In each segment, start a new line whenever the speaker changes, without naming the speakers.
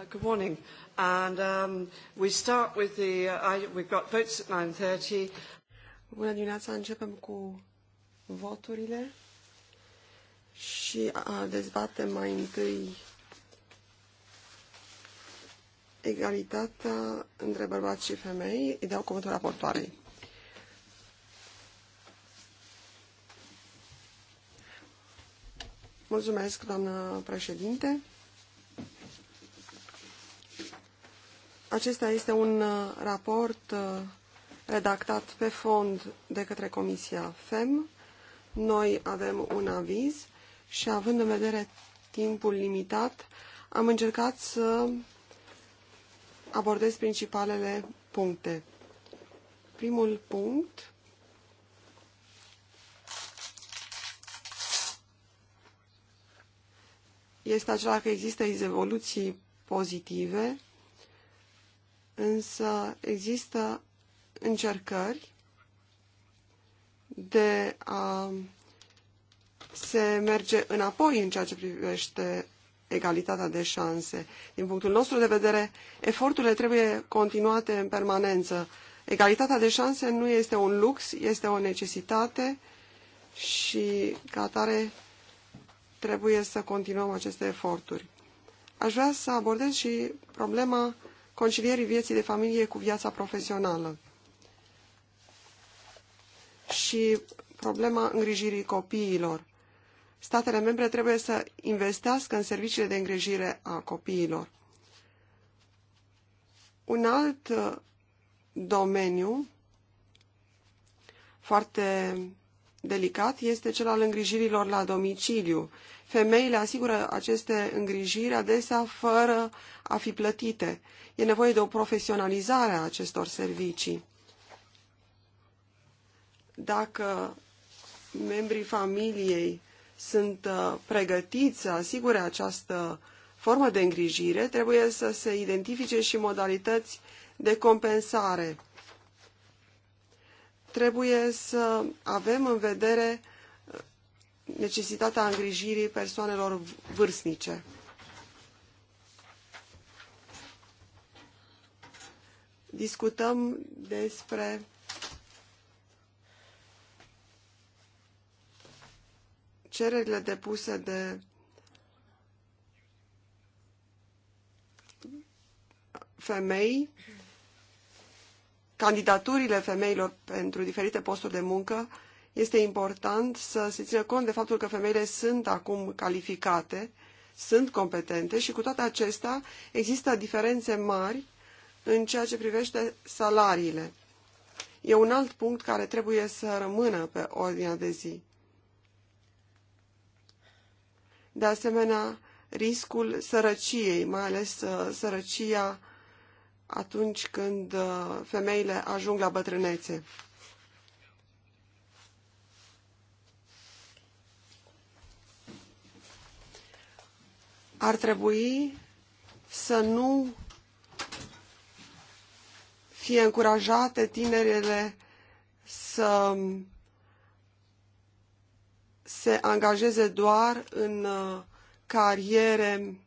Uh, good morning. And um, we start with the, uh, we've got votes at 9.30.
Bună dimineața, începem cu voturile și uh, dezbatem mai întâi egalitatea între bărbați și femei. Îi dau cuvântul raportoarei. Mulțumesc, doamnă președinte. Acesta este un uh, raport uh, redactat pe fond de către Comisia FEM. Noi avem un aviz și având în vedere timpul limitat, am încercat să abordez principalele puncte. Primul punct este acela că există evoluții pozitive însă există încercări de a se merge înapoi în ceea ce privește egalitatea de șanse. Din punctul nostru de vedere, eforturile trebuie continuate în permanență. Egalitatea de șanse nu este un lux, este o necesitate și, ca atare, trebuie să continuăm aceste eforturi. Aș vrea să abordez și problema concilierii vieții de familie cu viața profesională și problema îngrijirii copiilor. Statele membre trebuie să investească în serviciile de îngrijire a copiilor. Un alt uh, domeniu foarte delicat este cel al îngrijirilor la domiciliu. Femeile asigură aceste îngrijiri adesea fără a fi plătite. E nevoie de o profesionalizare a acestor servicii. Dacă membrii familiei sunt uh, pregătiți să asigure această formă de îngrijire, trebuie să se identifice și modalități de compensare. Trebuie să avem în vedere uh, necesitatea îngrijirii persoanelor vârstnice. discutăm despre cererile depuse de femei, candidaturile femeilor pentru diferite posturi de muncă, este important să se țină cont de faptul că femeile sunt acum calificate, sunt competente și cu toate acestea există diferențe mari în ceea ce privește salariile. E un alt punct care trebuie să rămână pe ordinea de zi. De asemenea, riscul sărăciei, mai ales uh, sărăcia atunci când uh, femeile ajung la bătrânețe. Ar trebui să nu fie încurajate tinerele să se angajeze doar în uh, cariere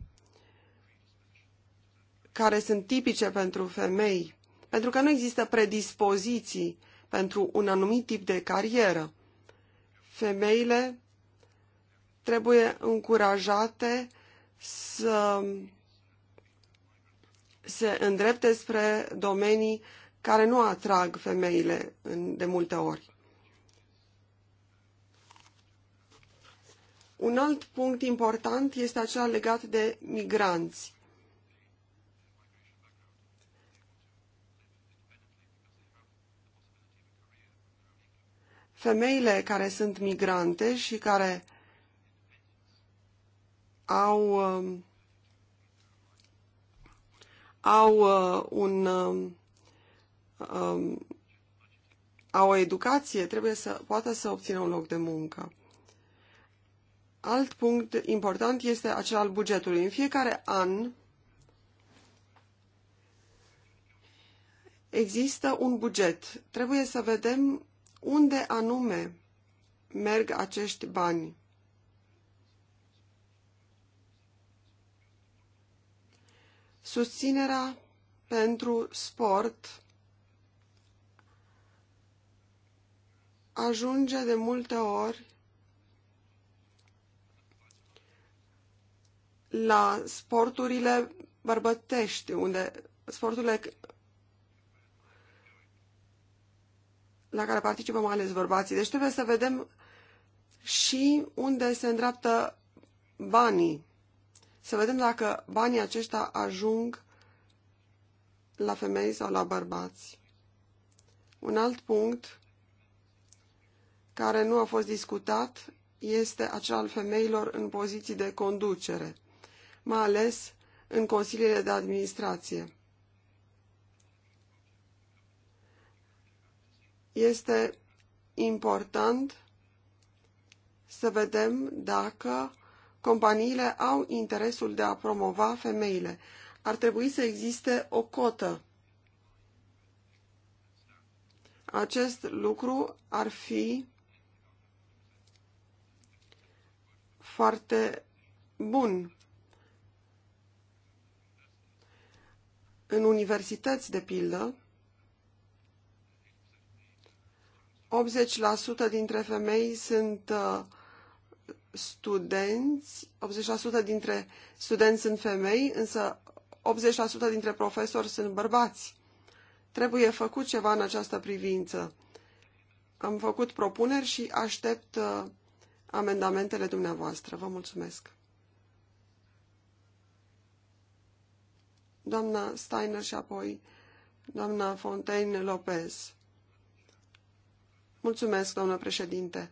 care sunt tipice pentru femei, pentru că nu există predispoziții pentru un anumit tip de carieră. Femeile trebuie încurajate să se îndrepte spre domenii care nu atrag femeile de multe ori. Un alt punct important este acela legat de migranți. Femeile care sunt migrante și care au um, au uh, un um, um, au o educație, trebuie să poată să obțină un loc de muncă. Alt punct important este acel al bugetului. În fiecare an există un buget. Trebuie să vedem unde anume merg acești bani. Susținerea pentru sport ajunge de multe ori la sporturile bărbătești, unde sporturile la care participă mai ales bărbații. Deci trebuie să vedem și unde se îndreaptă banii să vedem dacă banii aceștia ajung la femei sau la bărbați. Un alt punct care nu a fost discutat este acel al femeilor în poziții de conducere, mai ales în consiliile de administrație. Este important să vedem dacă companiile au interesul de a promova femeile. Ar trebui să existe o cotă. Acest lucru ar fi foarte bun. În universități, de pildă, 80% dintre femei sunt uh, studenți, 80% dintre studenți sunt femei, însă 80% dintre profesori sunt bărbați. Trebuie făcut ceva în această privință. Am făcut propuneri și aștept uh, amendamentele dumneavoastră. Vă mulțumesc. Doamna Steiner și apoi doamna Fontaine Lopez. Mulțumesc, doamnă președinte.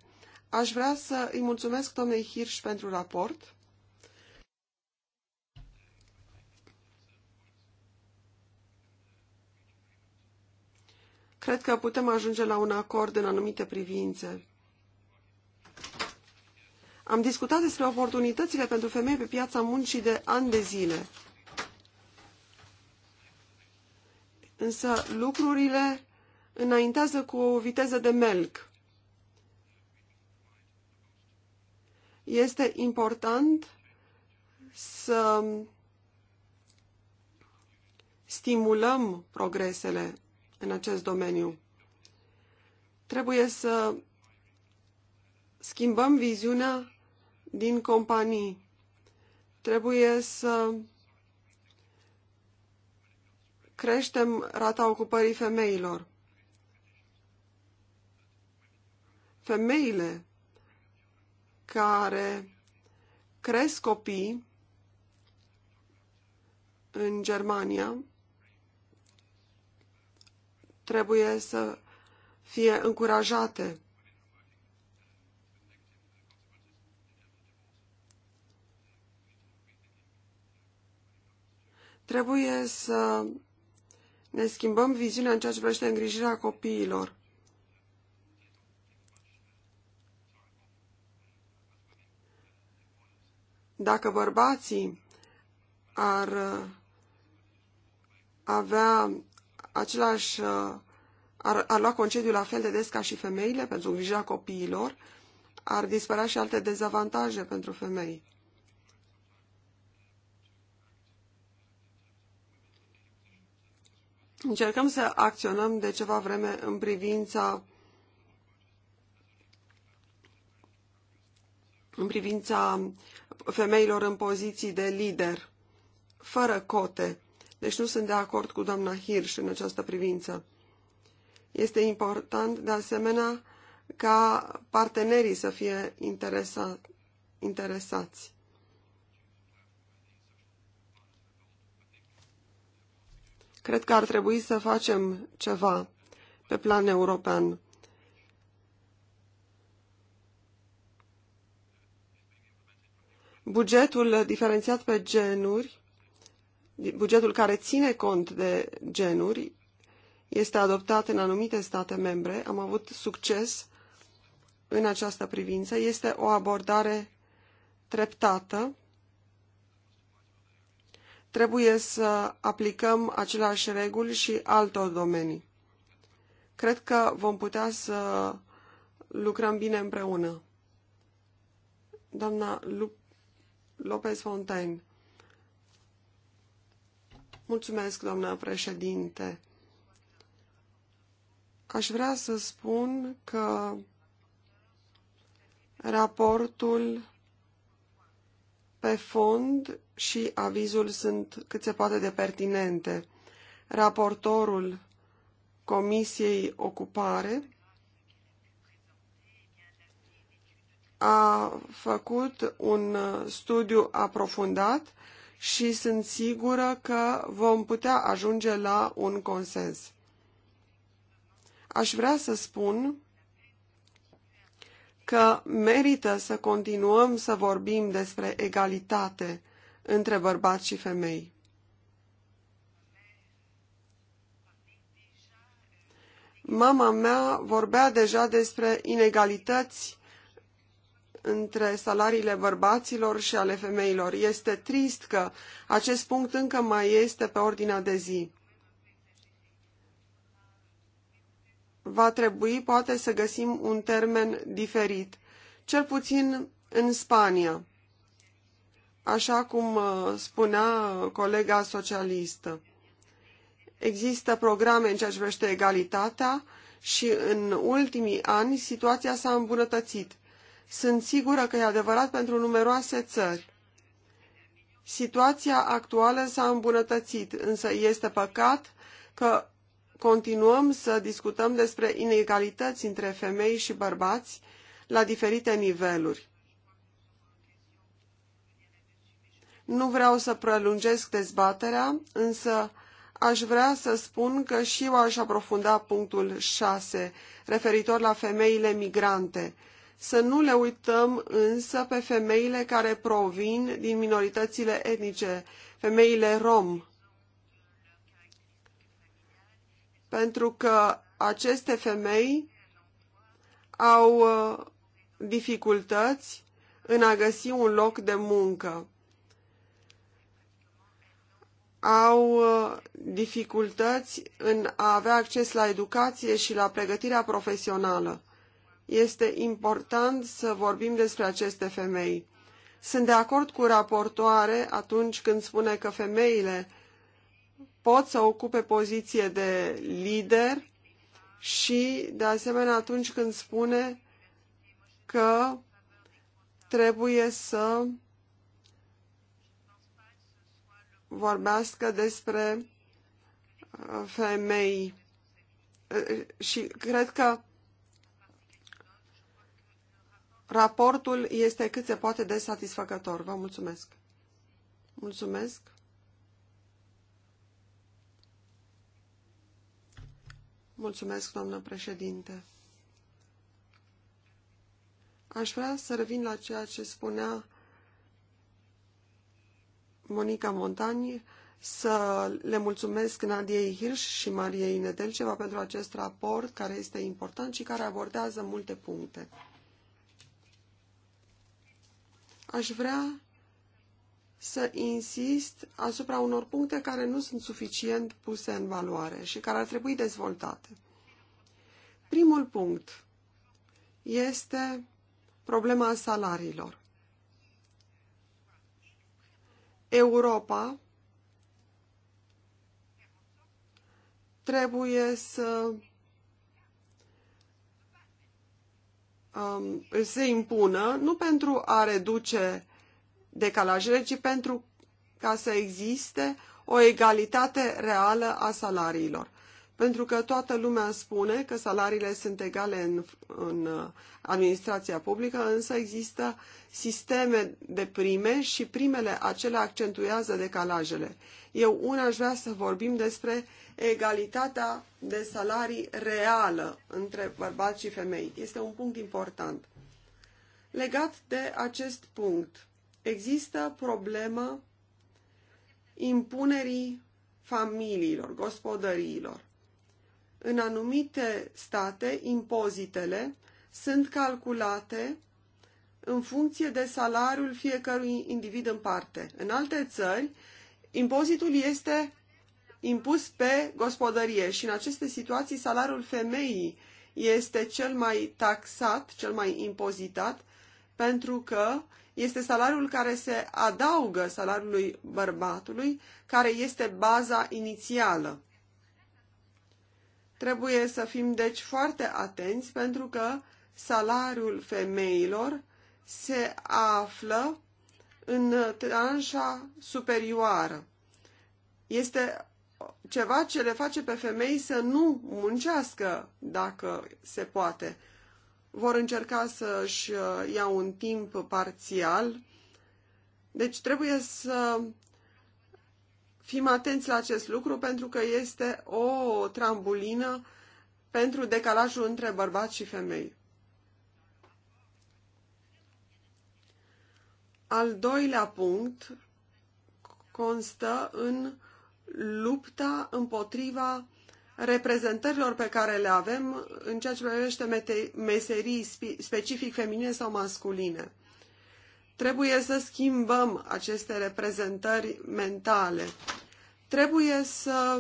Aș vrea să îi mulțumesc domnei Hirsch pentru raport. Cred că putem ajunge la un acord în anumite privințe. Am discutat despre oportunitățile pentru femei pe piața muncii de ani de zile. Însă lucrurile înaintează cu o viteză de melc. Este important să stimulăm progresele în acest domeniu. Trebuie să schimbăm viziunea din companii. Trebuie să creștem rata ocupării femeilor. Femeile care cresc copii în Germania trebuie să fie încurajate. Trebuie să ne schimbăm viziunea în ceea ce privește îngrijirea copiilor. Dacă bărbații ar uh, avea același, uh, ar, ar lua concediu la fel de des ca și femeile pentru grija copiilor, ar dispărea și alte dezavantaje pentru femei. Încercăm să acționăm de ceva vreme în privința în privința femeilor în poziții de lider, fără cote. Deci nu sunt de acord cu doamna Hirsch în această privință. Este important, de asemenea, ca partenerii să fie interesa, interesați. Cred că ar trebui să facem ceva pe plan european. bugetul diferențiat pe genuri, bugetul care ține cont de genuri, este adoptat în anumite state membre. Am avut succes în această privință. Este o abordare treptată. Trebuie să aplicăm aceleași reguli și altor domenii. Cred că vom putea să lucrăm bine împreună. Doamna Lup Lopez Fontaine. Mulțumesc, doamna președinte. Aș vrea să spun că raportul pe fond și avizul sunt cât se poate de pertinente. Raportorul Comisiei Ocupare a făcut un uh, studiu aprofundat și sunt sigură că vom putea ajunge la un consens. Aș vrea să spun că merită să continuăm să vorbim despre egalitate între bărbați și femei. Mama mea vorbea deja despre inegalități între salariile bărbaților și ale femeilor. Este trist că acest punct încă mai este pe ordinea de zi. Va trebui poate să găsim un termen diferit, cel puțin în Spania, așa cum uh, spunea colega socialistă. Există programe în ceea ce privește egalitatea și în ultimii ani situația s-a îmbunătățit. Sunt sigură că e adevărat pentru numeroase țări. Situația actuală s-a îmbunătățit, însă este păcat că continuăm să discutăm despre inegalități între femei și bărbați la diferite niveluri. Nu vreau să prelungesc dezbaterea, însă aș vrea să spun că și eu aș aprofunda punctul 6, referitor la femeile migrante, să nu le uităm însă pe femeile care provin din minoritățile etnice, femeile rom, pentru că aceste femei au uh, dificultăți în a găsi un loc de muncă. Au uh, dificultăți în a avea acces la educație și la pregătirea profesională este important să vorbim despre aceste femei. Sunt de acord cu raportoare atunci când spune că femeile pot să ocupe poziție de lider și, de asemenea, atunci când spune că trebuie să vorbească despre uh, femei. Uh, și cred că Raportul este cât se poate de satisfăcător. Vă mulțumesc. Mulțumesc. Mulțumesc, doamnă președinte. Aș vrea să revin la ceea ce spunea Monica Montani, să le mulțumesc Nadiei Hirsch și Mariei Nedelceva pentru acest raport care este important și care abordează multe puncte aș vrea să insist asupra unor puncte care nu sunt suficient puse în valoare și care ar trebui dezvoltate. Primul punct este problema salariilor. Europa trebuie să um, se impună nu pentru a reduce decalajele, ci pentru ca să existe o egalitate reală a salariilor. Pentru că toată lumea spune că salariile sunt egale în, în uh, administrația publică, însă există sisteme de prime și primele acelea accentuează decalajele. Eu una aș vrea să vorbim despre egalitatea de salarii reală între bărbați și femei. Este un punct important. Legat de acest punct, există problema impunerii familiilor, gospodăriilor. În anumite state, impozitele sunt calculate în funcție de salariul fiecărui individ în parte. În alte țări, impozitul este impus pe gospodărie și în aceste situații salariul femeii este cel mai taxat, cel mai impozitat, pentru că este salariul care se adaugă salariului bărbatului, care este baza inițială. Trebuie să fim deci foarte atenți pentru că salariul femeilor se află în tranșa superioară. Este ceva ce le face pe femei să nu muncească dacă se poate. Vor încerca să-și uh, ia un timp parțial. Deci trebuie să fim atenți la acest lucru pentru că este o trambulină pentru decalajul între bărbați și femei. Al doilea punct constă în lupta împotriva reprezentărilor pe care le avem în ceea ce privește meserii specific feminine sau masculine. Trebuie să schimbăm aceste reprezentări mentale. Trebuie să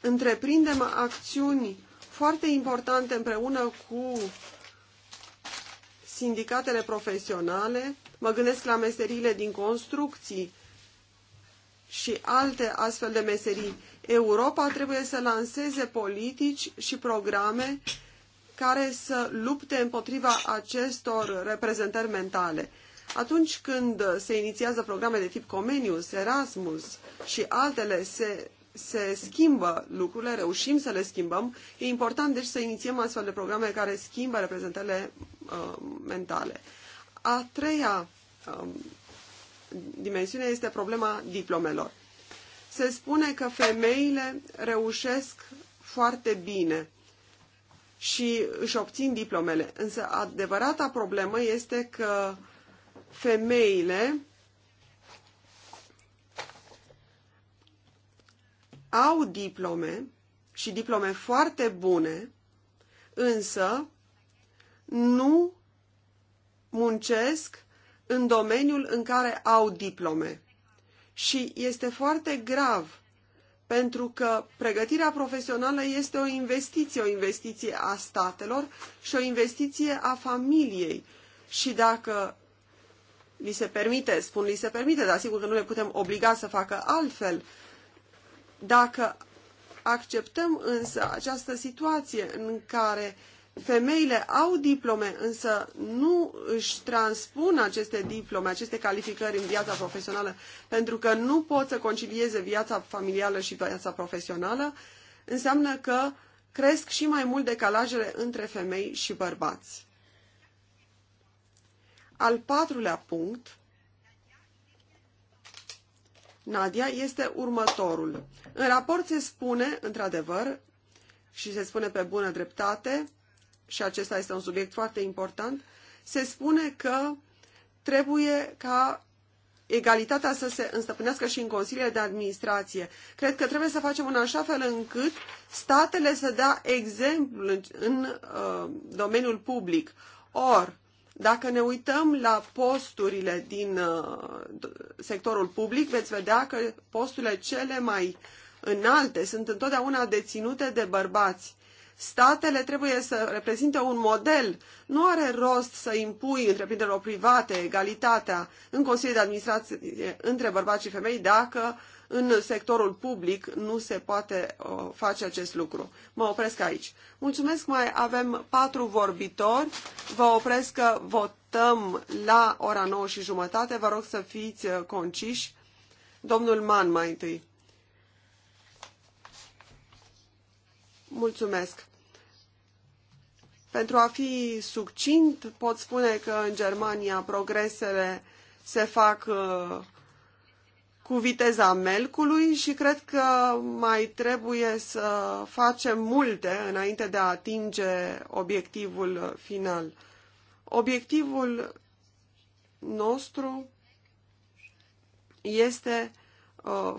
întreprindem acțiuni foarte importante împreună cu sindicatele profesionale, mă gândesc la meseriile din construcții și alte astfel de meserii. Europa trebuie să lanseze politici și programe care să lupte împotriva acestor reprezentări mentale. Atunci când se inițiază programe de tip Comenius, Erasmus și altele, se, se schimbă lucrurile, reușim să le schimbăm. E important, deci, să inițiem astfel de programe care schimbă reprezentările uh, mentale. A treia um, dimensiune este problema diplomelor. Se spune că femeile reușesc foarte bine și își obțin diplomele. Însă adevărata problemă este că femeile au diplome și diplome foarte bune, însă nu muncesc în domeniul în care au diplome. Și este foarte grav pentru că pregătirea profesională este o investiție, o investiție a statelor și o investiție a familiei. Și dacă li se permite, spun li se permite, dar sigur că nu le putem obliga să facă altfel, dacă acceptăm însă această situație în care uh, femeile au diplome, însă nu își transpun aceste diplome, aceste calificări în viața profesională, pentru că nu pot să concilieze viața familială și viața profesională, înseamnă că cresc și mai mult decalajele între femei și bărbați. Al patrulea punct, Nadia, este următorul. În raport se spune, într-adevăr, și se spune pe bună dreptate, și acesta este un subiect foarte important, se spune că trebuie ca egalitatea să se înstăpânească și în consiliile de administrație. Cred că trebuie să facem în așa fel încât statele să dea exemplu în, în uh, domeniul public. Or, dacă ne uităm la posturile din uh, sectorul public, veți vedea că posturile cele mai înalte sunt întotdeauna deținute de bărbați. Statele trebuie să reprezinte un model. Nu are rost să impui întreprinderilor private egalitatea în Consiliul de Administrație între bărbați și femei dacă în sectorul public nu se poate uh, face acest lucru. Mă opresc aici. Mulțumesc, mai avem patru vorbitori. Vă opresc că votăm la ora 9 și jumătate. Vă rog să fiți uh, conciși. Domnul Man mai întâi. Mulțumesc. Pentru a fi succint, pot spune că în Germania progresele se fac uh, cu viteza melcului și cred că mai trebuie să facem multe înainte de a atinge obiectivul final. Obiectivul nostru este uh,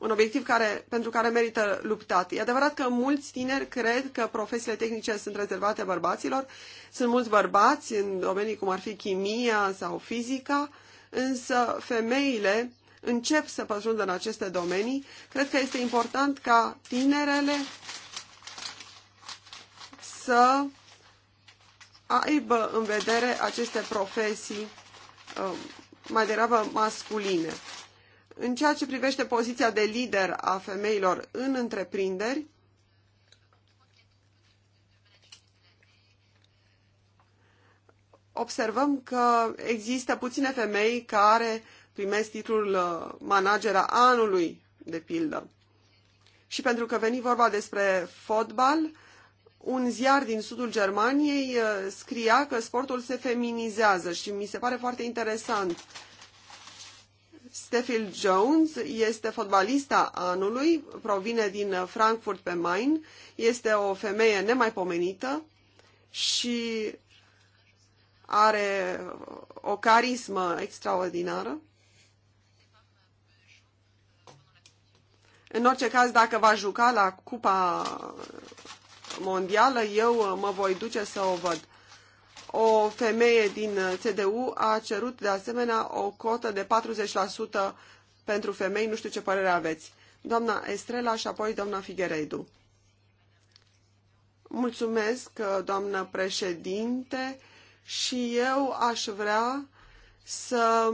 un obiectiv care, pentru care merită luptat. E adevărat că mulți tineri cred că profesiile tehnice sunt rezervate bărbaților. Sunt mulți bărbați în domenii cum ar fi chimia sau fizica, însă femeile încep să pătrundă în aceste domenii. Cred că este important ca tinerele să aibă în vedere aceste profesii uh, mai degrabă masculine. În ceea ce privește poziția de lider a femeilor în întreprinderi, observăm că există puține femei care primesc titlul uh, managera anului, de pildă. Și pentru că veni vorba despre fotbal, un ziar din sudul Germaniei uh, scria că sportul se feminizează și mi se pare foarte interesant Stefil Jones este fotbalista anului, provine din Frankfurt pe Main, este o femeie nemaipomenită și are o carismă extraordinară. În orice caz, dacă va juca la Cupa Mondială, eu mă voi duce să o văd. O femeie din uh, CDU a cerut de asemenea o cotă de 40% pentru femei. Nu știu ce părere aveți. Doamna Estrela și apoi doamna Figueredu. Mulțumesc, uh, doamnă președinte, și eu aș vrea să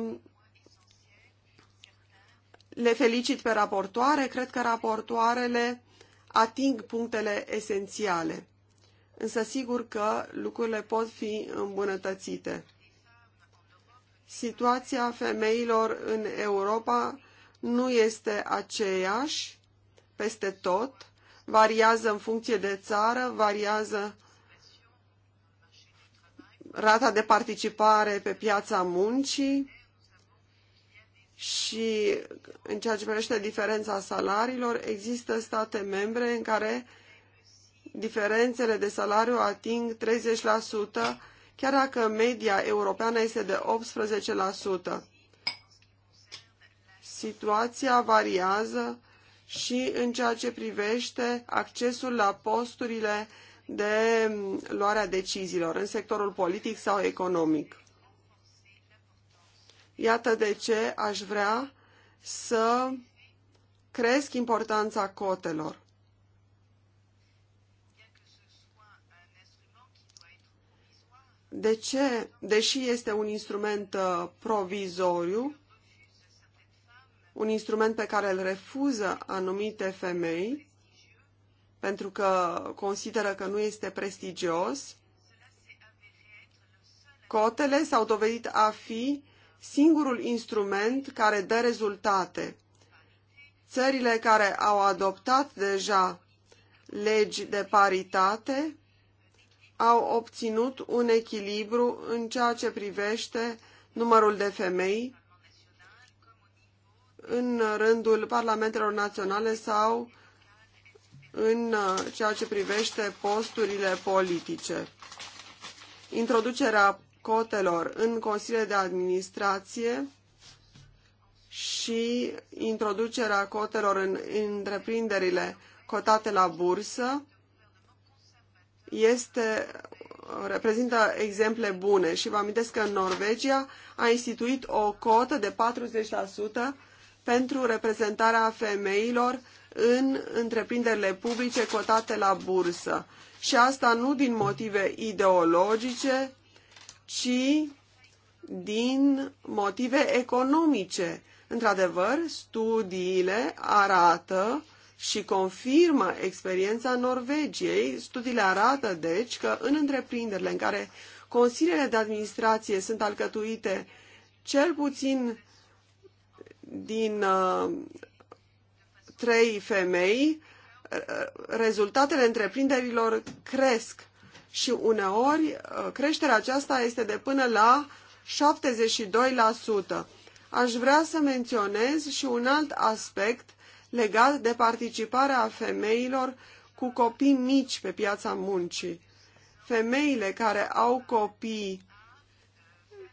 le felicit pe raportoare. Cred că raportoarele ating punctele esențiale însă sigur că lucrurile pot fi îmbunătățite. Situația femeilor în Europa nu este aceeași peste tot, variază în funcție de țară, variază rata de participare pe piața muncii și în ceea ce privește diferența salariilor, există state membre în care diferențele de salariu ating 30%, chiar dacă media europeană este de 18%. Situația variază și în ceea ce privește accesul la posturile de luarea deciziilor în sectorul politic sau economic. Iată de ce aș vrea să cresc importanța cotelor. de ce, deși este un instrument uh, provizoriu, un instrument pe care îl refuză anumite femei, pentru că consideră că nu este prestigios, cotele s-au dovedit a fi singurul instrument care dă rezultate. Țările care au adoptat deja legi de paritate au obținut un echilibru în ceea ce privește numărul de femei în rândul parlamentelor naționale sau în ceea ce privește posturile politice. Introducerea cotelor în consiliile de administrație și introducerea cotelor în întreprinderile cotate la bursă este, reprezintă exemple bune și vă amintesc că Norvegia a instituit o cotă de 40% pentru reprezentarea femeilor în întreprinderile publice cotate la bursă. Și asta nu din motive ideologice, ci din motive economice. Într-adevăr, studiile arată și confirmă experiența Norvegiei. Studiile arată, deci, că în întreprinderile în care consiliile de administrație sunt alcătuite cel puțin din uh, trei femei, uh, rezultatele întreprinderilor cresc și uneori uh, creșterea aceasta este de până la 72%. Aș vrea să menționez și un alt aspect legat de participarea femeilor cu copii mici pe piața muncii. Femeile care au copii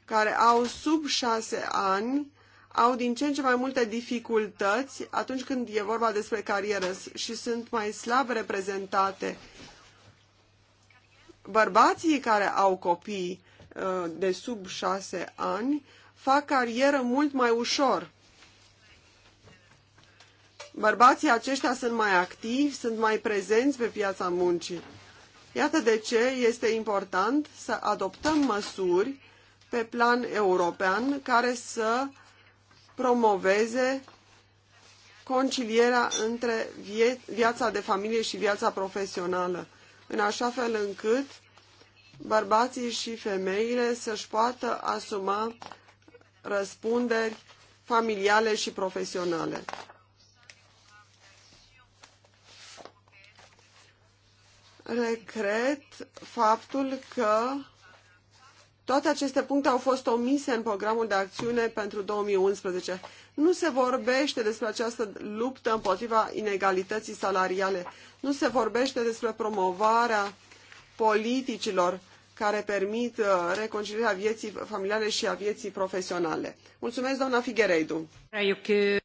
care au sub șase ani au din ce în ce mai multe dificultăți atunci când e vorba despre carieră și sunt mai slab reprezentate. Bărbații care au copii uh, de sub șase ani fac carieră mult mai ușor. Bărbații aceștia sunt mai activi, sunt mai prezenți pe piața muncii. Iată de ce este important să adoptăm măsuri pe plan european care să promoveze concilierea între viața de familie și viața profesională, în așa fel încât bărbații și femeile să-și poată asuma răspunderi familiale și profesionale. regret faptul că toate aceste puncte au fost omise în programul de acțiune pentru 2011. Nu se vorbește despre această luptă împotriva inegalității salariale. Nu se vorbește despre promovarea politicilor care permit uh, reconcilierea vieții familiale și a vieții profesionale. Mulțumesc, doamna Figueiredu.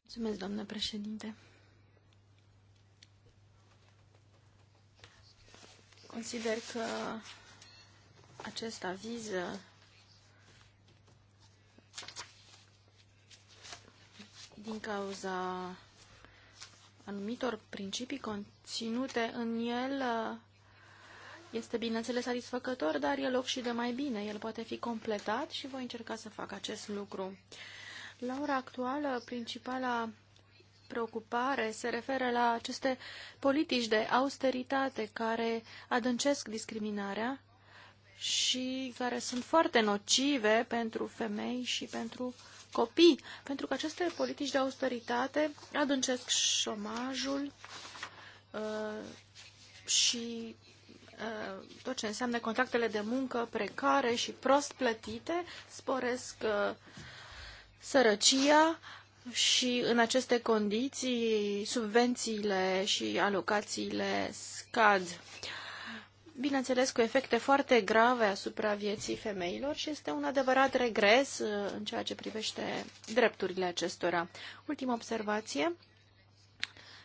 Mulțumesc, doamna președinte. Consider că acest aviz din cauza anumitor principii conținute în el este bineînțeles satisfăcător, dar e loc și de mai bine. El poate fi completat și voi încerca să fac acest lucru. La ora actuală, principala preocupare se referă la aceste politici de austeritate care adâncesc discriminarea și care sunt foarte nocive pentru femei și pentru copii, pentru că aceste politici de austeritate adâncesc șomajul uh, și uh, tot ce înseamnă contractele de muncă precare și prost plătite, sporesc uh, sărăcia, și în aceste condiții subvențiile și alocațiile scad. Bineînțeles, cu efecte foarte grave asupra vieții femeilor și este un adevărat regres uh, în ceea ce privește drepturile acestora. Ultima observație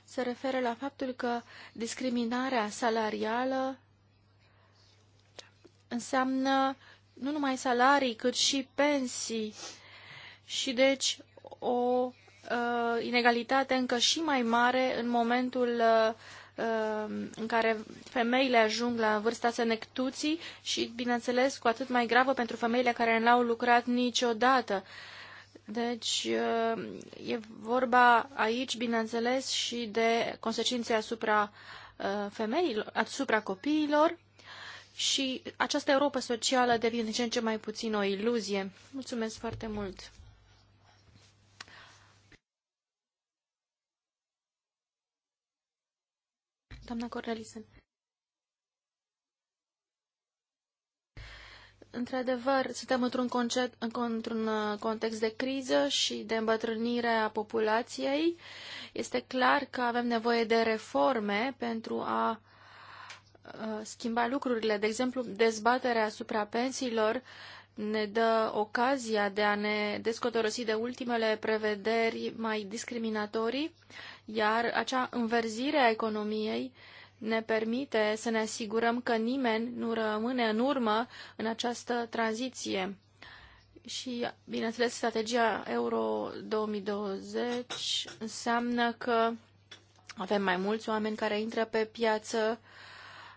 se referă la faptul că discriminarea salarială înseamnă nu numai salarii, cât și pensii. Și deci o uh, inegalitate încă și mai mare în momentul uh, uh, în care femeile ajung la vârsta senectuții și, bineînțeles, cu atât mai gravă pentru femeile care nu au lucrat niciodată. Deci, uh, e vorba aici, bineînțeles, și de consecințe asupra uh, femeilor, asupra copiilor și această Europa socială devine din ce în ce mai puțin o iluzie. Mulțumesc foarte mult! Doamna Cornelisen. Într-adevăr, suntem într-un, într uh, context de criză și de îmbătrânire a populației. Este clar că avem nevoie de reforme pentru a uh, schimba lucrurile. De exemplu, dezbaterea asupra pensiilor ne dă ocazia de a ne descotorosi de ultimele prevederi mai discriminatorii iar acea înverzire a economiei ne permite să ne asigurăm că nimeni nu rămâne în urmă în această tranziție. Și, bineînțeles, strategia Euro 2020 înseamnă că avem mai mulți oameni care intră pe piață,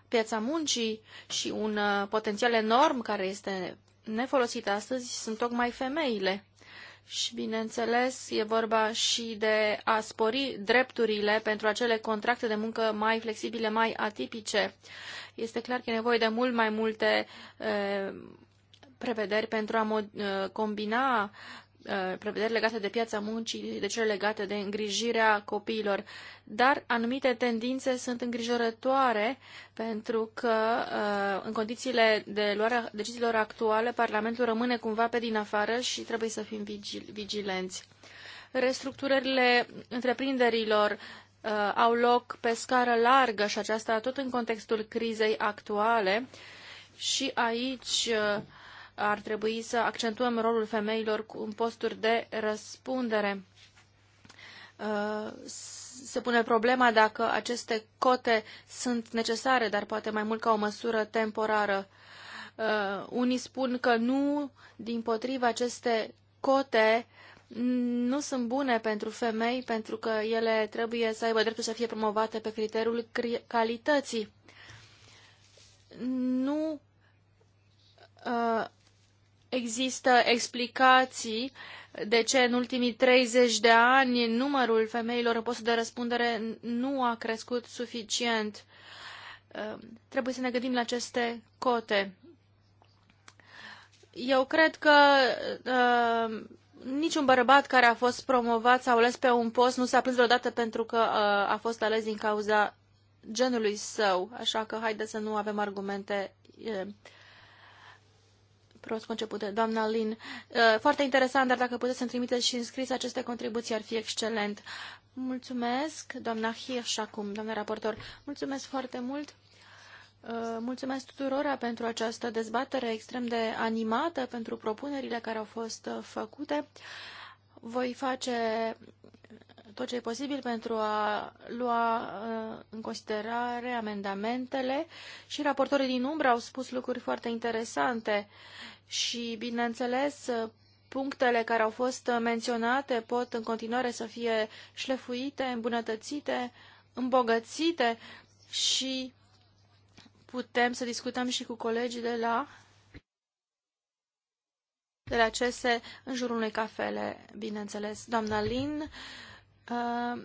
piața muncii și un uh, potențial enorm care este nefolosit astăzi sunt tocmai femeile. Și, bineînțeles, e vorba și de a spori drepturile pentru acele contracte de muncă mai flexibile, mai atipice. Este clar că e nevoie de mult mai multe e, eh, prevederi pentru a eh, combina Uh, prevederi legate de piața muncii, de cele legate de îngrijirea copiilor, dar anumite tendințe sunt îngrijorătoare pentru că uh, în condițiile de luarea deciziilor actuale, Parlamentul rămâne cumva pe din afară și trebuie să fim vigilenți. Restructurările întreprinderilor uh, au loc pe scară largă și aceasta tot în contextul crizei actuale și aici uh, ar trebui să accentuăm rolul femeilor în posturi de răspundere. Uh, se pune problema dacă aceste cote sunt necesare, dar poate mai mult ca o măsură temporară. Uh, unii spun că nu, din potriva aceste cote nu sunt bune pentru femei, pentru că ele trebuie să aibă dreptul să fie promovate pe criteriul calității. Nu uh, există explicații de ce în ultimii 30 de ani numărul femeilor în postul de răspundere nu a crescut suficient. Ehm, trebuie să ne gândim la aceste cote. Eu cred că uh, niciun bărbat care a fost promovat sau ales pe un post nu s-a plâns vreodată pentru că uh, a fost ales din cauza genului său, așa că haideți să nu avem argumente uh, prost concepută, Doamna Lin, foarte interesant, dar dacă puteți să-mi trimiteți și înscris aceste contribuții, ar fi excelent. Mulțumesc, doamna Hirsch acum, doamna raportor. Mulțumesc foarte mult. Mulțumesc tuturora pentru această dezbatere extrem de animată, pentru propunerile care au fost făcute. Voi face tot ce e posibil pentru a lua uh, în considerare amendamentele și raportorii din umbră au spus lucruri foarte interesante și, bineînțeles, uh, punctele care au fost uh, menționate pot în continuare să fie șlefuite, îmbunătățite, îmbogățite și putem să discutăm și cu colegii de la de la CESE în jurul unei cafele, bineînțeles. Doamna Lin, Uh,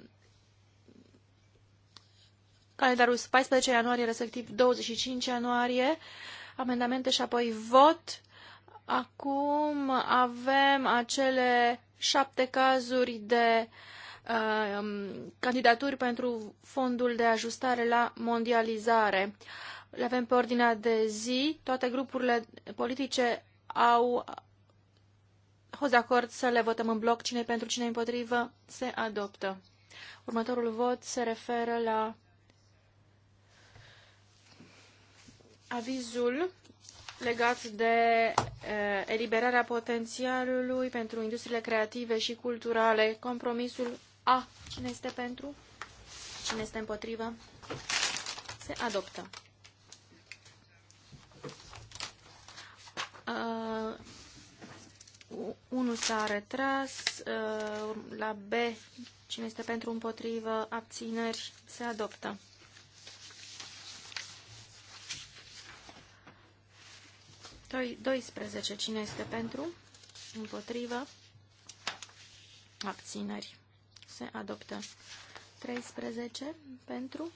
calendarul 14 ianuarie, respectiv 25 ianuarie, amendamente și apoi vot. Acum avem acele șapte cazuri de uh, um, candidaturi pentru fondul de ajustare la mondializare. Le avem pe ordinea de zi. Toate grupurile politice au fost de acord să le votăm în bloc. Cine pentru, cine împotrivă, se adoptă. Următorul vot se referă la avizul legat de uh, eliberarea potențialului pentru industriile creative și culturale. Compromisul A. Cine este pentru? Cine este împotrivă? Se adoptă. Uh, 1 s-a retras, uh, la B, cine este pentru împotrivă, abțineri, se adoptă. Doi, 12, cine este pentru, împotrivă, abțineri, se adoptă. 13, pentru,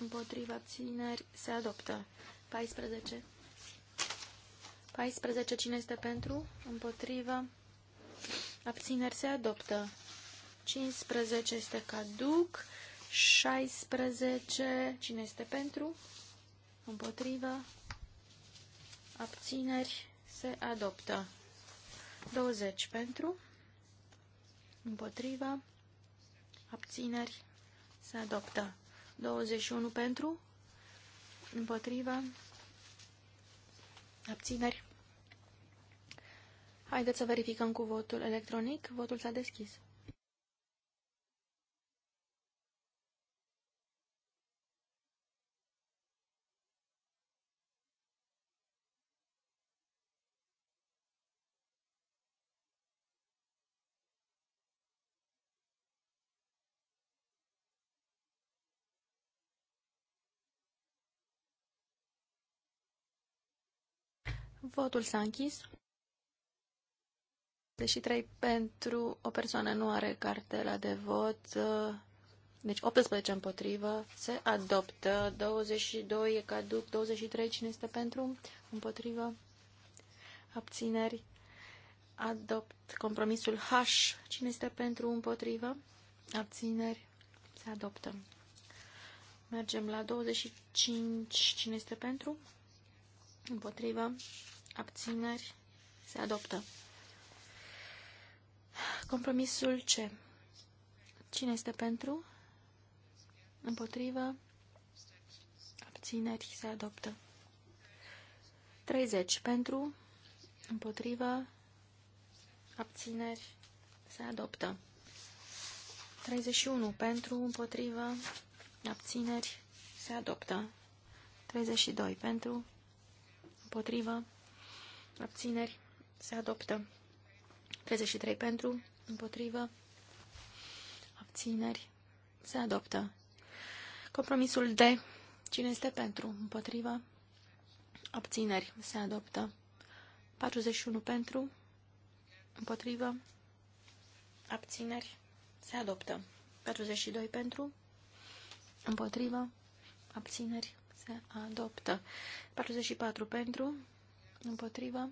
împotrivă, abțineri, se adoptă. 14, 14. Cine este pentru? Împotrivă. Abțineri se adoptă. 15 este caduc. 16. Cine este pentru? Împotrivă. Abțineri se adoptă. 20 pentru. Împotrivă. Abțineri se adoptă. 21 pentru. Împotrivă. Abțineri. Haideți să verificăm cu votul electronic. Votul s-a deschis. Votul s-a închis. Deși 3 pentru o persoană nu are cartela de vot, uh, deci 18 împotrivă, se adoptă, 22 e caduc, 23 cine este pentru, împotrivă, abțineri, adopt compromisul H, cine este pentru, împotrivă, abțineri, se adoptă. Mergem la 25, cine este pentru, împotrivă, abțineri, se adoptă. Compromisul C. Cine este pentru? Împotrivă? Abțineri se adoptă. 30. Pentru? Împotrivă? Abțineri se adoptă. 31. Pentru? Împotrivă? Abțineri se adoptă. 32. Pentru? Împotrivă? Abțineri se adoptă. 33 pentru, împotrivă, abțineri, se adoptă. Compromisul D. Cine este pentru, împotrivă, abțineri, se adoptă. 41 pentru, împotrivă, abțineri, se adoptă. 42 pentru, împotrivă, abțineri, se adoptă. 44 pentru, împotrivă,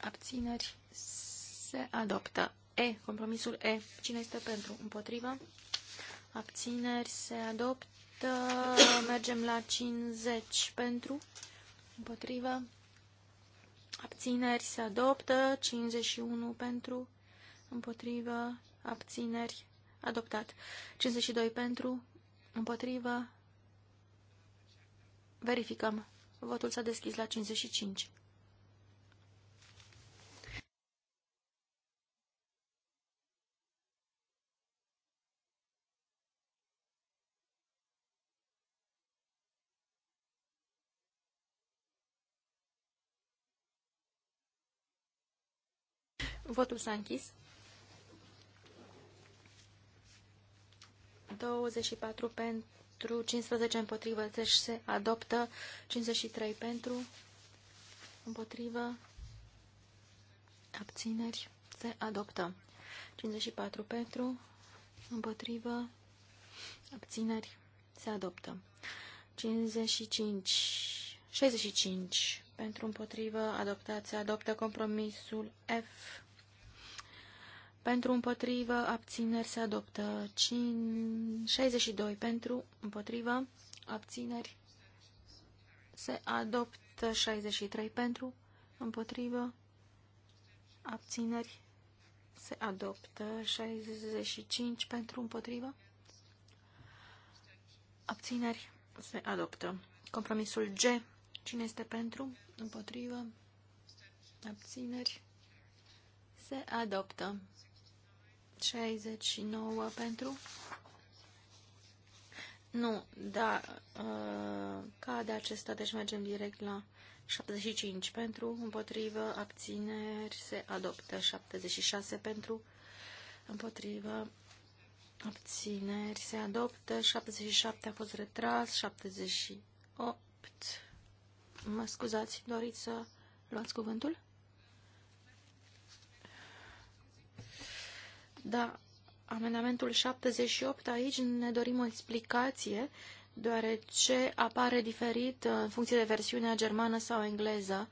abțineri, se se adoptă. E, compromisul E. Cine este pentru? Împotrivă? Abțineri se adoptă. Mergem la 50 pentru. Împotrivă? Abțineri se adoptă. 51 pentru. Împotrivă? Abțineri adoptat. 52 pentru. Împotrivă? Verificăm. Votul s-a deschis la 55. Votul s-a închis. 24 pentru, 15 împotrivă, deci se adoptă 53 pentru, împotrivă, abțineri, se adoptă 54 pentru, împotrivă, abțineri, se adoptă 55, 65 pentru, împotrivă, adoptat, se adoptă compromisul F pentru împotrivă, abțineri se adoptă 62 pentru împotrivă, abțineri se adoptă 63 pentru împotrivă, abțineri se adoptă 65 pentru împotrivă, abțineri se adoptă. Compromisul G, cine este pentru împotrivă, abțineri se adoptă. 69 pentru. Nu, da, uh, cade acesta, deci mergem direct la 75 pentru, împotrivă, abțineri, se adoptă 76 pentru, împotrivă, abțineri, se adoptă 77 a fost retras, 78. Mă scuzați, doriți să luați cuvântul? Da, amendamentul 78 aici ne dorim o explicație, deoarece apare diferit uh, în funcție de versiunea germană sau engleză.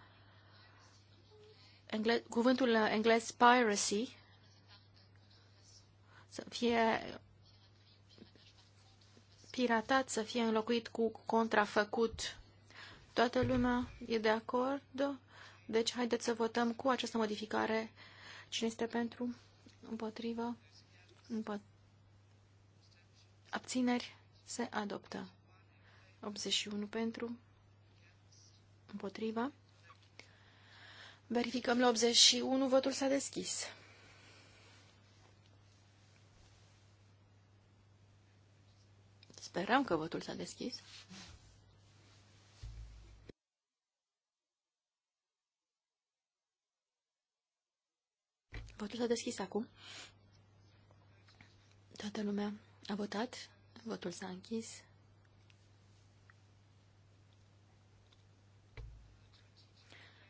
Engle cuvântul uh, englez piracy să fie piratat, să fie înlocuit cu contrafăcut. Toată lumea e de acord? Deci haideți să votăm cu această modificare. Cine este pentru? împotrivă, împotrivă, abțineri, se adoptă. 81 pentru, împotriva. Verificăm la 81, votul s-a deschis. Sperăm că votul s-a deschis. Votul s-a deschis acum. Toată lumea a votat. Votul s-a închis.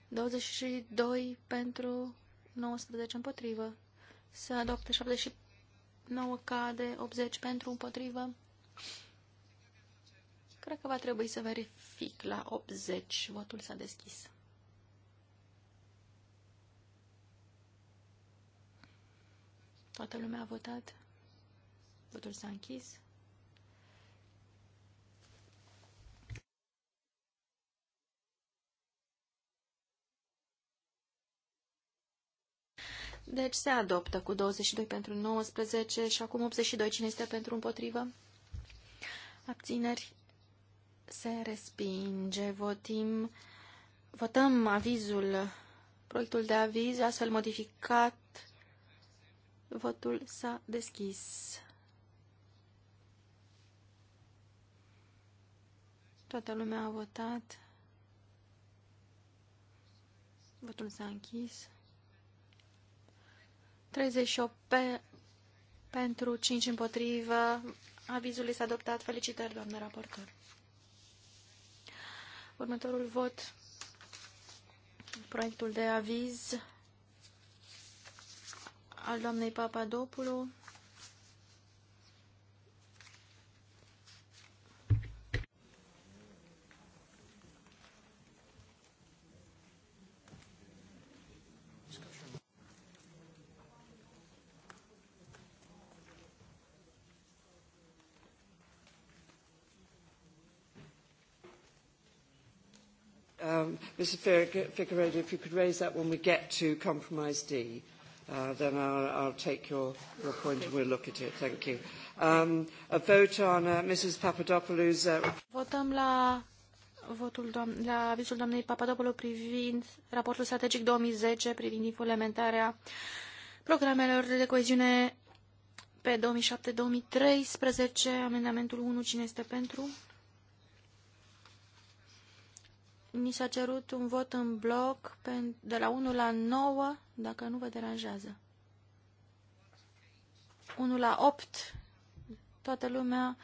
Douăzeci și doi pentru 19 împotrivă. Se adoptă 79 cade, 80 pentru împotrivă. Cred că va trebui să verific la 80. Votul s-a deschis. Toată lumea a votat. Votul s-a închis. Deci se adoptă cu 22 pentru 19 și acum 82. Cine este pentru împotrivă? Abțineri. Se respinge. Votim. Votăm avizul, proiectul de aviz, astfel modificat Votul s-a deschis. Toată lumea a votat. Votul s-a închis. 38 pe, pentru, 5 împotrivă. Avizul este adoptat. Felicitări, doamnă raportor. Următorul vot. Proiectul de aviz al doamnei Papadopoulou.
Um, Mr. Figueredo, if you could raise that when we get to compromise D. Uh, then I'll, I'll take your, your point and we'll look at it. Thank you. Um, a vote on uh, Mrs. Papadopoulou's... Uh...
Votăm la votul doam- la avizul doamnei Papadopoulou privind raportul strategic 2010 privind implementarea programelor de coeziune pe 2007-2013, amendamentul 1, cine este pentru? mi s-a cerut un vot în bloc de la 1 la 9, dacă nu vă deranjează. 1 la 8, toată lumea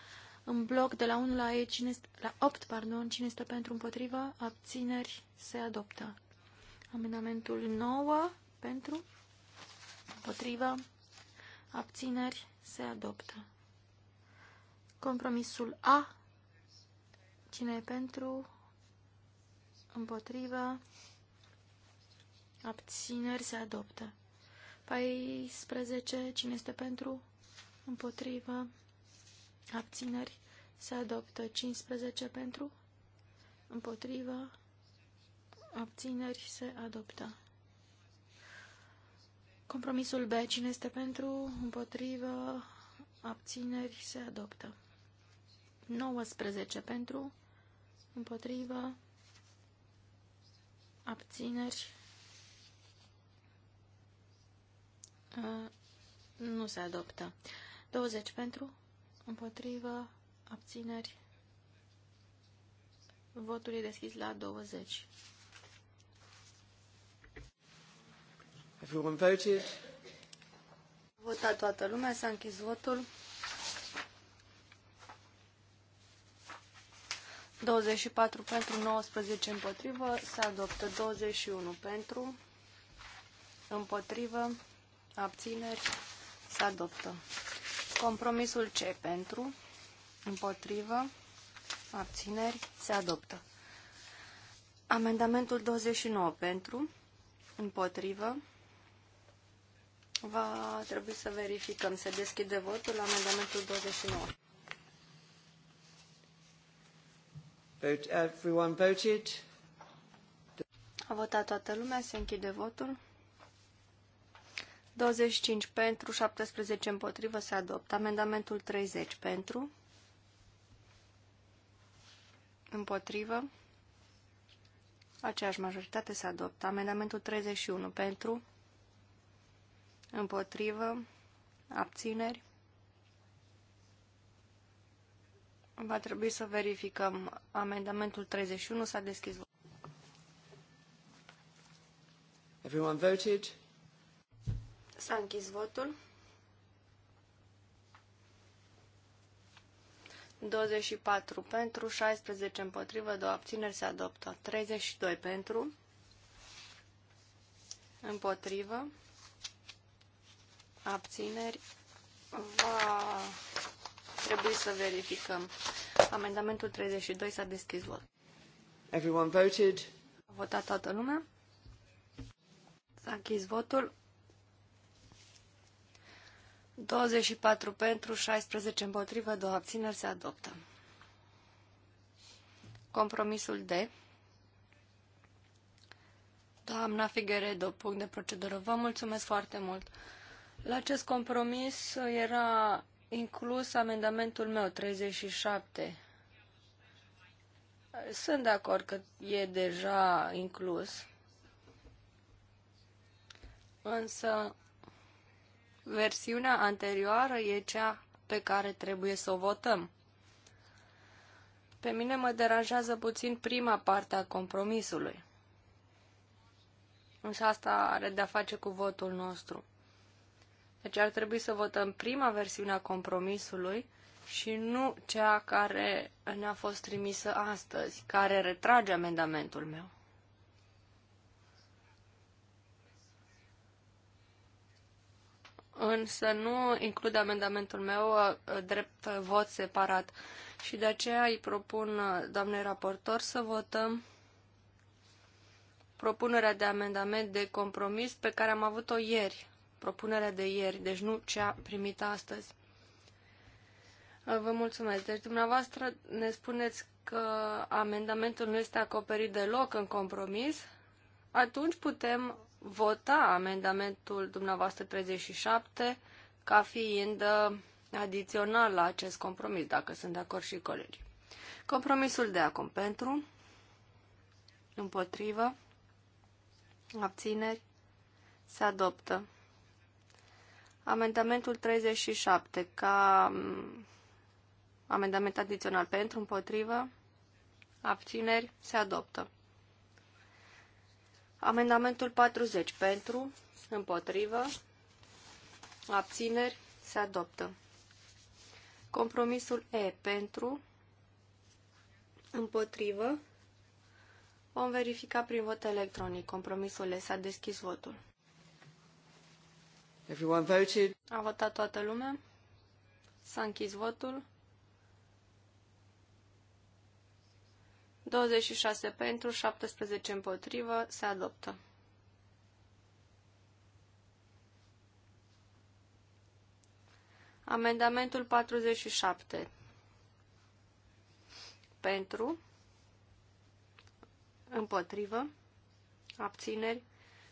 în bloc de la 1 la, e, cine este, la 8, pardon, cine este pentru împotriva, abțineri, se adoptă. Amendamentul 9 pentru împotriva, abțineri, se adoptă. Compromisul A, cine e pentru, împotrivă, abțineri se adoptă. 14. Cine este pentru? Împotrivă. Abțineri. Se adoptă 15 pentru. Împotrivă. Abțineri. Se adoptă. Compromisul B. Cine este pentru? Împotrivă. Abțineri. Se adoptă. 19 pentru. Împotrivă abțineri, nu se adoptă. 20 pentru, împotrivă, abțineri, votul e
deschis la 20.
Everyone voted.
A votat toată lumea, s-a închis votul. 24 pentru, 19 împotrivă, se adoptă 21 pentru, împotrivă, abțineri, se adoptă. Compromisul C pentru, împotrivă, abțineri, se adoptă. Amendamentul 29 pentru, împotrivă, va trebui să verificăm. Se deschide votul la amendamentul
29. Vote, everyone voted.
A votat toată lumea, se închide votul. 25 pentru, 17 împotrivă, se adoptă. Amendamentul 30 pentru, împotrivă, aceeași majoritate se adoptă. Amendamentul 31 pentru, împotrivă, abțineri, Va trebui să verificăm. Amendamentul 31 s-a deschis.
Everyone voted?
S-a închis votul. 24 pentru, 16 împotrivă, 2 abțineri se adoptă. 32 pentru, împotrivă, abțineri. Va Trebuie să verificăm. Amendamentul 32 s-a deschis vot.
Everyone voted. A votat
toată lumea. S-a închis votul. 24 pentru, 16 împotrivă, 2 abțineri se adoptă. Compromisul D. Doamna Figueredo, punct de procedură. Vă mulțumesc foarte mult. La acest compromis era inclus amendamentul meu 37. Sunt de acord că e deja inclus, însă versiunea anterioară e cea pe care trebuie să o votăm. Pe mine mă deranjează puțin prima parte a compromisului. Însă asta are de-a face cu votul nostru. Deci ar trebui să votăm prima versiune a compromisului și nu cea care ne-a fost trimisă astăzi, care retrage amendamentul meu. Însă nu includ amendamentul meu uh, drept vot separat și de aceea îi propun, uh, doamnei raportor, să votăm propunerea de amendament de compromis pe care am avut-o ieri propunerea de ieri, deci nu cea primită astăzi. Vă mulțumesc. Deci dumneavoastră ne spuneți că amendamentul nu este acoperit deloc în compromis, atunci putem vota amendamentul dumneavoastră 37 ca fiind uh, adițional la acest compromis, dacă sunt de acord și colegii. Compromisul de acum pentru, împotrivă, abțineri, se adoptă. Amendamentul 37, ca mm, amendament adițional pentru, împotrivă, abțineri, se adoptă. Amendamentul 40, pentru, împotrivă, abțineri, se adoptă. Compromisul E, pentru, împotrivă, vom verifica prin vot electronic. Compromisul E, s-a deschis votul.
Everyone voted.
A votat toată lumea. S-a închis votul. 26 pentru, 17 împotrivă, se adoptă. Amendamentul 47. Pentru, împotrivă, abțineri,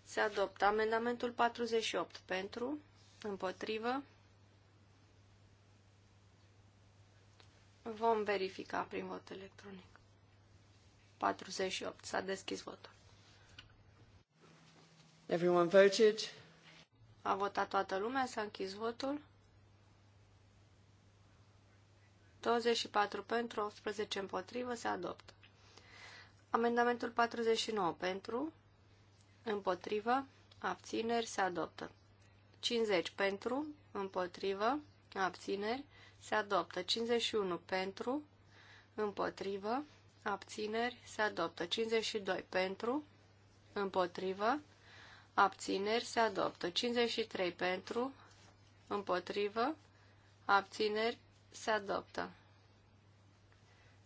se adoptă amendamentul 48 pentru, împotrivă. Vom verifica prin vot electronic. 48. S-a deschis votul.
Everyone voted.
A votat toată lumea, s-a închis votul. 24 pentru, 18 împotrivă, se adoptă. Amendamentul 49 pentru, împotrivă, abțineri, se adoptă. 50 pentru, împotrivă, abțineri, se adoptă. 51 pentru, împotrivă, abțineri, se adoptă. 52 pentru, împotrivă, abțineri, se adoptă. 53 pentru, împotrivă, abțineri, se adoptă.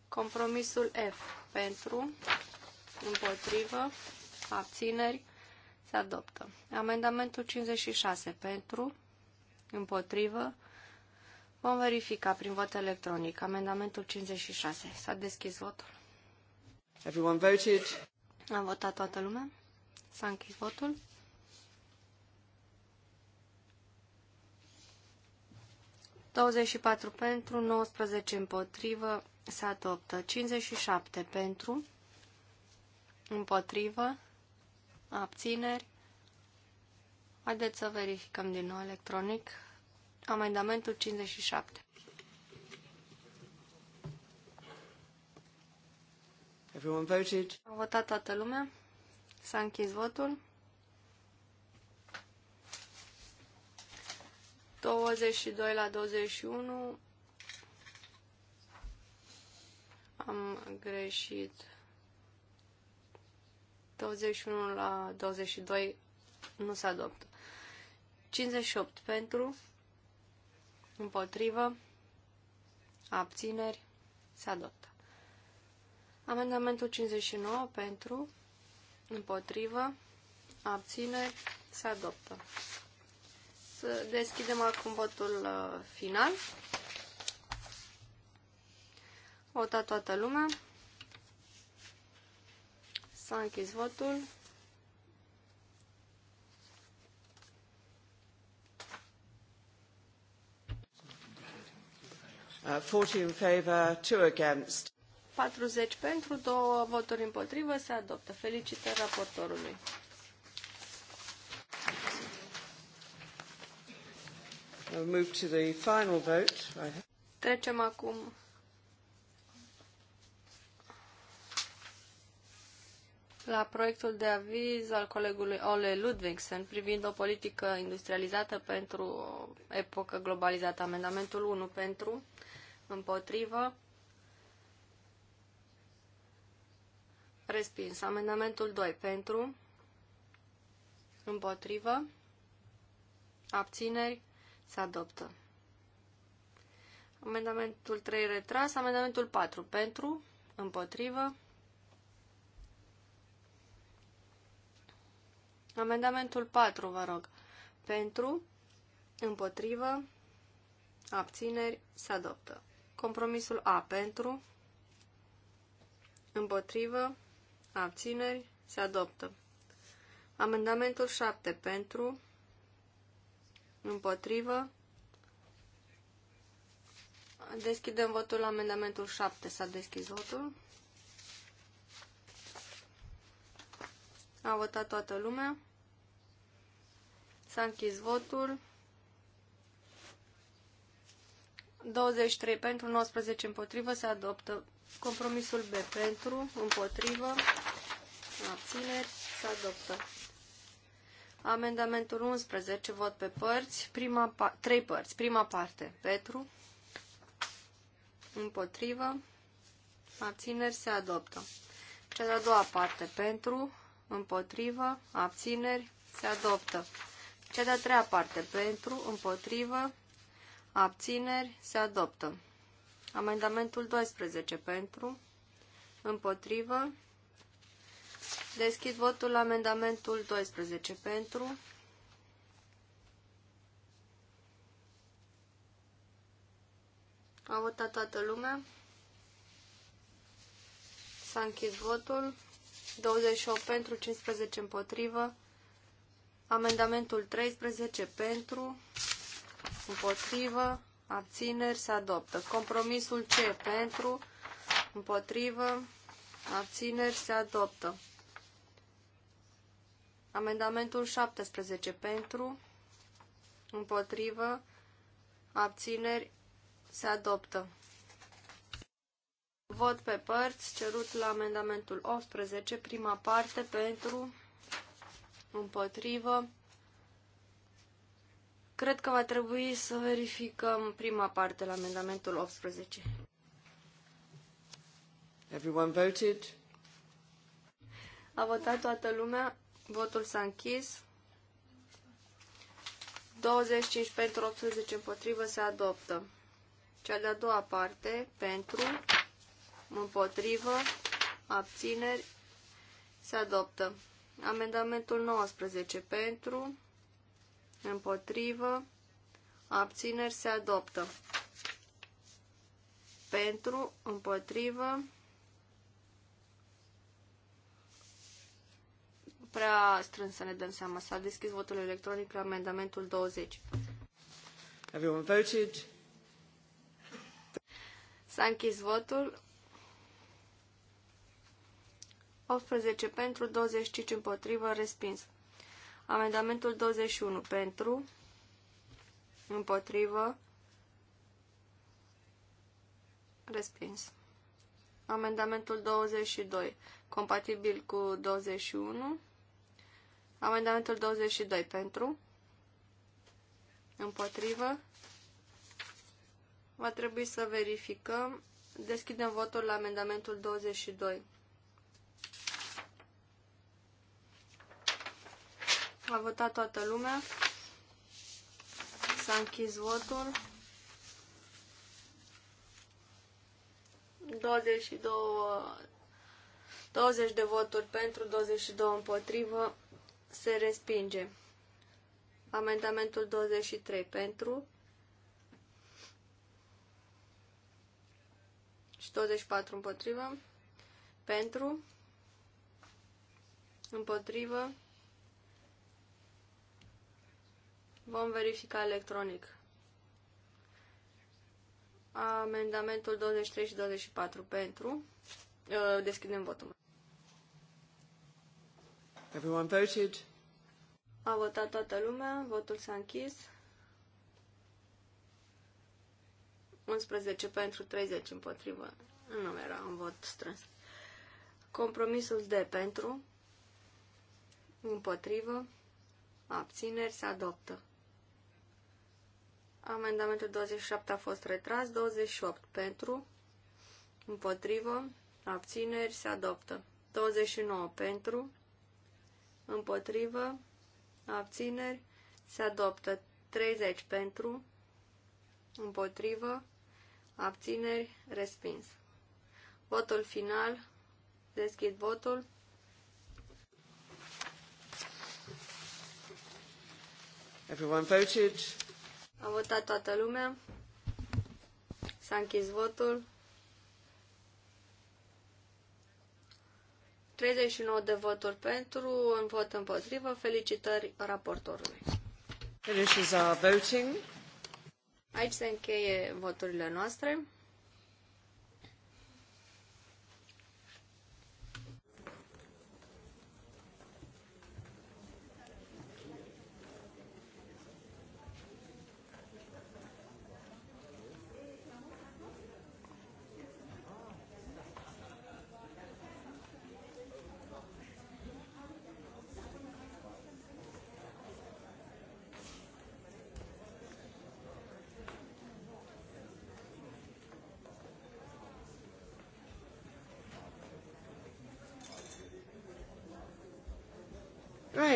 Compromisul F pentru, împotrivă, abțineri, se adoptă. Amendamentul 56 pentru, împotrivă, vom verifica prin vot electronic. Amendamentul 56. S-a deschis votul.
Everyone voted.
A votat toată lumea. S-a închis votul. Douăzeci patru pentru, 19 împotrivă, se adoptă. 57 pentru, împotrivă, abțineri. Haideți să verificăm din nou electronic amendamentul 57.
Everyone voted.
A votat toată lumea. S-a închis votul. 22 la 21. Am greșit. 21 la 22 nu se adoptă. 58 pentru, împotrivă, abțineri, se adoptă. Amendamentul 59 pentru, împotrivă, abțineri, se adoptă. Să deschidem acum votul uh, final. Vota toată lumea. S-a închis votul.
Uh, 40 in favor, 2 against.
40 pentru, 2 voturi împotrivă, se adoptă. Felicitări raportorului.
We'll move to the final vote.
Trecem acum la proiectul de aviz al colegului Ole Ludvigsen privind o politică industrializată pentru o epocă globalizată. Amendamentul 1 pentru, împotrivă, respins. Amendamentul 2 pentru, împotrivă, abțineri, se adoptă. Amendamentul 3 retras, amendamentul 4 pentru, împotrivă, Amendamentul 4, vă rog. Pentru, împotrivă, abțineri, se adoptă. Compromisul A pentru, împotrivă, abțineri, se adoptă. Amendamentul 7 pentru, împotrivă, deschidem votul la amendamentul 7, s-a deschis votul. A votat toată lumea. S-a închis votul. 23 pentru, 19 împotrivă, se adoptă compromisul B pentru, împotrivă, abțineri, se adoptă. Amendamentul 11, vot pe părți, prima, trei părți. Prima parte, pentru, împotrivă, abțineri, se adoptă. Cea de-a doua parte, pentru, împotrivă, abțineri, se adoptă. Cea de-a treia parte, pentru, împotrivă, abțineri, se adoptă. Amendamentul 12, pentru, împotrivă, deschid votul amendamentul 12, pentru, a votat toată lumea, s-a închis votul, 28 pentru, 15 împotrivă. Amendamentul 13 pentru, împotrivă, abțineri, se adoptă. Compromisul C pentru, împotrivă, abțineri, se adoptă. Amendamentul 17 pentru, împotrivă, abțineri, se adoptă vot pe părți cerut la amendamentul 18, prima parte pentru, împotrivă. Cred că va trebui să verificăm prima parte la amendamentul
18. Everyone voted?
A votat toată lumea, votul s-a închis. 25 pentru 18 împotrivă se adoptă. Cea de-a doua parte pentru Împotrivă. Abțineri. Se adoptă. Amendamentul 19 pentru. Împotrivă. Abțineri se adoptă. Pentru, împotrivă, prea strâns să ne dăm seama. S-a deschis votul electronic la amendamentul 20.
Everyone voted.
S-a închis votul. 18 pentru, 25 împotrivă, respins. Amendamentul 21 pentru, împotrivă, respins. Amendamentul 22, compatibil cu 21. Amendamentul 22 pentru, împotrivă. Va trebui să verificăm. Deschidem votul la amendamentul 22. A votat toată lumea. S-a închis votul. 22, 20 de voturi pentru, 22 împotrivă. Se respinge. Amendamentul 23 pentru. Și 24 împotrivă. Pentru. Împotrivă. Vom verifica electronic. Amendamentul 23 și 24 pentru. Uh, deschidem votul.
Everyone voted.
A votat toată lumea, votul s-a închis. 11 pentru 30 împotrivă. Nu era un vot strâns. Compromisul de pentru, împotrivă, abțineri se adoptă. Amendamentul 27 a fost retras. 28 pentru, împotrivă, abțineri, se adoptă. 29 pentru, împotrivă, abțineri, se adoptă. 30 pentru, împotrivă, abțineri, respins. Votul final, deschid votul.
Everyone voted.
A votat toată lumea. S-a închis votul. 39 de voturi pentru, un vot împotrivă. Felicitări raportorului.
Finishes our voting.
Aici se încheie voturile noastre.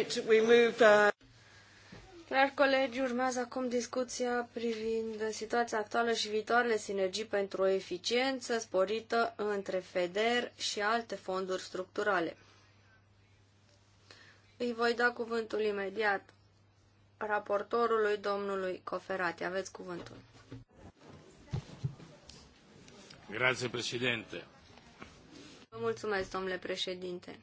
right, we move... Uh...
Dragi colegi, urmează acum discuția privind situația actuală și viitoarele sinergii pentru o eficiență sporită între FEDER și alte fonduri structurale. Îi voi da cuvântul imediat raportorului domnului Coferati. Aveți cuvântul. Grazie, președinte. Vă mulțumesc, domnule președinte.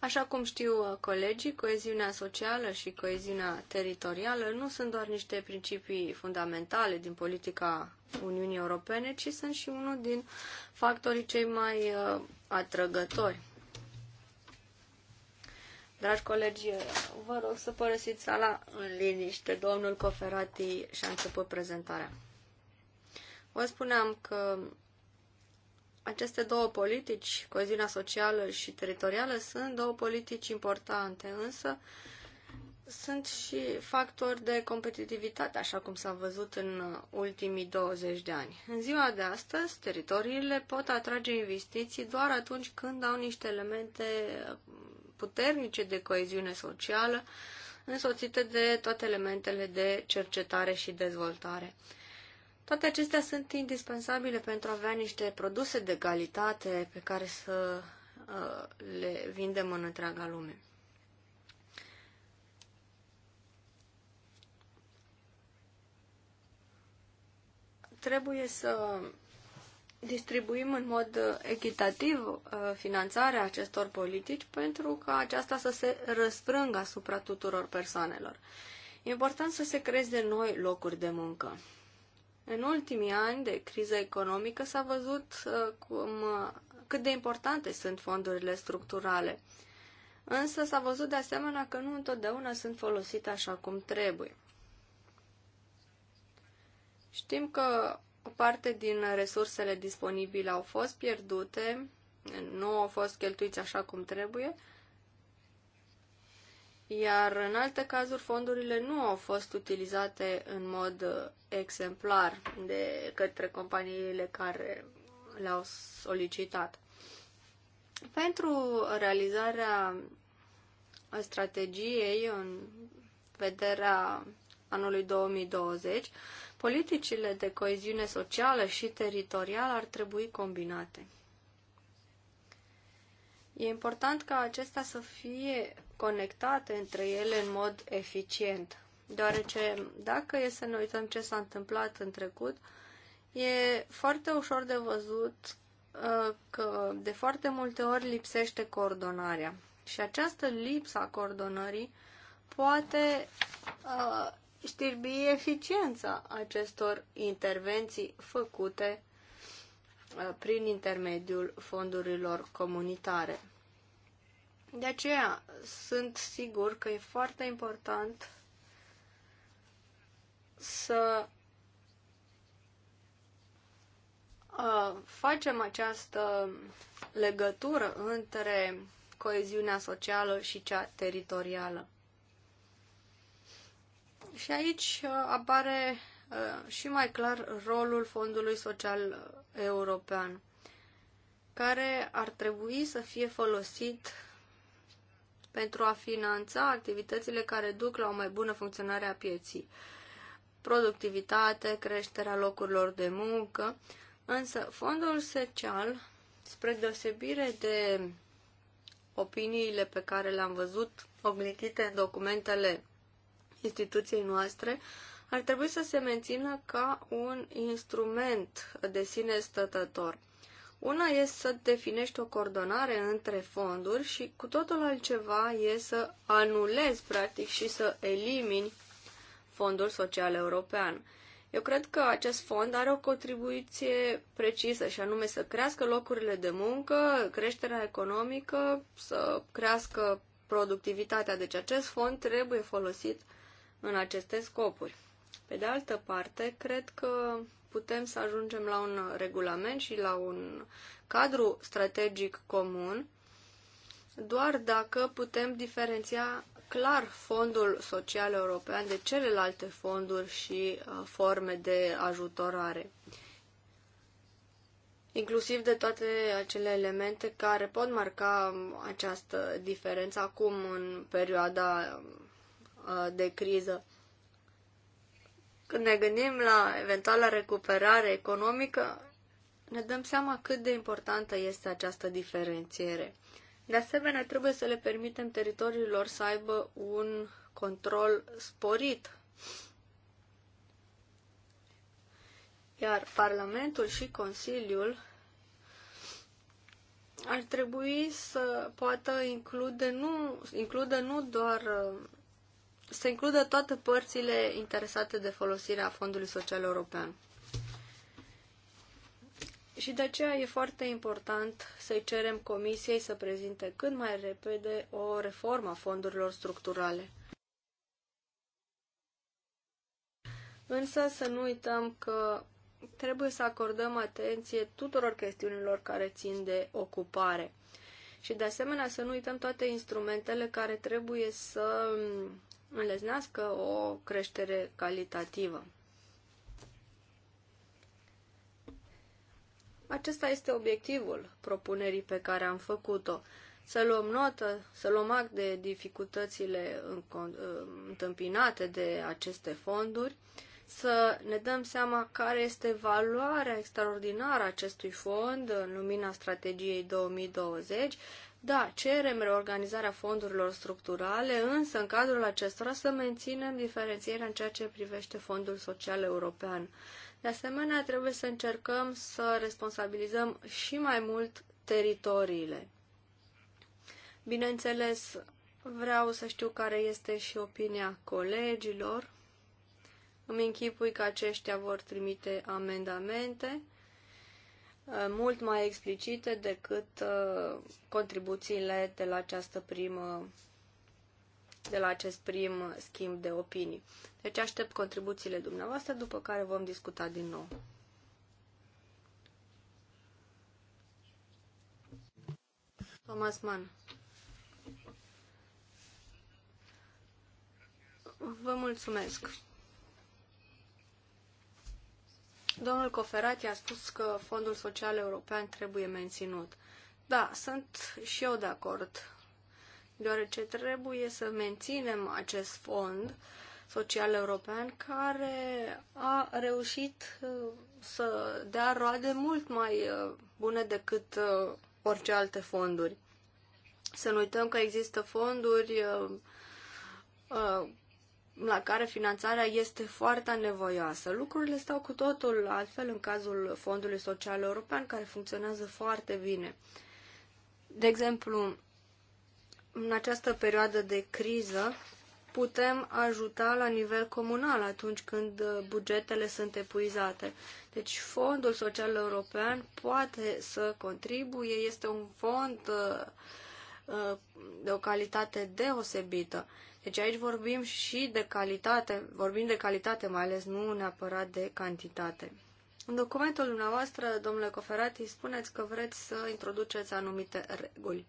Așa cum știu uh, colegii, coeziunea socială și coeziunea teritorială nu sunt doar niște principii fundamentale din politica Uniunii Europene, ci sunt și unul din factorii cei mai uh, atrăgători. Dragi colegi, uh, vă rog să părăsiți sala în liniște. Domnul Coferati și-a început prezentarea. Vă spuneam că aceste două politici, coziunea socială și teritorială, sunt două politici importante, însă sunt și factori de competitivitate, așa cum s-a văzut în ultimii 20 de ani. În ziua de astăzi, teritoriile pot atrage investiții doar atunci când au niște elemente puternice de coeziune socială, însoțite de toate elementele de cercetare și dezvoltare. Toate acestea sunt indispensabile pentru a avea niște produse de calitate pe care să uh, le vindem în întreaga lume. Trebuie să distribuim în mod uh, echitativ uh, finanțarea acestor politici pentru ca aceasta să se răsfrângă asupra tuturor persoanelor. E important să se creeze noi locuri de muncă. În ultimii ani de criză economică s-a văzut uh, cum, uh, cât de importante sunt fondurile structurale. Însă s-a văzut de asemenea că nu întotdeauna sunt folosite așa cum trebuie. Știm că o parte din resursele disponibile au fost pierdute, nu au fost cheltuiți așa cum trebuie, iar în alte cazuri fondurile nu au fost utilizate în mod uh, exemplar de către companiile care le-au solicitat. Pentru realizarea strategiei în vederea anului 2020, politicile de coeziune socială și teritorială ar trebui combinate. E important ca acestea să fie conectate între ele în mod eficient. Deoarece dacă e să ne uităm ce s-a întâmplat în trecut, e foarte ușor de văzut uh, că de foarte multe ori lipsește coordonarea. Și această lipsă a coordonării poate uh, știrbi eficiența acestor intervenții făcute uh, prin intermediul fondurilor comunitare. De aceea sunt sigur că e foarte important să uh, facem această legătură între coeziunea socială și cea teritorială. Și aici uh, apare uh, și mai clar rolul Fondului Social European, care ar trebui să fie folosit pentru a finanța activitățile care duc la o mai bună funcționare a pieții, productivitate, creșterea locurilor de muncă, însă fondul social, spre deosebire de opiniile pe care le-am văzut oglindite în documentele instituției noastre, ar trebui să se mențină ca un instrument de sine stătător. Una e să definești o coordonare între fonduri și cu totul altceva e să anulezi, practic, și să elimini Fondul Social European. Eu cred că acest fond are o contribuție precisă și anume să crească locurile de muncă, creșterea economică, să crească productivitatea. Deci acest fond trebuie folosit în aceste scopuri. Pe de altă parte, cred că putem să ajungem la un regulament și la un cadru strategic comun doar dacă putem diferenția clar fondul social european de celelalte fonduri și uh, forme de ajutorare inclusiv de toate acele elemente care pot marca um, această diferență acum în perioada um, uh, de criză. Când ne gândim la eventuala recuperare economică, ne dăm seama cât de importantă este această diferențiere. De asemenea, trebuie să le permitem teritoriilor să aibă un control sporit. Iar Parlamentul și Consiliul ar trebui să poată include nu, include nu doar să includă toate părțile interesate de folosirea Fondului Social European. Și de aceea e foarte important să-i cerem Comisiei să prezinte cât mai repede o reformă a fondurilor structurale. Însă să nu uităm că trebuie să acordăm atenție tuturor chestiunilor care țin de ocupare. Și de asemenea să nu uităm toate instrumentele care trebuie să înleznească o creștere calitativă. Acesta este obiectivul propunerii pe care am făcut-o. Să luăm notă, să luăm act de dificultățile întâmpinate de aceste fonduri, să ne dăm seama care este valoarea extraordinară a acestui fond în lumina strategiei 2020, da, cerem reorganizarea fondurilor structurale, însă în cadrul acestora să menținem diferențierea în ceea ce privește Fondul Social European. De asemenea, trebuie să încercăm să responsabilizăm și mai mult teritoriile. Bineînțeles, vreau să știu care este și opinia colegilor. Îmi închipui că aceștia vor trimite amendamente mult mai explicite decât uh, contribuțiile de la această primă de la acest prim schimb de opinii. Deci aștept contribuțiile dumneavoastră, după care vom discuta din nou. Thomas Mann. Vă mulțumesc. Domnul Coferati a spus că Fondul Social European trebuie menținut. Da, sunt și eu de acord, deoarece trebuie să menținem acest fond social european care a reușit uh, să dea roade mult mai uh, bune decât uh, orice alte fonduri. Să nu uităm că există fonduri la care finanțarea este foarte nevoioasă. Lucrurile stau cu totul altfel în cazul Fondului Social European, care funcționează foarte bine. De exemplu, în această perioadă de criză, putem ajuta la nivel comunal atunci când bugetele sunt epuizate. Deci Fondul Social European poate să contribuie, este un fond uh, uh, de o calitate deosebită. Deci aici vorbim și de calitate, vorbim de calitate mai ales, nu neapărat de cantitate. În documentul dumneavoastră, domnule Coferati, spuneți că vreți să introduceți anumite reguli.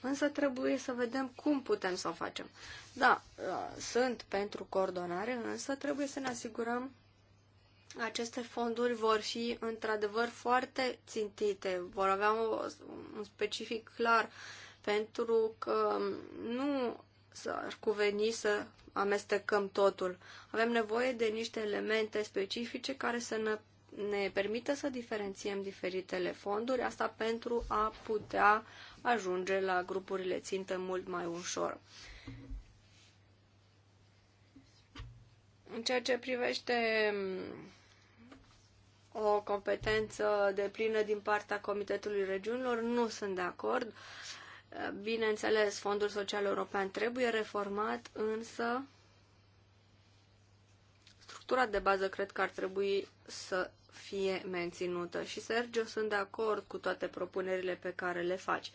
Însă trebuie să vedem cum putem să o facem. Da, uh, sunt pentru coordonare, însă trebuie să ne asigurăm aceste fonduri vor fi într-adevăr foarte țintite, vor avea un specific clar, pentru că nu să ar cuveni să amestecăm totul. Avem nevoie de niște elemente specifice care să ne, ne permită să diferențiem diferitele fonduri, asta pentru a putea ajunge la grupurile țintă mult mai ușor. În ceea ce privește mm, o competență de plină din partea Comitetului Regiunilor, nu sunt de acord. Uh, Bineînțeles, Fondul Social European trebuie reformat, însă structura de bază cred că ar trebui să fie menținută. Și, Sergio, sunt de acord cu toate propunerile pe care le faci.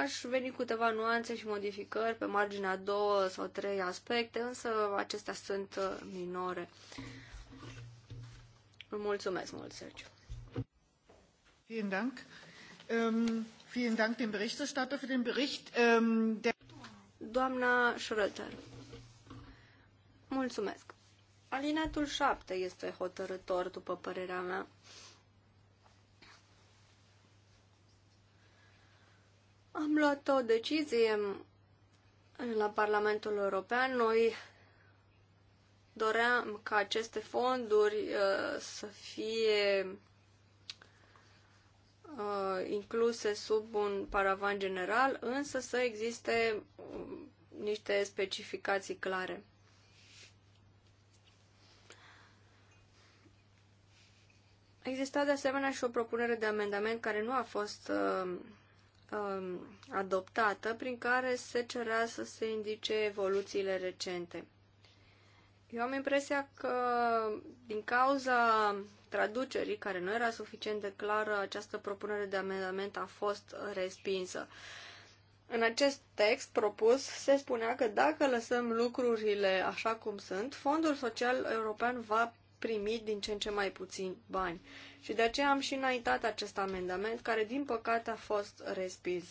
Aș veni cu câteva nuanțe și modificări pe marginea două sau trei aspecte, însă acestea sunt uh, minore. mulțumesc mult, Sergio. Vielen Dank. Um, Vielen Dank dem Berichterstatter für den Bericht. Ähm, der Doamna Schröter. Mulțumesc. Alineatul 7 este hotărător, după părerea mea. Am luat o decizie la Parlamentul European. Noi doream ca aceste fonduri uh, să fie Uh, incluse sub un paravan general, însă să existe um, niște specificații clare. Exista de asemenea și o propunere de amendament care nu a fost uh, uh, adoptată, prin care se cerea să se indice evoluțiile recente. Eu am impresia că din cauza traducerii, care nu era suficient de clară, această propunere de amendament a fost respinsă. În acest text propus se spunea că dacă lăsăm lucrurile așa cum sunt, Fondul Social European va primi din ce în ce mai puțin bani. Și de aceea am și înaintat acest amendament, care din păcate a fost respins.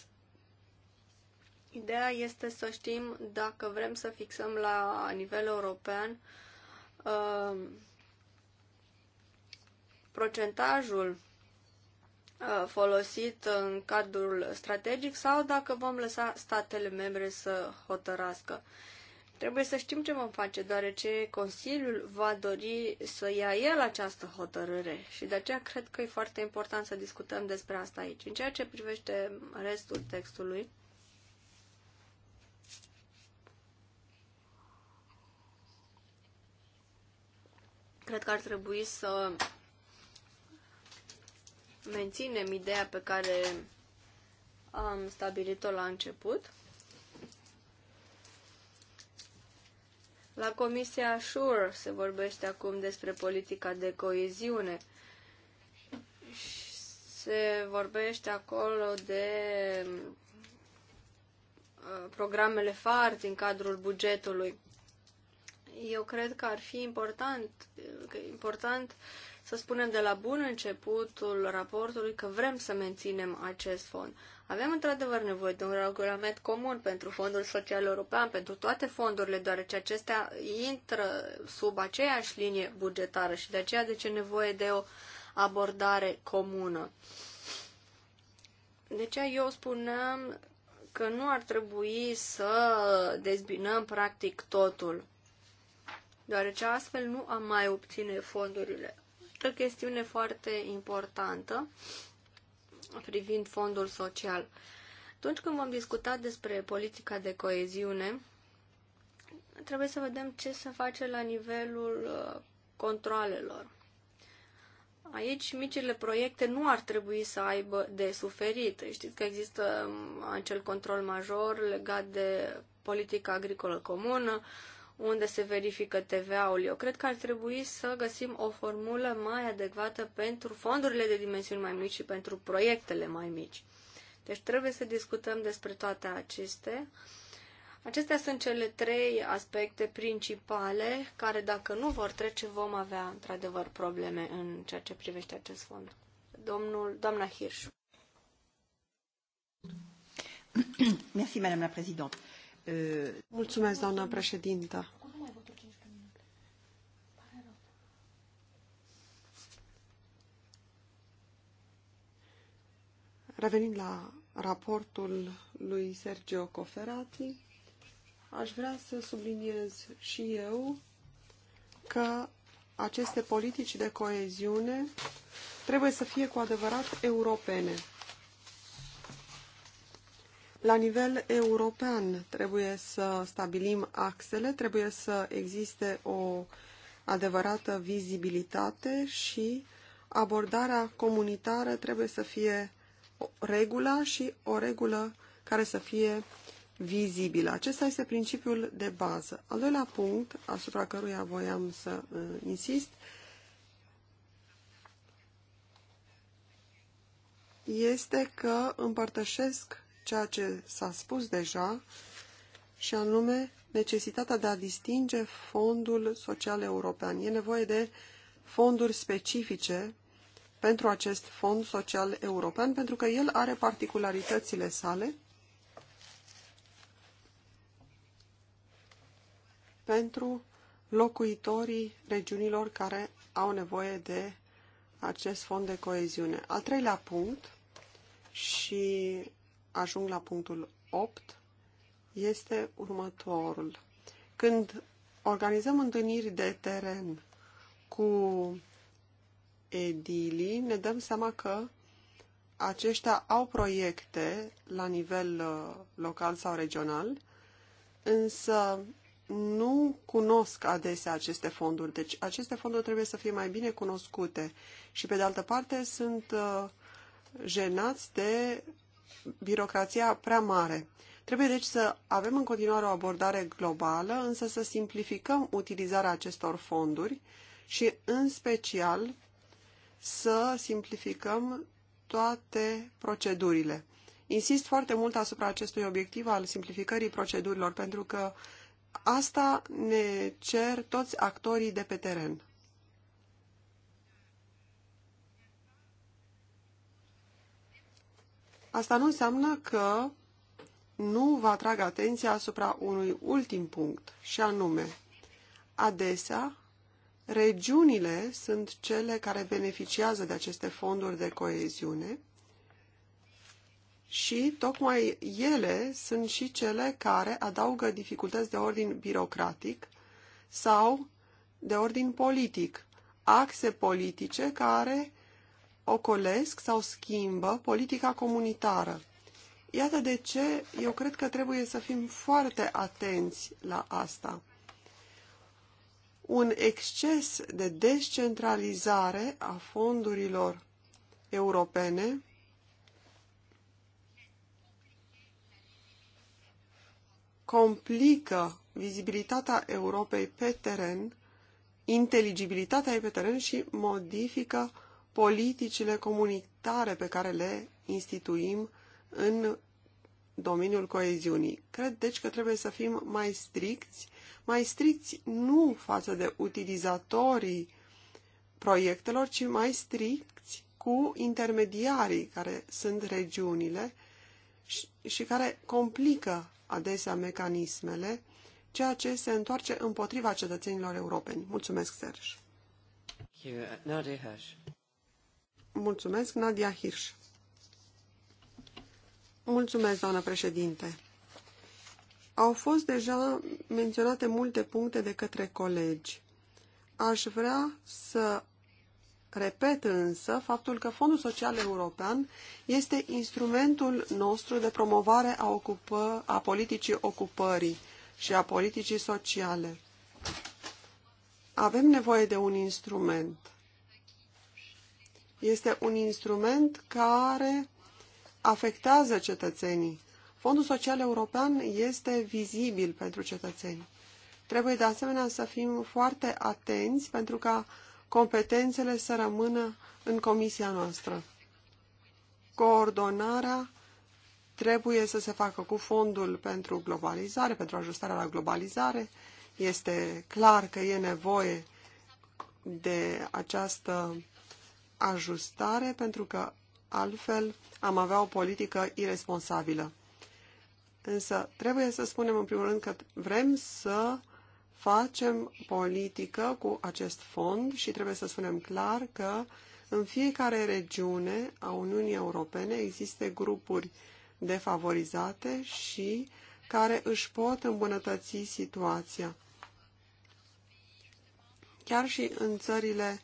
Ideea este să știm dacă vrem să fixăm la nivel european uh, procentajul uh, folosit în cadrul strategic sau dacă vom lăsa statele membre să hotărască. Trebuie să știm ce vom face, deoarece Consiliul va dori să ia el această hotărâre și de aceea cred că e foarte important să discutăm despre asta aici. În ceea ce privește restul textului, cred că ar trebui să menținem ideea pe care am stabilit-o la început. La Comisia SURE se vorbește acum despre politica de coeziune. Se vorbește acolo de uh, programele FAR din cadrul bugetului. Eu cred că ar fi important, că important să spunem de la bun începutul raportului că vrem să menținem acest fond. Avem într-adevăr nevoie de un regulament comun pentru Fondul Social European, pentru toate fondurile, deoarece acestea intră sub aceeași linie bugetară și de aceea de ce nevoie de o abordare comună. De aceea eu spuneam că nu ar trebui să dezbinăm practic totul, deoarece astfel nu am mai obține fondurile altă chestiune foarte importantă privind fondul social. Atunci când vom discuta despre politica de coeziune, trebuie să vedem ce se face la nivelul uh, controlelor. Aici micile proiecte nu ar trebui să aibă de suferit. Știți că există um, acel control major legat de politica agricolă comună, uh, unde se verifică TVA-ul. Eu cred că ar trebui să găsim o formulă mai adecvată pentru fondurile de dimensiuni mai mici și pentru proiectele mai mici. Deci trebuie să discutăm despre toate acestea. Acestea sunt cele trei aspecte principale care, dacă nu vor trece, vom avea într-adevăr probleme în ceea ce privește acest fond. Domnul, doamna Hirsch.
Mulțumesc, Madame la Présidente. Mulțumesc, doamnă președintă. Revenind la raportul lui Sergio Coferati, aș vrea să subliniez și eu că aceste politici de coeziune trebuie să fie cu adevărat europene. La nivel european trebuie să stabilim axele, trebuie să existe o adevărată vizibilitate și abordarea comunitară trebuie să fie o regulă și o regulă care să fie vizibilă. Acesta este principiul de bază. Al doilea punct, asupra căruia voiam să uh, insist, este că împărtășesc ceea ce s-a spus deja, și anume necesitatea de a distinge fondul social european. E nevoie de fonduri specifice pentru acest fond social european, pentru că el are particularitățile sale pentru locuitorii regiunilor care au nevoie de acest fond de coeziune. Al treilea punct, și ajung la punctul 8 este următorul. Când organizăm întâlniri de teren cu edilii, ne dăm seama că aceștia au proiecte la nivel uh, local sau regional, însă nu cunosc adesea aceste fonduri. Deci aceste fonduri trebuie să fie mai bine cunoscute și pe de altă parte sunt uh, jenați de birocrația prea mare. Trebuie deci să avem în continuare o abordare globală, însă să simplificăm utilizarea acestor fonduri și, în special, să simplificăm toate procedurile. Insist foarte mult asupra acestui obiectiv al simplificării procedurilor, pentru că asta ne cer toți actorii de pe teren. Asta nu înseamnă că nu vă atrag atenția asupra unui ultim punct, și anume, adesea, regiunile sunt cele care beneficiază de aceste fonduri de coeziune și tocmai ele sunt și cele care adaugă dificultăți de ordin birocratic sau de ordin politic, axe politice care ocolesc sau schimbă politica comunitară. Iată de ce eu cred că trebuie să fim foarte atenți la asta. Un exces de descentralizare a fondurilor europene complică vizibilitatea Europei pe teren, inteligibilitatea ei pe teren și modifică politicile comunitare pe care le instituim în domeniul coeziunii. Cred, deci, că trebuie să fim mai stricți, mai stricți nu față de utilizatorii proiectelor, ci mai stricți cu intermediarii care sunt regiunile și, și care complică adesea mecanismele, ceea ce se întoarce împotriva cetățenilor europeni. Mulțumesc, Serge. Mulțumesc, Nadia Hirsch. Mulțumesc, doamnă președinte. Au fost deja menționate multe puncte de către colegi. Aș vrea să repet însă faptul că Fondul Social European este instrumentul nostru de promovare a, ocupă, a politicii ocupării și a politicii sociale. Avem nevoie de un instrument este un instrument care afectează cetățenii. Fondul Social European este vizibil pentru cetățeni. Trebuie de asemenea să fim foarte atenți pentru ca competențele să rămână în comisia noastră. Coordonarea trebuie să se facă cu fondul pentru globalizare, pentru ajustarea la globalizare. Este clar că e nevoie de această ajustare pentru că altfel am avea o politică irresponsabilă. Însă trebuie să spunem în primul rând că vrem să facem politică cu acest fond și trebuie să spunem clar că în fiecare regiune a Uniunii Europene există grupuri defavorizate și care își pot îmbunătăți situația. Chiar și în țările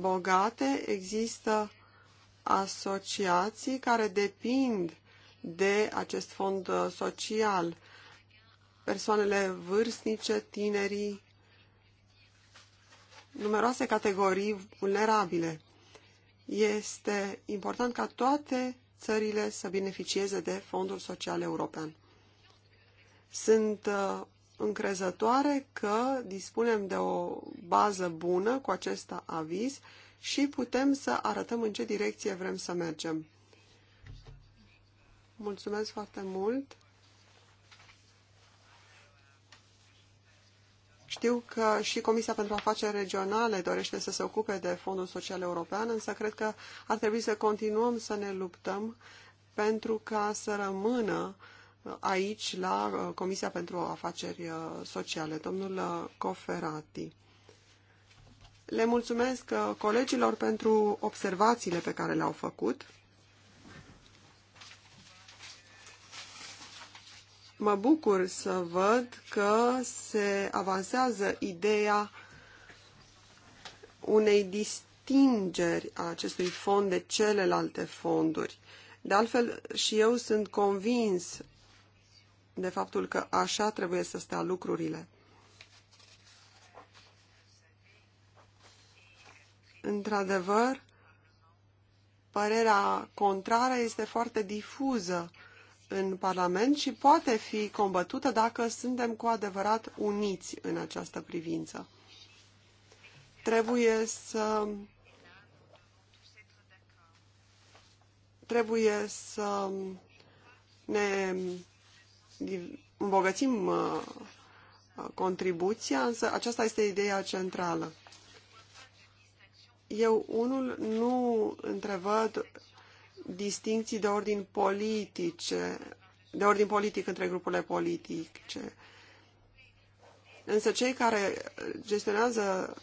bogate există asociații care depind de acest fond uh, social. Persoanele vârstnice, tinerii, numeroase categorii vulnerabile. Este important ca toate țările să beneficieze de Fondul Social European. Sunt uh, încrezătoare că dispunem de o bază bună cu acest aviz și putem să arătăm în ce direcție vrem să mergem. Mulțumesc foarte mult! Știu că și Comisia pentru Afaceri Regionale dorește să se ocupe de Fondul Social European, însă cred că ar trebui să continuăm să ne luptăm pentru ca să rămână uh, aici la uh, Comisia pentru Afaceri uh, Sociale, domnul uh, Coferati. Le mulțumesc colegilor pentru observațiile pe care le-au făcut. Mă bucur să văd că se avansează ideea unei distingeri a acestui fond de celelalte fonduri. De altfel, și eu sunt convins de faptul că așa trebuie să stea lucrurile. Într-adevăr, părerea contrară este foarte difuză în Parlament și poate fi combătută dacă suntem cu adevărat uniți în această privință. Trebuie să trebuie să ne îmbogățim uh, contribuția, însă aceasta este ideea centrală. Eu, unul, nu întrevăd distinții de ordin politice, de ordin politic între grupurile politice. Însă cei care gestionează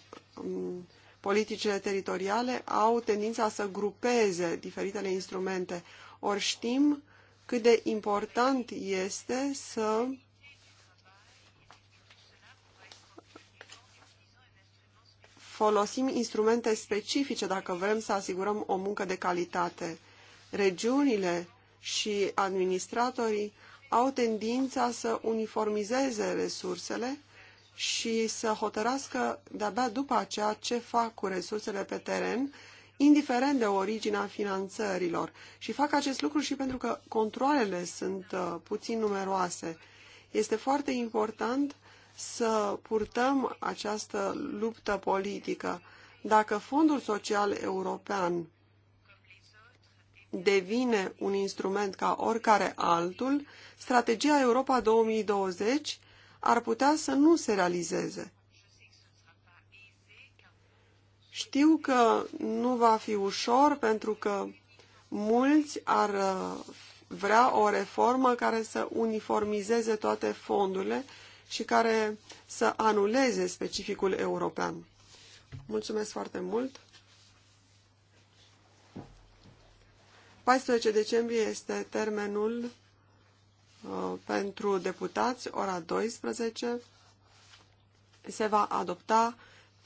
um, politicile teritoriale au tendința să grupeze diferitele instrumente. Ori știm cât de important este să folosim instrumente specifice dacă vrem să asigurăm o muncă de calitate. Regiunile și administratorii au tendința să uniformizeze resursele și să hotărască de-abia după aceea ce fac cu resursele pe teren indiferent de originea finanțărilor. Și fac acest lucru și pentru că controlele sunt uh, puțin numeroase. Este foarte important să purtăm această luptă politică. Dacă Fondul Social European devine un instrument ca oricare altul, strategia Europa 2020 ar putea să nu se realizeze. Știu că nu va fi ușor pentru că mulți ar uh, vrea o reformă care să uniformizeze toate fondurile și care să anuleze specificul european. Mulțumesc foarte mult! 14 decembrie este termenul uh, pentru deputați, ora 12. Se va adopta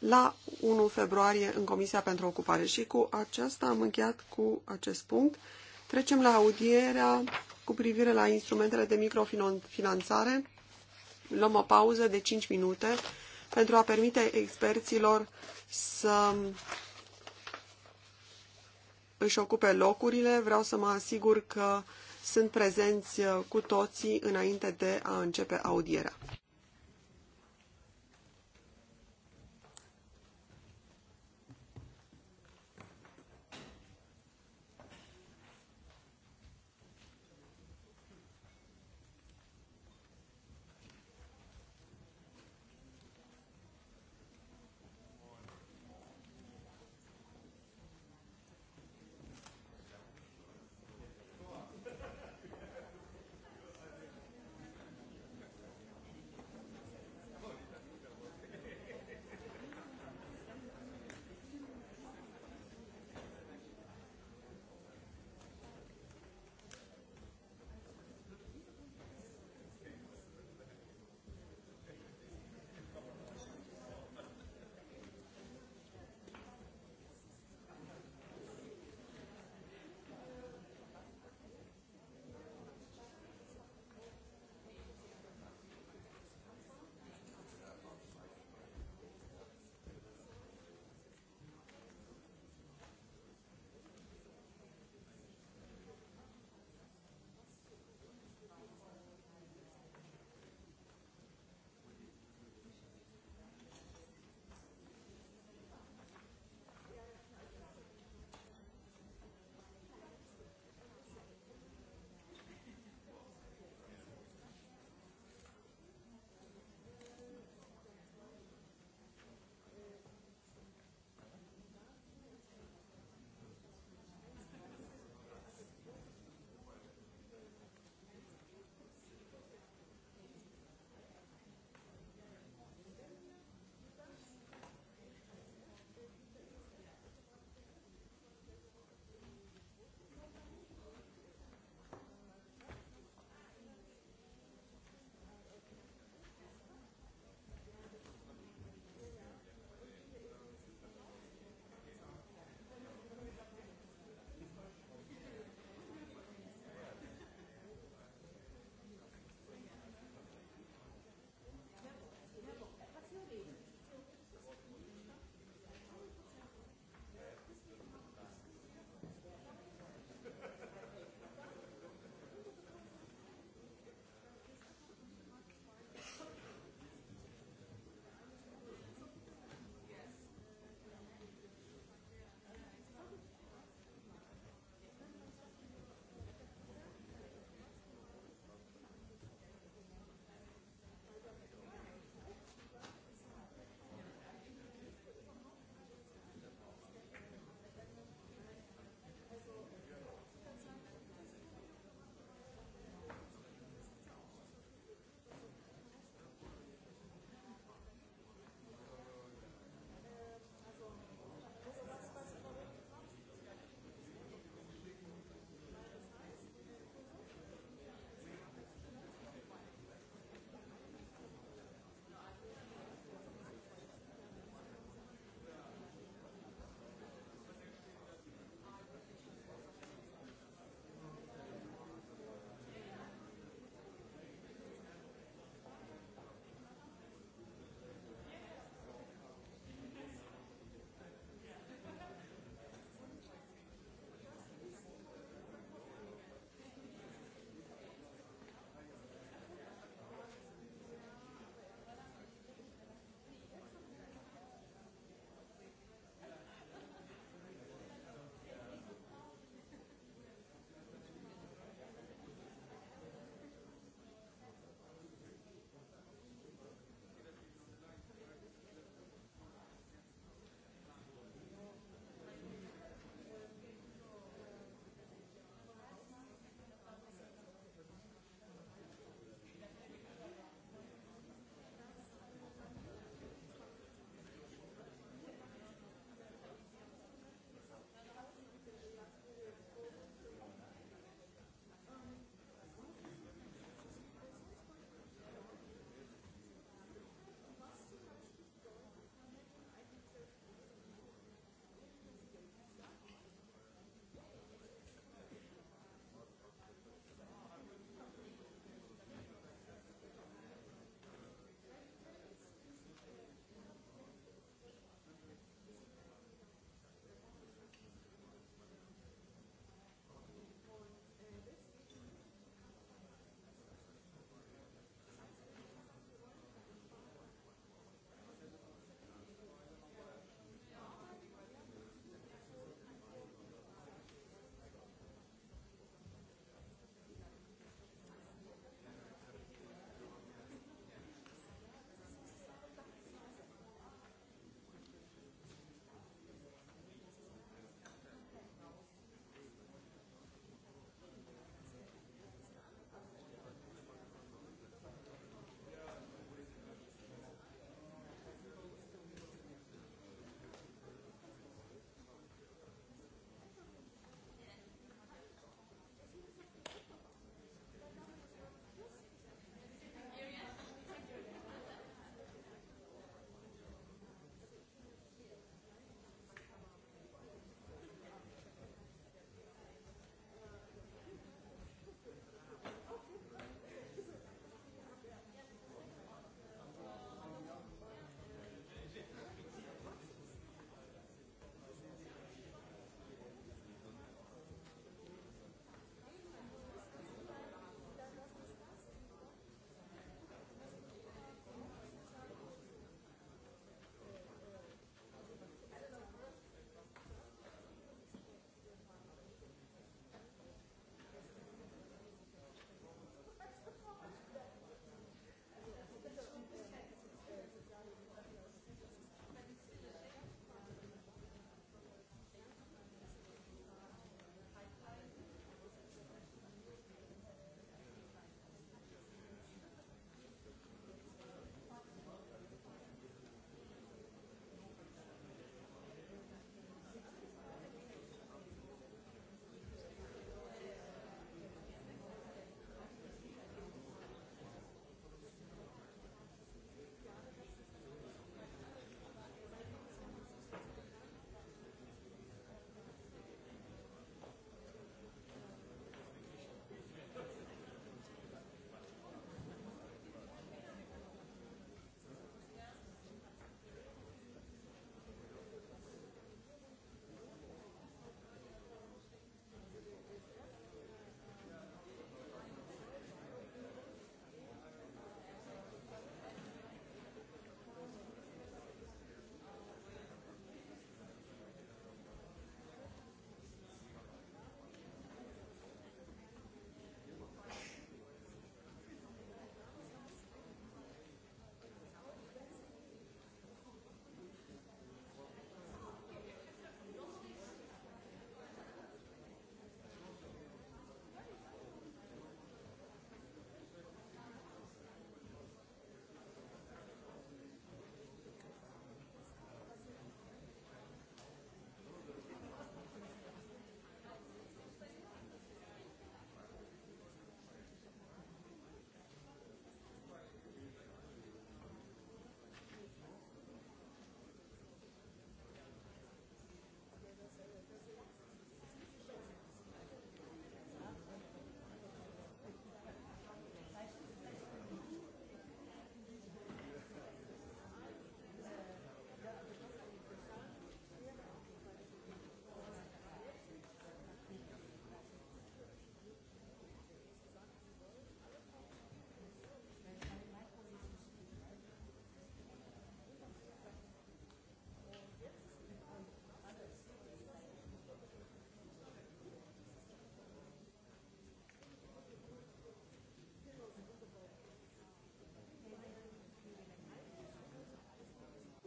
la 1 februarie în Comisia pentru Ocupare. Și cu aceasta am încheiat cu acest punct. Trecem la audierea cu privire la instrumentele de microfinanțare. Luăm o pauză de 5 minute pentru a permite experților să își ocupe locurile. Vreau să mă asigur că sunt prezenți cu toții înainte de a începe audierea.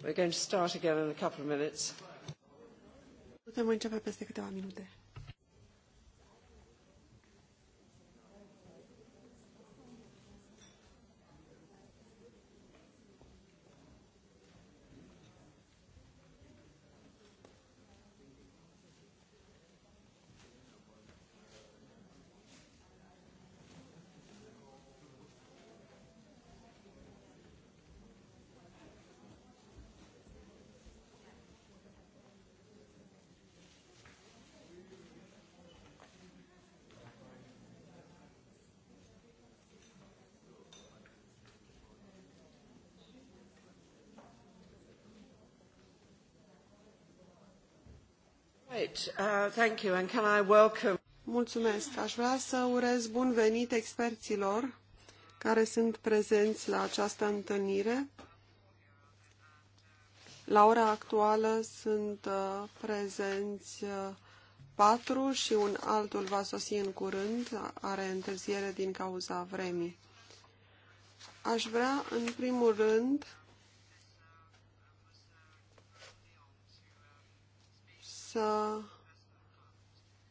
We're going to start again
Putem începe peste câteva minute. Uh, thank you and can I welcome... Mulțumesc. Aș vrea să urez bun venit experților care sunt prezenți la această întâlnire. La ora actuală sunt uh, prezenți uh, patru și un altul va sosi în curând, are întârziere din cauza vremii. Aș vrea, în primul rând, să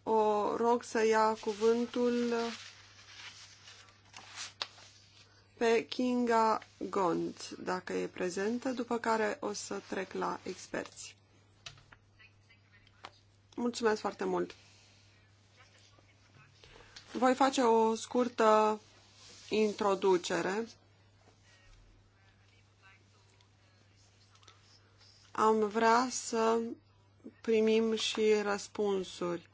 o rog să ia cuvântul pe Kinga Gond, dacă e prezentă, după care o să trec la experți. Mulțumesc foarte mult! Voi face o scurtă introducere. Am vrea să primim și răspunsuri.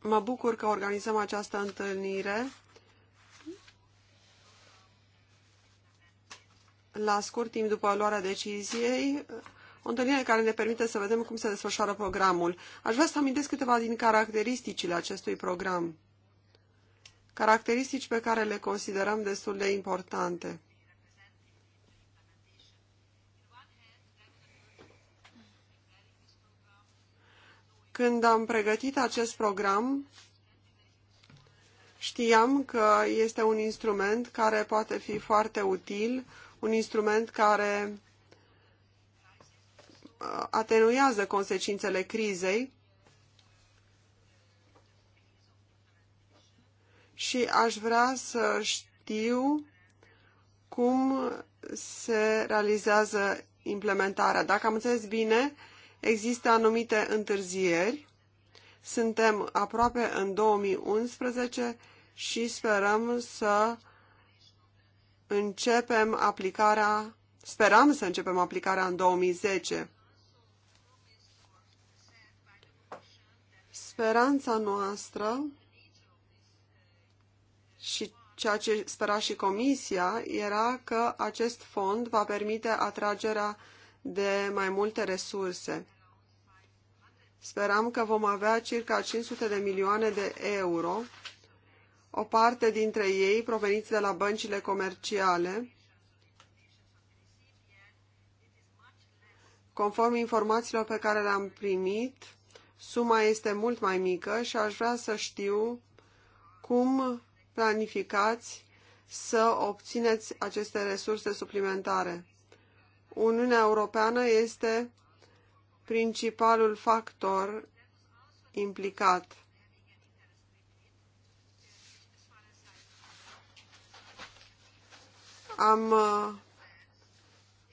Mă bucur că organizăm această întâlnire. La scurt timp după luarea deciziei, o întâlnire care ne permite să vedem cum se desfășoară programul. Aș vrea să amintesc câteva din caracteristicile acestui program. Caracteristici pe care le considerăm destul de importante. Când am pregătit acest program, știam că este un instrument care poate fi foarte util, un instrument care uh, atenuează consecințele crizei și aș vrea să știu cum se realizează implementarea. Dacă am înțeles bine, Există anumite întârzieri. Suntem aproape în 2011 și sperăm să începem aplicarea, Sperăm să începem aplicarea în 2010. Speranța noastră și ceea ce spera și Comisia era că acest fond va permite atragerea de mai multe resurse speram că vom avea circa 500 de milioane de euro, o parte dintre ei proveniți de la băncile comerciale, Conform informațiilor pe care le-am primit, suma este mult mai mică și aș vrea să știu cum planificați să obțineți aceste resurse suplimentare. Uniunea Europeană este principalul factor implicat. Am uh,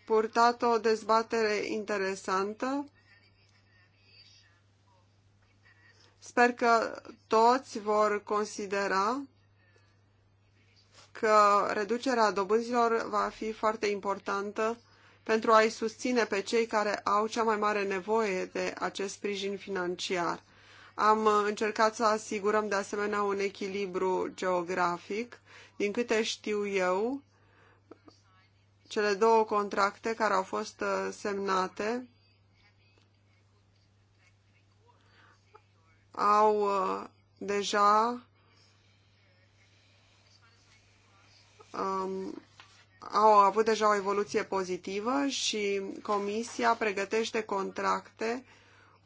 purtat o dezbatere interesantă. Sper că toți vor considera că reducerea dobânzilor va fi foarte importantă pentru a-i susține pe cei care au cea mai mare nevoie de acest sprijin financiar. Am încercat să asigurăm de asemenea un echilibru geografic. Din câte știu eu, cele două contracte care au fost uh, semnate au uh, deja um, au avut deja o evoluție pozitivă și Comisia pregătește contracte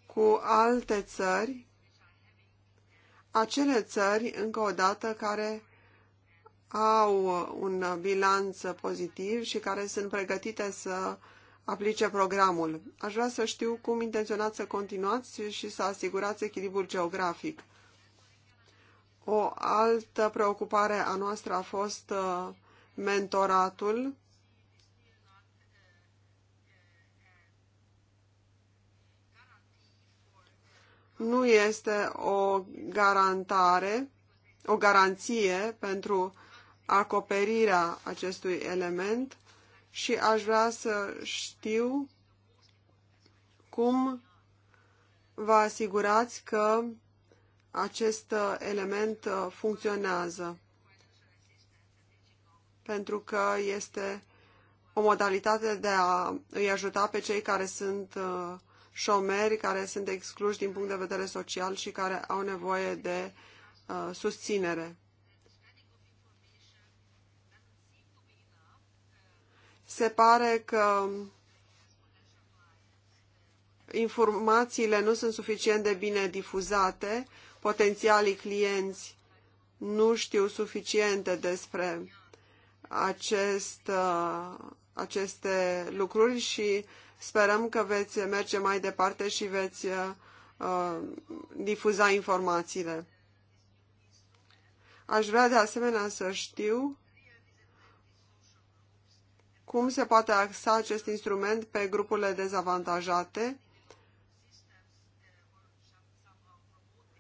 cu alte țări, acele țări, încă o dată, care au un bilanț pozitiv și care sunt pregătite să aplice programul. Aș vrea să știu cum intenționați să continuați și să asigurați echilibrul geografic. O altă preocupare a noastră a fost uh, mentoratul nu este o garantare, o garanție pentru acoperirea acestui element și aș vrea să știu cum vă asigurați că acest element uh, funcționează pentru că este o modalitate de a îi ajuta pe cei care sunt uh, șomeri, care sunt excluși din punct de vedere social și care au nevoie de uh, susținere. Se pare că informațiile nu sunt suficient de bine difuzate, potențialii clienți nu știu suficiente despre acest, uh, aceste lucruri și sperăm că veți merge mai departe și veți uh, difuza informațiile. Aș vrea de asemenea să știu cum se poate axa acest instrument pe grupurile dezavantajate,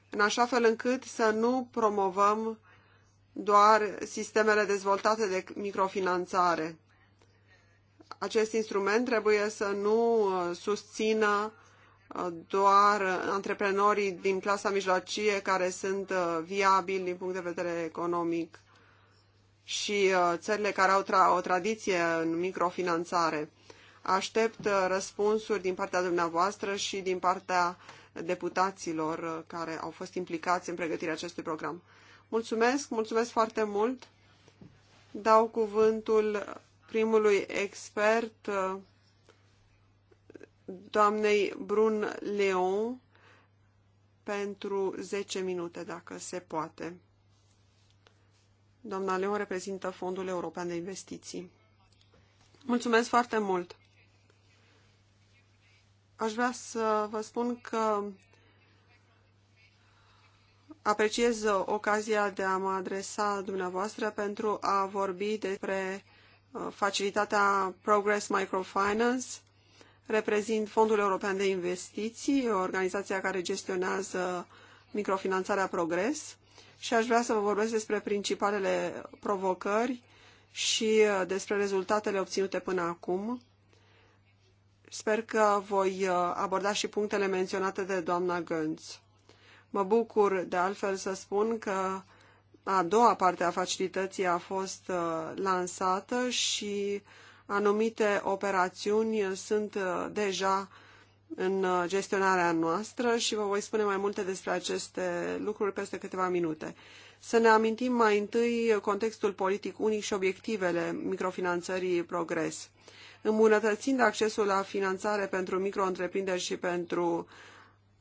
în așa fel încât să nu promovăm doar sistemele dezvoltate de microfinanțare. Acest instrument trebuie să nu uh, susțină uh, doar antreprenorii din clasa mijlocie care sunt uh, viabili din punct de vedere economic și țările care au tra o tradiție în microfinanțare. Aștept răspunsuri din partea dumneavoastră și din partea deputaților care au fost implicați în pregătirea acestui program. Mulțumesc, mulțumesc foarte mult. Dau cuvântul primului expert, doamnei Brun Leon, pentru 10 minute, dacă se poate. Doamna Leon reprezintă Fondul European de Investiții. Mulțumesc foarte mult! Aș vrea să vă spun că Apreciez ocazia de a mă adresa dumneavoastră pentru a vorbi despre uh, facilitatea Progress Microfinance. Reprezint Fondul European de Investiții, organizația care gestionează microfinanțarea Progress și aș vrea să vă vorbesc despre principalele provocări și uh, despre rezultatele obținute până acum. Sper că voi uh, aborda și punctele menționate de doamna Gânț. Mă bucur de altfel să spun că a doua parte a facilității a fost uh, lansată și anumite operațiuni sunt uh, deja în uh, gestionarea noastră și vă voi spune mai multe despre aceste lucruri peste câteva minute. Să ne amintim mai întâi contextul politic unic și obiectivele microfinanțării progres. Îmbunătățind accesul la finanțare pentru micro și pentru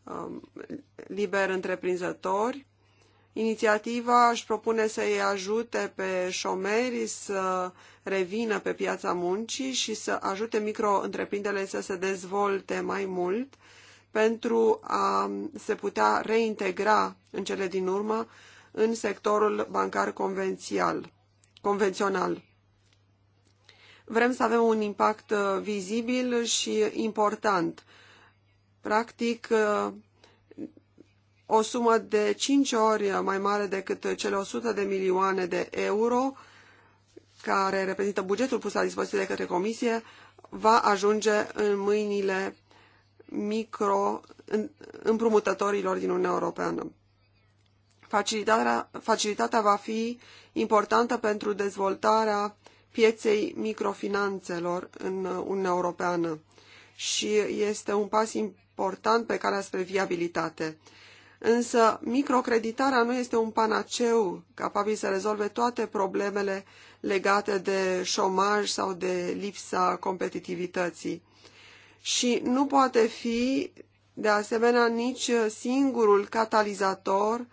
Um, liber întreprinzători. Inițiativa își propune să îi ajute pe șomeri să revină pe piața muncii și să ajute micro-întreprinderile să se dezvolte mai mult pentru a se putea reintegra în cele din urmă în sectorul bancar convențial, convențional. Vrem să avem un impact uh, vizibil și important practic uh, o sumă de 5 ori mai mare decât cele 100 de milioane de euro care reprezintă bugetul pus la dispoziție de către comisie, va ajunge în mâinile micro împrumutătorilor din Uniunea Europeană. Facilitatea, facilitatea va fi importantă pentru dezvoltarea pieței microfinanțelor în Uniunea Europeană și este un pas important important pe calea spre viabilitate. Însă, microcreditarea nu este un panaceu capabil să rezolve toate problemele legate de șomaj sau de lipsa competitivității. Și nu poate fi, de asemenea, nici singurul catalizator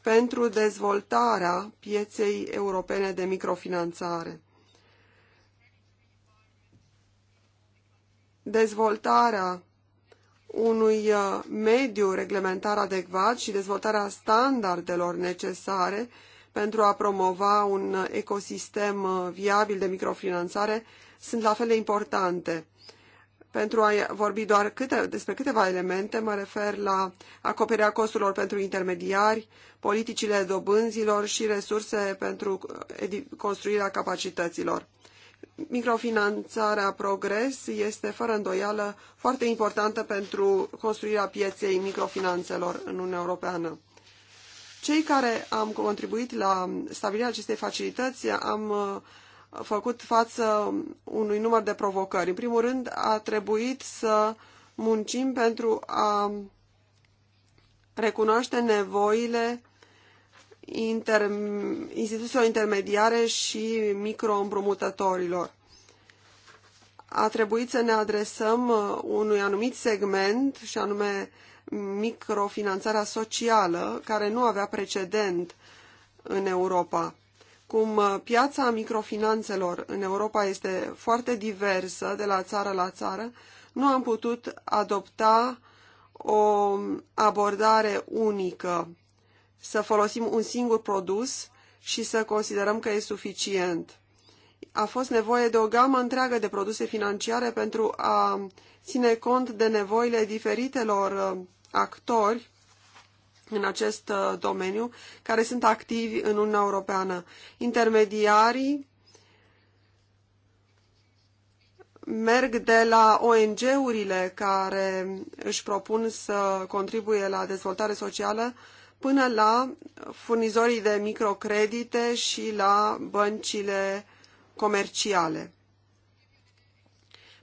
pentru dezvoltarea pieței europene de microfinanțare. Dezvoltarea unui uh, mediu reglementar adecvat și dezvoltarea standardelor necesare pentru a promova un uh, ecosistem uh, viabil de microfinanțare sunt la fel de importante. Pentru a vorbi doar câte, despre câteva elemente, mă refer la acoperirea costurilor pentru intermediari, politicile dobânzilor și resurse pentru construirea capacităților. Microfinanțarea Progres este fără îndoială foarte importantă pentru construirea pieței microfinanțelor în Uniunea Europeană. Cei care am contribuit la stabilirea acestei facilități am uh, făcut față unui număr de provocări. În primul rând, a trebuit să muncim pentru a recunoaște nevoile inter, instituțiilor intermediare și microîmprumutătorilor. A trebuit să ne adresăm uh, unui anumit segment, și anume microfinanțarea socială, care nu avea precedent în Europa. Cum uh, piața microfinanțelor în Europa este foarte diversă de la țară la țară, nu am putut adopta o abordare unică să folosim un singur produs și să considerăm că e suficient. A fost nevoie de o gamă întreagă de produse financiare pentru a ține cont de nevoile diferitelor uh, actori în acest uh, domeniu care sunt activi în Uniunea Europeană. Intermediarii merg de la ONG-urile care își propun să contribuie la dezvoltare socială până la furnizorii de microcredite și la băncile comerciale.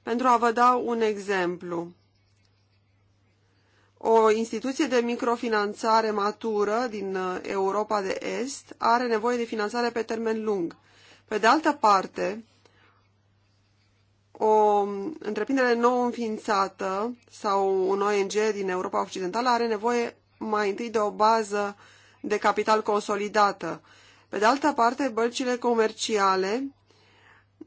Pentru a vă da un exemplu, o instituție de microfinanțare matură din uh, Europa de Est are nevoie de finanțare pe termen lung. Pe de altă parte, o întreprindere nou înființată sau un ONG din Europa Occidentală are nevoie mai întâi de o bază de capital consolidată. Pe de altă parte, băncile comerciale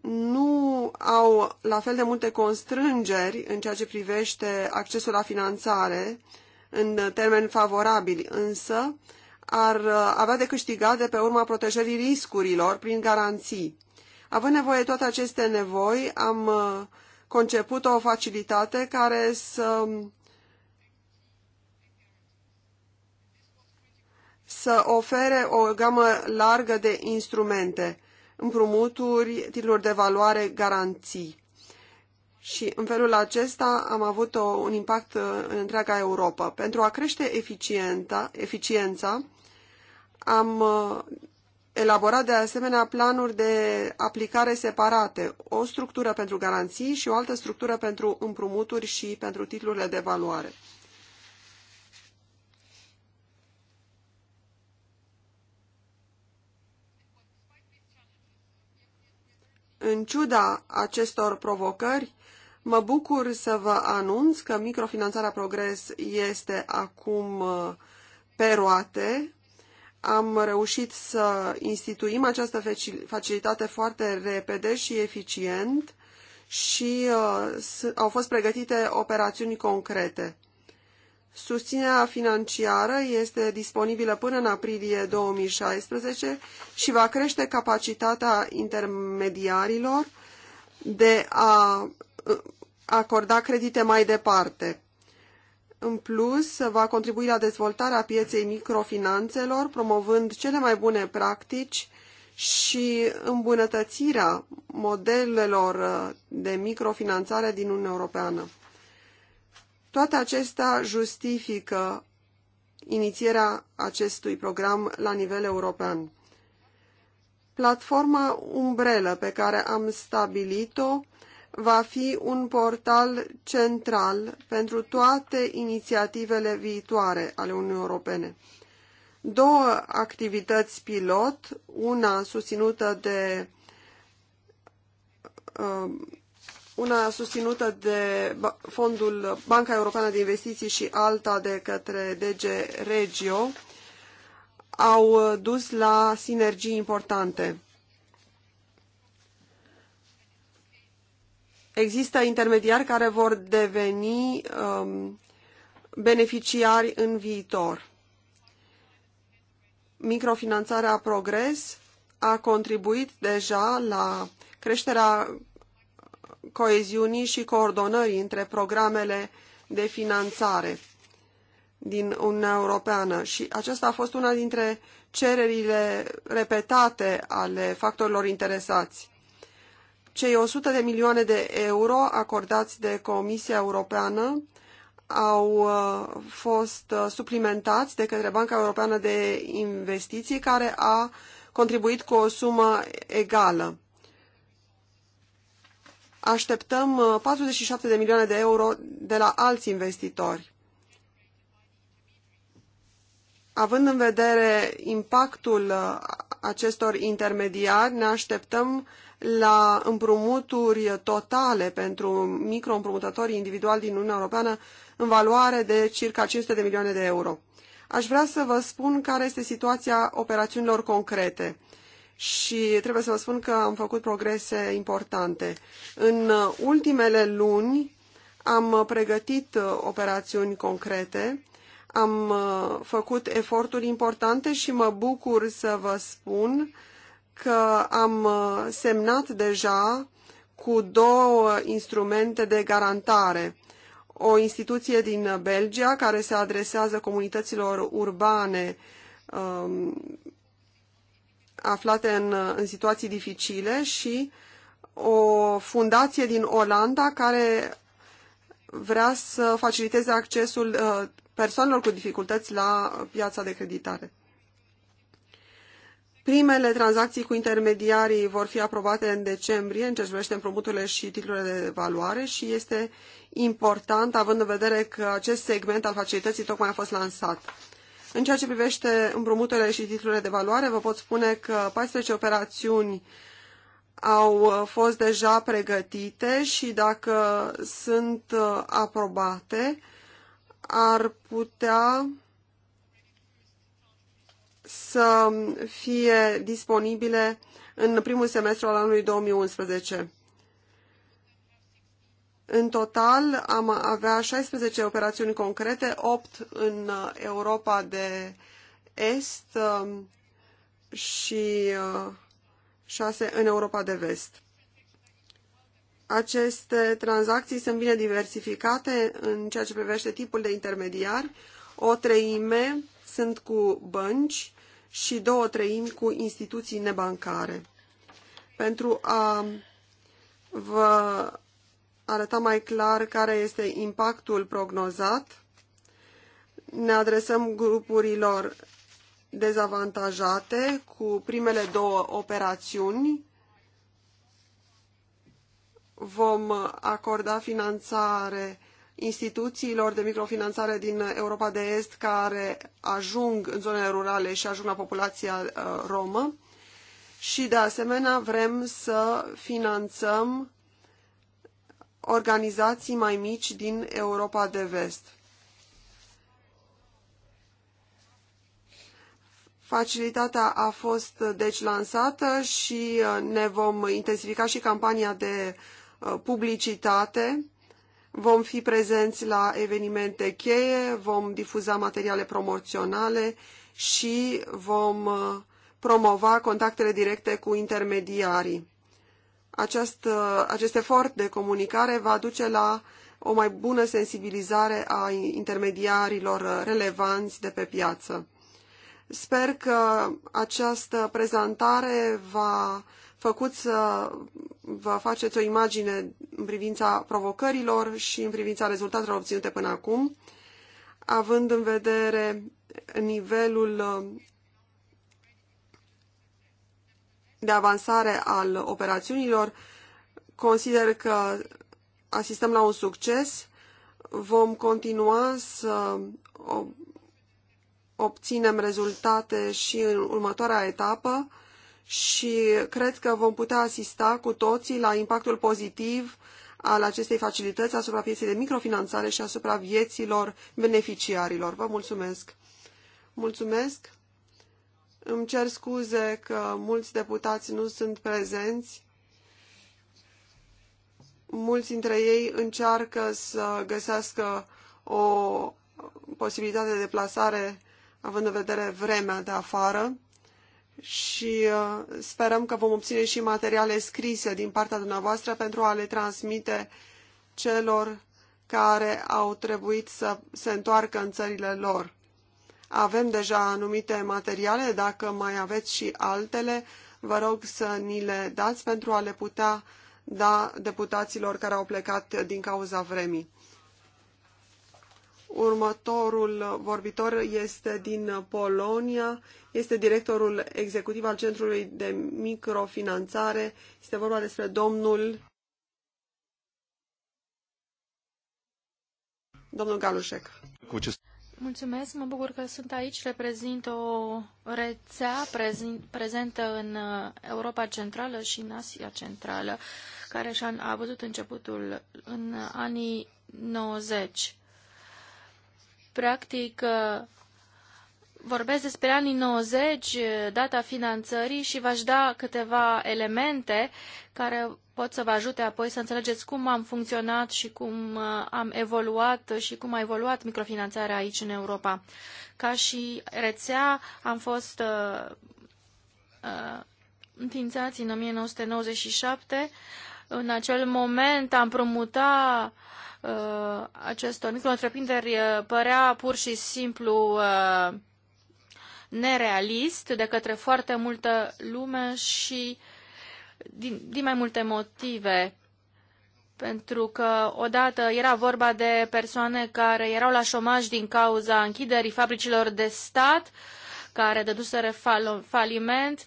nu au la fel de multe constrângeri în ceea ce privește accesul la finanțare în termeni favorabili, însă ar avea de câștigat de pe urma protejării riscurilor prin garanții. Având nevoie de toate aceste nevoi, am conceput o facilitate care să să ofere o gamă largă de instrumente, împrumuturi, titluri de valoare, garanții. Și în felul acesta am avut o, un impact uh, în întreaga Europa. Pentru a crește eficienta, eficiența, am uh, elaborat de asemenea planuri de aplicare separate, o structură pentru garanții și o altă structură pentru împrumuturi și pentru titlurile de valoare. În ciuda acestor provocări, mă bucur să vă anunț că microfinanțarea Progres este acum uh, pe roate. Am reușit să instituim această facilitate foarte repede și eficient și uh, au fost pregătite operațiuni concrete. Susținerea financiară este disponibilă până în aprilie 2016 și va crește capacitatea intermediarilor de a uh, acorda credite mai departe. În plus, va contribui la dezvoltarea pieței microfinanțelor, promovând cele mai bune practici și îmbunătățirea modelelor uh, de microfinanțare din Uniunea Europeană. Toate acestea justifică inițierea acestui program la nivel european. Platforma umbrelă pe care am stabilit-o va fi un portal central pentru toate inițiativele viitoare ale Uniunii Europene. Două activități pilot, una susținută de uh, una susținută de fondul Banca Europeană de Investiții și alta de către DG Regio, au dus la sinergii importante. Există intermediari care vor deveni um, beneficiari în viitor. Microfinanțarea Progres a contribuit deja la creșterea coeziunii și coordonării între programele de finanțare din Uniunea Europeană și aceasta a fost una dintre cererile repetate ale factorilor interesați. Cei 100 de milioane de euro acordați de Comisia Europeană au uh, fost uh, suplimentați de către Banca Europeană de Investiții, care a contribuit cu o sumă egală așteptăm 47 uh, de milioane de euro de la alți investitori. Având în vedere impactul uh, acestor intermediari, ne așteptăm la împrumuturi totale pentru microîmprumutători individuali din Uniunea Europeană în valoare de circa 500 de milioane de euro. Aș vrea să vă spun care este situația operațiunilor concrete și trebuie să vă spun că am făcut progrese importante. În ultimele luni am pregătit operațiuni concrete, am făcut eforturi importante și mă bucur să vă spun că am semnat deja cu două instrumente de garantare. O instituție din Belgia care se adresează comunităților urbane um, aflate în, în situații dificile și o fundație din Olanda care vrea să faciliteze accesul uh, persoanelor cu dificultăți la piața de creditare. Primele tranzacții cu intermediarii vor fi aprobate în decembrie în ce privește împrumuturile și titlurile de valoare și este important având în vedere că acest segment al facilității tocmai a fost lansat. În ceea ce privește împrumuturile și titlurile de valoare, vă pot spune că 14 operațiuni au uh, fost deja pregătite și dacă sunt uh, aprobate, ar putea să fie disponibile în primul semestru al anului 2011. În total am avea 16 operațiuni concrete, 8 în uh, Europa de Est um, și 6 uh, în Europa de Vest. Aceste tranzacții sunt bine diversificate în ceea ce privește tipul de intermediar: O treime sunt cu bănci și două treimi cu instituții nebancare. Pentru a vă arăta mai clar care este impactul prognozat. Ne adresăm grupurilor dezavantajate cu primele două operațiuni. Vom acorda finanțare instituțiilor de microfinanțare din Europa de Est care ajung în zonele rurale și ajung la populația uh, romă și, de asemenea, vrem să finanțăm organizații mai mici din Europa de Vest. Facilitatea a fost deci lansată și uh, ne vom intensifica și campania de uh, publicitate. Vom fi prezenți la evenimente cheie, vom difuza materiale promoționale și vom uh, promova contactele directe cu intermediarii. Acest, uh, acest efort de comunicare va duce la o mai bună sensibilizare a intermediarilor uh, relevanți de pe piață. Sper că această prezentare va făcut să vă faceți o imagine în privința provocărilor și în privința rezultatelor obținute până acum, având în vedere nivelul uh, de avansare al operațiunilor. Consider că asistăm la un succes. Vom continua să obținem rezultate și în următoarea etapă și cred că vom putea asista cu toții la impactul pozitiv al acestei facilități asupra pieței de microfinanțare și asupra vieților beneficiarilor. Vă mulțumesc! Mulțumesc! Îmi cer scuze că mulți deputați nu sunt prezenți. Mulți dintre ei încearcă să găsească o posibilitate de deplasare având în vedere vremea de afară și uh, sperăm că vom obține și materiale scrise din partea dumneavoastră pentru a le transmite celor care au trebuit să se întoarcă în țările lor. Avem deja anumite materiale, dacă mai aveți și altele, vă rog să ni le dați pentru a le putea da deputaților care au plecat din cauza vremii. Următorul vorbitor este din Polonia, este directorul executiv al Centrului de Microfinanțare. Este vorba despre domnul domnul Galușec.
Mulțumesc, mă bucur că sunt aici. Reprezint o rețea prezentă în uh, Europa Centrală și în Asia Centrală, care și-a avut începutul în anii 90. Practic, uh, vorbesc despre anii 90, data finanțării și v-aș da câteva elemente care pot să vă ajute apoi să înțelegeți cum am funcționat și cum uh, am evoluat și cum a evoluat microfinanțarea aici în Europa. Ca și rețea am fost uh, uh, înființați în 1997. În acel moment am promutat uh, acestor micro-întreprinderi uh, părea pur și simplu uh, nerealist de către foarte multă lume și din, din mai multe motive. Pentru că odată era vorba de persoane care erau la șomaj din cauza închiderii fabricilor de stat, care dăduseră faliment,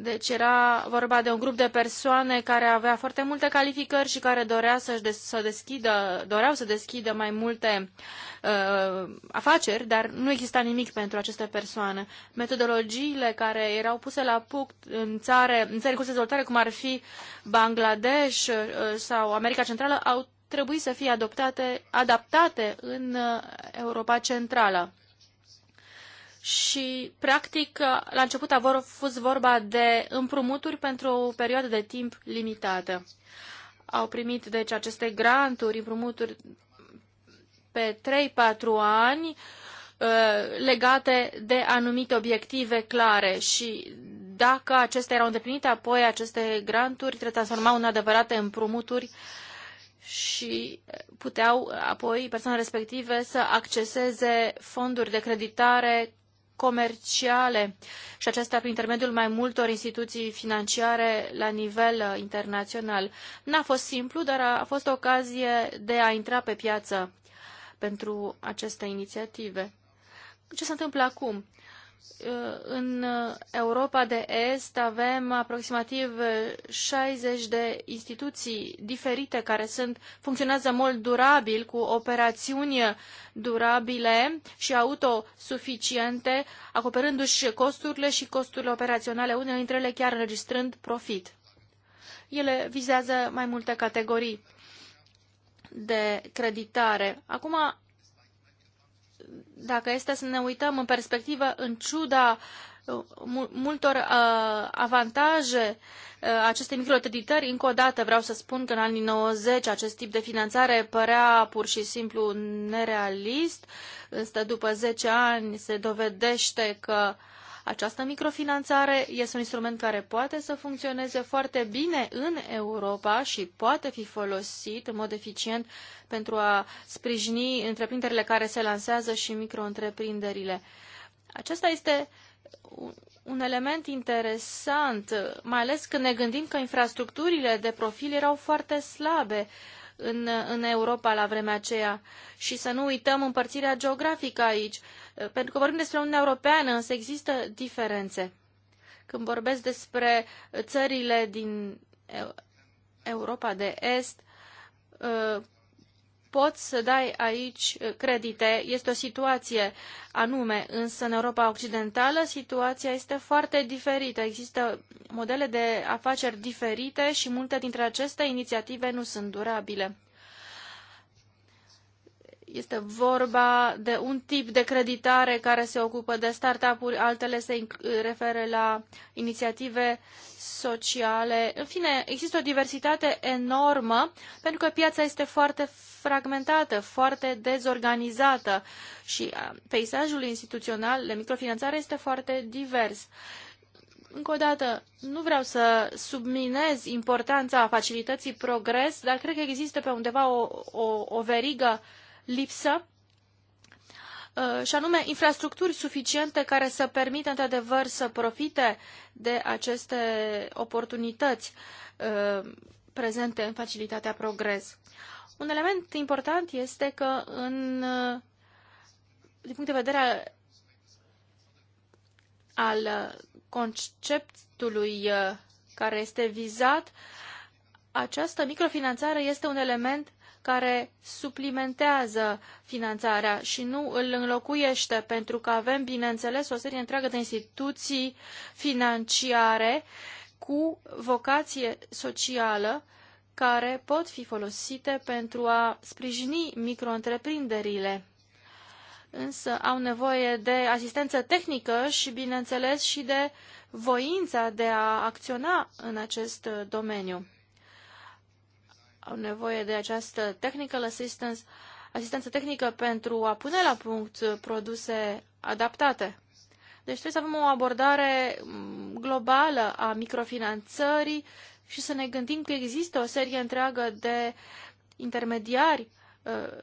deci era vorba de un grup de persoane care avea foarte multe calificări și care dorea să de- să deschidă, doreau să deschidă mai multe uh, afaceri, dar nu exista nimic pentru aceste persoane. Metodologiile care erau puse la punct în țare, în țări cu dezvoltare, cum ar fi Bangladesh uh, sau America Centrală, au trebuit să fie adoptate, adaptate în uh, Europa Centrală și, practic, la început a fost vorba de împrumuturi pentru o perioadă de timp limitată. Au primit, deci, aceste granturi, împrumuturi pe 3-4 ani ă, legate de anumite obiective clare și dacă acestea erau îndeplinite, apoi aceste granturi se transformau în adevărate împrumuturi și puteau apoi persoanele respective să acceseze fonduri de creditare comerciale și acestea prin intermediul mai multor instituții financiare la nivel uh, internațional. N-a fost simplu, dar a fost o ocazie de a intra pe piață pentru aceste inițiative. Ce se întâmplă acum? În uh, uh, Europa de Est avem aproximativ 60 uh, de instituții diferite care sunt, funcționează mult durabil, cu operațiuni durabile și autosuficiente, acoperându-și costurile și costurile operaționale, unele dintre ele chiar înregistrând profit. Ele vizează mai multe categorii de creditare. Acum, dacă este să ne uităm în perspectivă, în ciuda uh, multor uh, avantaje uh, acestei microcreditări. Încă o dată vreau să spun că în anii 90 acest tip de finanțare părea pur și simplu nerealist, însă după 10 ani se dovedește că uh, această microfinanțare este un instrument care poate să funcționeze foarte bine în Europa și poate fi folosit în mod eficient pentru a sprijini întreprinderile care se lansează și micro-întreprinderile. Acesta este un element interesant, mai ales când ne gândim că infrastructurile de profil erau foarte slabe în, în Europa la vremea aceea. Și să nu uităm împărțirea geografică aici. Uh, Eh, pentru că vorbim despre Uniunea Europeană, însă există diferențe. Când vorbesc despre țările din Europa de Est, eh, poți să dai aici credite, este o situație anume, însă în Europa Occidentală situația este foarte diferită. Există modele de afaceri diferite și multe dintre aceste inițiative nu sunt durabile. Este vorba de un tip de creditare care se ocupă de startup-uri, altele se referă la inițiative sociale. În fine, există o diversitate enormă pentru că piața este foarte fragmentată, foarte dezorganizată și peisajul instituțional de microfinanțare este foarte divers. Încă o dată, nu vreau să subminez importanța facilității progres, dar cred că există pe undeva o, o, o verigă uh, lipsă uh, și anume infrastructuri suficiente care să permită într-adevăr să profite de aceste oportunități uh, prezente în facilitatea progres. Un element important este că în, uh, din punct de vedere al conceptului care este vizat, această microfinanțare este un element care suplimentează finanțarea și nu îl înlocuiește, pentru că avem, bineînțeles, o serie întreagă de instituții financiare cu vocație socială care pot fi folosite pentru a sprijini micro-întreprinderile însă au nevoie de asistență tehnică și, bineînțeles, și de voința de a acționa în acest domeniu au nevoie de această technical assistance, asistență tehnică pentru a pune la punct produse adaptate. Deci trebuie să avem o abordare mm, globală a microfinanțării și să ne gândim că există o serie întreagă de intermediari uh,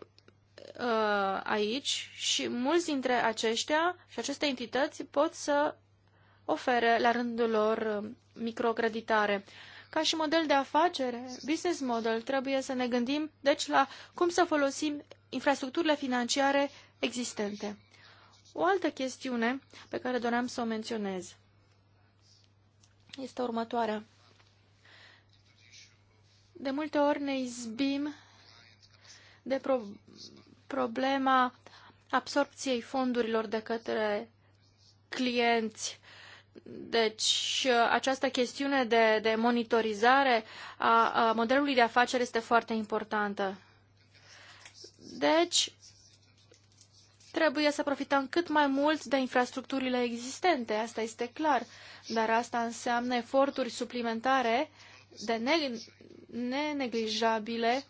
uh, aici și mulți dintre aceștia și aceste entități pot să ofere la rândul lor uh, microcreditare. Ca și model de afacere, business model, trebuie să ne gândim, deci, la cum să folosim infrastructurile financiare existente. O altă chestiune pe care doream să o menționez este următoarea. De multe ori ne izbim de pro problema absorpției fondurilor de către clienți deci, uh, această chestiune de, de monitorizare a, a modelului de afaceri este foarte importantă. Deci, trebuie să profităm cât mai mult de infrastructurile existente, asta este clar, dar asta înseamnă eforturi suplimentare de ne neneglijabile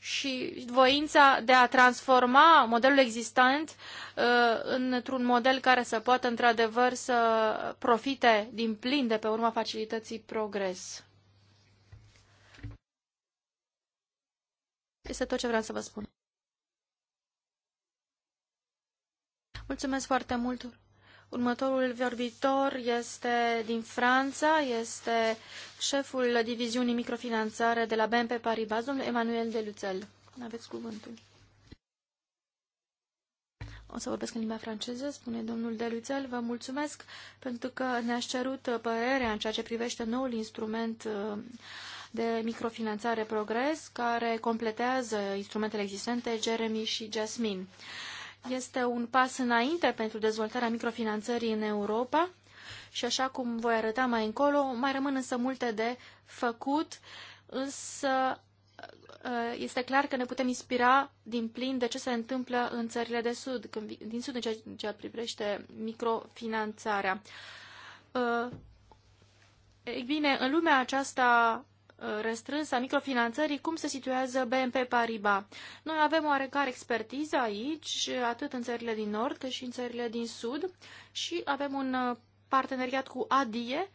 și voința de a transforma modelul existent uh, într-un model care să poată într-adevăr să profite din plin de pe urma facilității progres. Este tot ce vreau să vă spun. Mulțumesc foarte mult Următorul vorbitor este din Franța, este șeful diviziunii microfinanțare de la BNP Paribas, domnul Emanuel de Luțel. Aveți cuvântul. O să vorbesc în limba franceză, spune domnul Deluțel. Vă mulțumesc pentru că ne-ați cerut părerea în ceea ce privește noul instrument uh, de microfinanțare progres, care completează instrumentele existente Jeremy și Jasmine. Este un pas înainte pentru dezvoltarea microfinanțării în Europa și așa cum voi arăta mai încolo, mai rămân însă multe de făcut, însă uh, este clar că ne putem inspira din plin de ce se întâmplă în țările de sud, când, din sud în ceea ce privește microfinanțarea. Uh, ei bine, în lumea aceasta Uh, restrânsă a microfinanțării, cum se situează BNP Paribas. Noi avem oarecare expertiză aici, atât în țările din nord cât și în țările din sud și avem un uh, parteneriat cu ADIE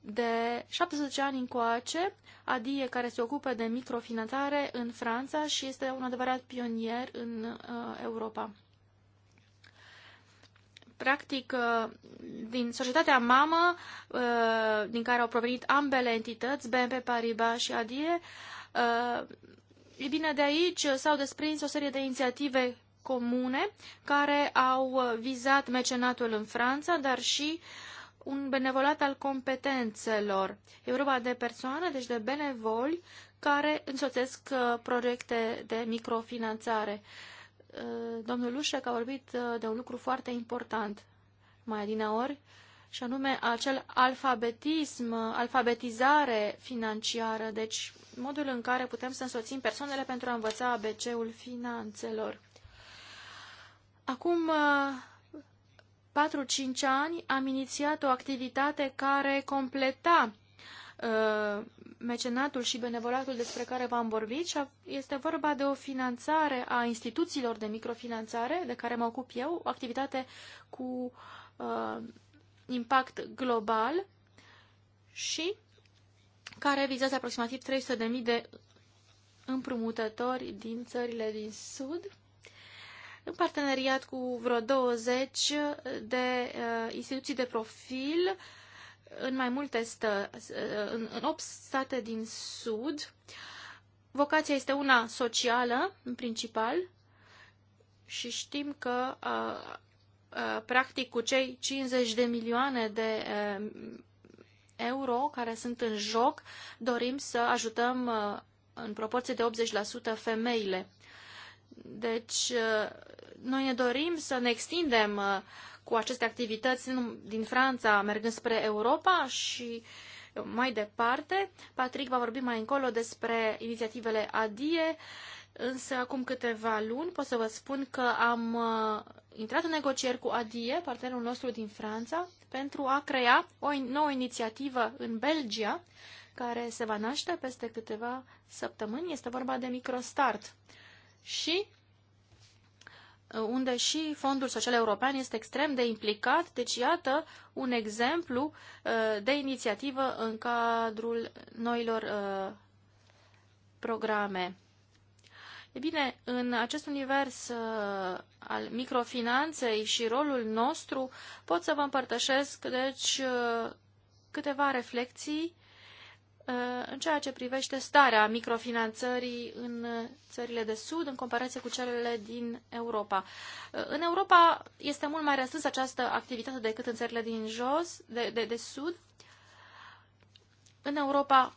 de 17 ani încoace, ADIE care se ocupă de microfinanțare în Franța și este un adevărat pionier în uh, Europa. Practic, uh, din societatea mamă, uh, din care au provenit ambele entități, BNP Paribas și ADIE, uh, e bine, de aici s-au desprins o serie de inițiative comune care au vizat mecenatul în Franța, dar și un benevolat al competențelor. E vorba de persoane, deci de benevoli, care însoțesc proiecte de microfinanțare. Uh, Eh, domnul Lușec a vorbit eh, de un lucru foarte important mai adinaori, și anume acel alfabetism, eh, alfabetizare financiară, deci modul în care putem să însoțim persoanele pentru a învăța ABC-ul finanțelor. Acum 4-5 ani am inițiat o activitate care completa mecenatul și benevolatul despre care v-am vorbit și este vorba de o finanțare a instituțiilor de microfinanțare de care mă ocup eu, o activitate cu uh, impact global și care vizează aproximativ 300.000 de împrumutători din țările din Sud, în parteneriat cu vreo 20 de uh, instituții de profil uh, în mai multe stă, în, în 8 state din Sud. Vocația este una socială, în principal, și știm că a, a, practic cu cei 50 de milioane de a, euro care sunt în joc, dorim să ajutăm în proporție de 80% femeile. Deci, noi ne dorim să ne extindem cu aceste activități din Franța, mergând spre Europa și mai departe. Patrick va vorbi mai încolo despre inițiativele ADIE, însă acum câteva luni pot să vă spun că am uh, intrat în negocieri cu ADIE, partenerul nostru din Franța, pentru a crea o nouă inițiativă în Belgia, care se va naște peste câteva săptămâni. Este vorba de Microstart. Și unde și Fondul Social European este extrem de implicat, deci iată un exemplu uh, de inițiativă în cadrul noilor uh, programe. E bine, în acest univers uh, al microfinanței și rolul nostru, pot să vă împărtășesc, deci, câteva reflexii Uh, în ceea ce privește starea microfinanțării în țările de sud în comparație cu cele din Europa. Uh, în Europa este mult mai răsâns această activitate decât în țările din jos, de, de, de sud. În Europa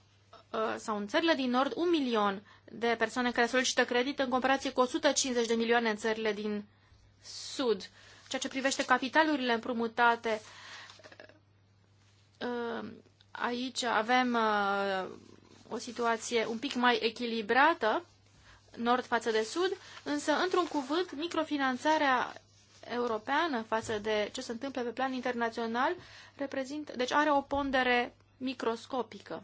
uh, sau în țările din nord, un milion de persoane care solicită credit în comparație cu 150 de milioane în țările din sud. Ceea ce privește capitalurile împrumutate, Aici avem uh, o situație un pic mai echilibrată, nord față de sud, însă, într-un cuvânt, microfinanțarea europeană față de ce se întâmplă pe plan internațional reprezintă, deci are o pondere microscopică.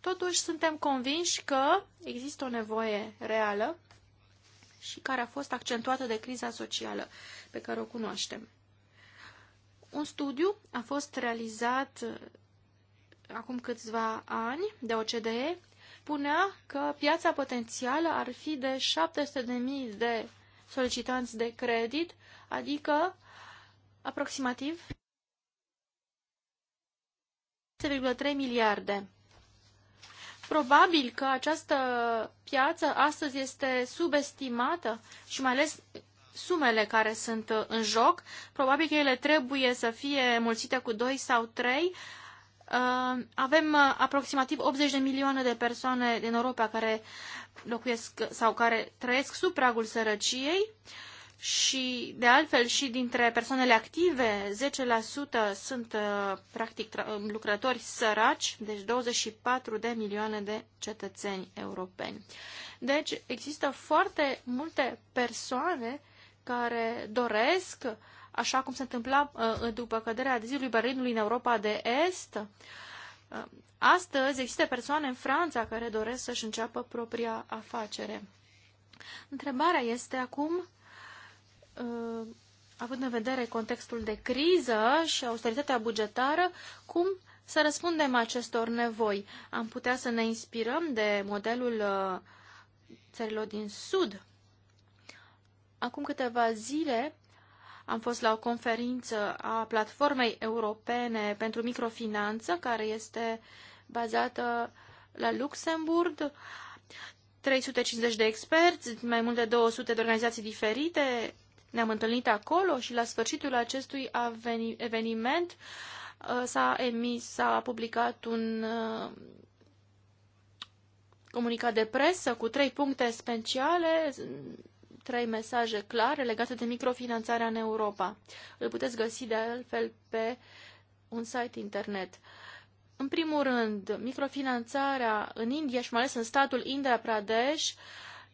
Totuși, suntem convinși că există o nevoie reală și care a fost accentuată de criza socială pe care o cunoaștem. Un studiu a fost realizat acum câțiva ani de OCDE punea că piața potențială ar fi de 700.000 de solicitanți de credit, adică aproximativ 6,3 miliarde. Probabil că această piață astăzi este subestimată și mai ales sumele care sunt în joc. Probabil că ele trebuie să fie mulțite cu 2 sau 3 Uh, avem uh, aproximativ 80 de milioane de persoane din Europa care locuiesc sau care trăiesc sub pragul sărăciei și, de altfel, și dintre persoanele active, 10% sunt, uh, practic, lucrători săraci, deci 24 de milioane de cetățeni europeni. Deci, există foarte multe persoane care doresc uh, așa cum se întâmpla uh, după căderea zidului Berlinului în Europa de Est. Uh, astăzi există persoane în Franța care doresc să-și înceapă propria afacere. Întrebarea este acum, uh, având în vedere contextul de criză și austeritatea bugetară, cum să răspundem acestor nevoi. Am putea să ne inspirăm de modelul țărilor din Sud. Acum câteva zile am fost la o conferință a Platformei Europene pentru Microfinanță, care este bazată la Luxemburg. 350 de experți, mai mult de 200 de organizații diferite. Ne-am întâlnit acolo și la sfârșitul acestui eveniment uh, s-a emis, s-a publicat un uh, comunicat de presă cu trei puncte speciale trei mesaje clare legate de microfinanțarea în Europa. Îl puteți găsi de altfel pe un site internet. În primul rând, microfinanțarea în India și mai ales în statul Indra Pradesh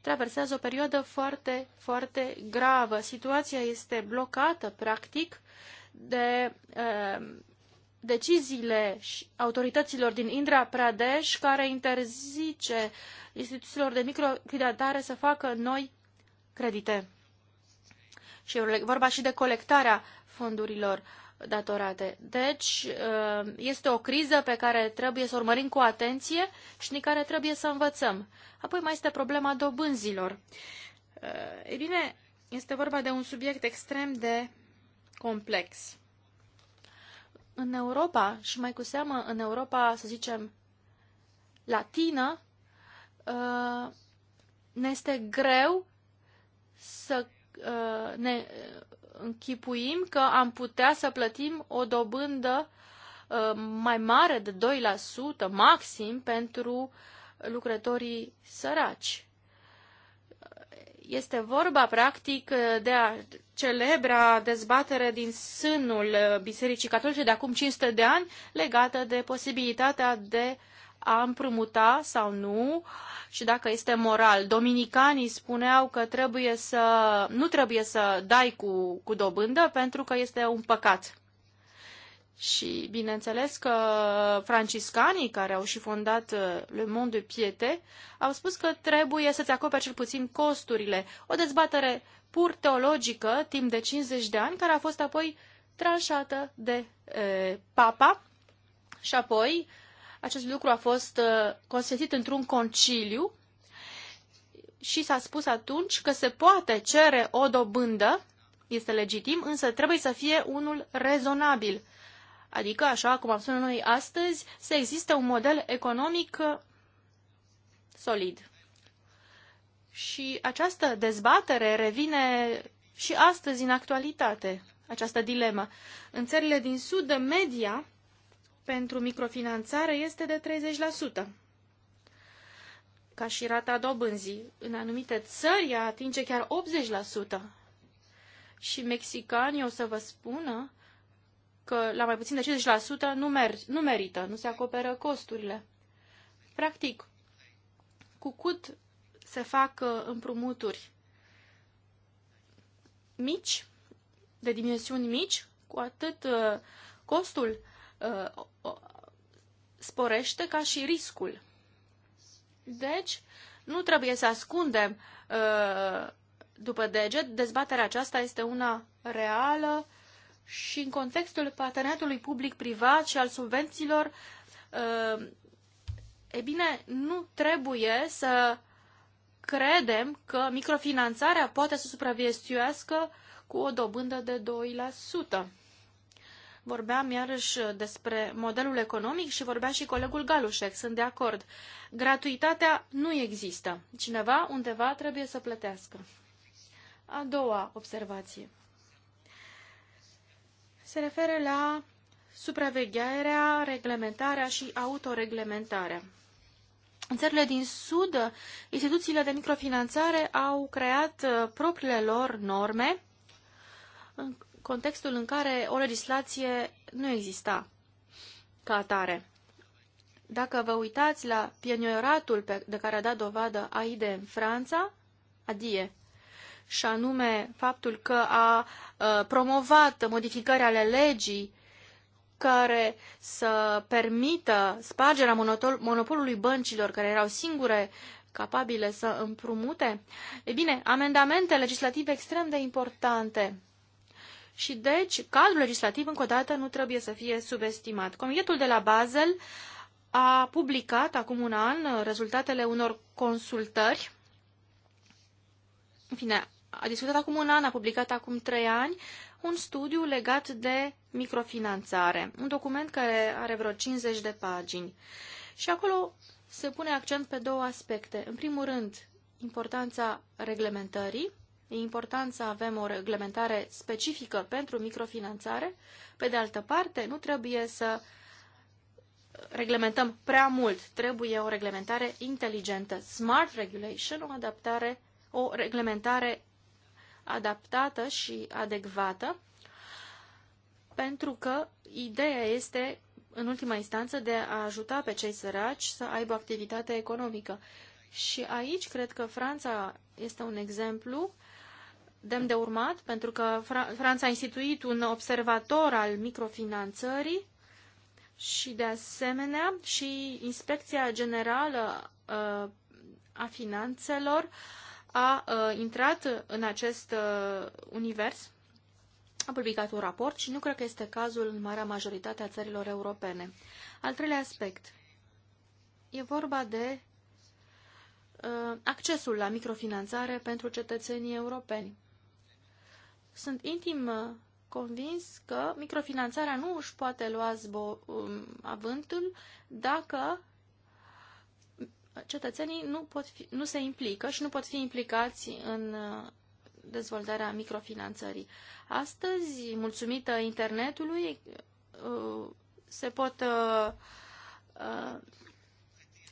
traversează o perioadă foarte, foarte gravă. Situația este blocată, practic, de uh, deciziile autorităților din Indra Pradesh care interzice instituțiilor de microcreditare să facă noi credite. Și e vorba și de colectarea fondurilor datorate. Deci, ă, este o criză pe care trebuie să urmărim cu atenție și din care trebuie să învățăm. Apoi mai este problema dobânzilor. Ă, e bine, este vorba de un subiect extrem de complex. În Europa, și mai cu seamă în Europa, să zicem, latină, ă, ne este greu să uh, ne închipuim că am putea să plătim o dobândă uh, mai mare de 2% maxim pentru lucrătorii săraci. Este vorba, practic, de a celebra dezbatere din sânul Bisericii Catolice de acum 500 de ani legată de posibilitatea de uh, a împrumuta sau nu și dacă este moral. Dominicanii spuneau că trebuie să, nu trebuie să dai cu, cu dobândă pentru că este un păcat. Și bineînțeles că franciscanii care au și fondat uh, Le Monde de Piete au spus că trebuie să-ți acoperi cel puțin costurile. O dezbatere pur teologică timp de 50 de ani care a fost apoi tranșată de e, uh, papa și apoi acest lucru a fost uh, consentit într-un conciliu și s-a spus atunci că se poate cere o dobândă, este legitim, însă trebuie să fie unul rezonabil. Adică, așa cum am spus noi astăzi, să existe un model economic uh, solid. Și această dezbatere revine și astăzi în actualitate, această dilemă. În țările din sud, media pentru microfinanțare este de 30%. Ca și rata dobânzii, în anumite țări ea atinge chiar 80%. Și mexicanii o să vă spună că la mai puțin de 50% nu, mer- nu merită, nu se acoperă costurile. Practic, cu cât se fac uh, împrumuturi mici, de dimensiuni mici, cu atât uh, costul Uh, sporește ca și riscul. Deci, nu trebuie să ascundem uh, după deget, dezbaterea aceasta este una reală și în contextul parteneriatului public-privat și al subvențiilor, uh, e bine, nu trebuie să credem că microfinanțarea poate să supraviețuiască cu o dobândă de 2% vorbeam iarăși despre modelul economic și vorbea și colegul Galușec, sunt de acord. Gratuitatea nu există. Cineva undeva trebuie să plătească. A doua observație se referă la supravegherea, reglementarea și autoreglementarea. În țările din Sud, instituțiile de microfinanțare au creat uh, propriile lor norme contextul în care o legislație nu exista ca atare. Dacă vă uitați la pionieroratul de care a dat dovadă AIDE în Franța, adie, și anume faptul că a ă, promovat modificări ale legii care să permită spargerea monopolului băncilor care erau singure capabile să împrumute? E bine, amendamente legislative extrem de importante și deci cadrul legislativ încă o dată nu trebuie să fie subestimat. Comitetul de la Basel a publicat acum un an uh, rezultatele unor consultări. În fine, a discutat acum un an, a publicat acum trei ani un studiu legat de microfinanțare, un document care are vreo 50 de pagini. Și acolo se pune accent pe două aspecte. În primul rând, importanța reglementării E important să avem o reglementare specifică pentru microfinanțare. Pe de altă parte, nu trebuie să reglementăm prea mult. Trebuie o reglementare inteligentă, smart regulation, o adaptare, o reglementare adaptată și adecvată, pentru că ideea este, în ultima instanță, de a ajuta pe cei săraci să aibă activitate economică. Și aici cred că Franța este un exemplu demn de urmat, pentru că Franța a instituit un observator al microfinanțării și, de asemenea, și Inspecția Generală uh, a Finanțelor a uh, intrat în acest uh, univers, a publicat un raport și nu cred că este cazul în marea majoritate a țărilor europene. Al treilea aspect. E vorba de accesul la microfinanțare pentru cetățenii europeni. Sunt intim uh, convins că microfinanțarea nu își poate lua zbo, um, avântul dacă cetățenii nu, pot fi, nu se implică și nu pot fi implicați în uh, dezvoltarea microfinanțării. Astăzi, mulțumită internetului, uh, se pot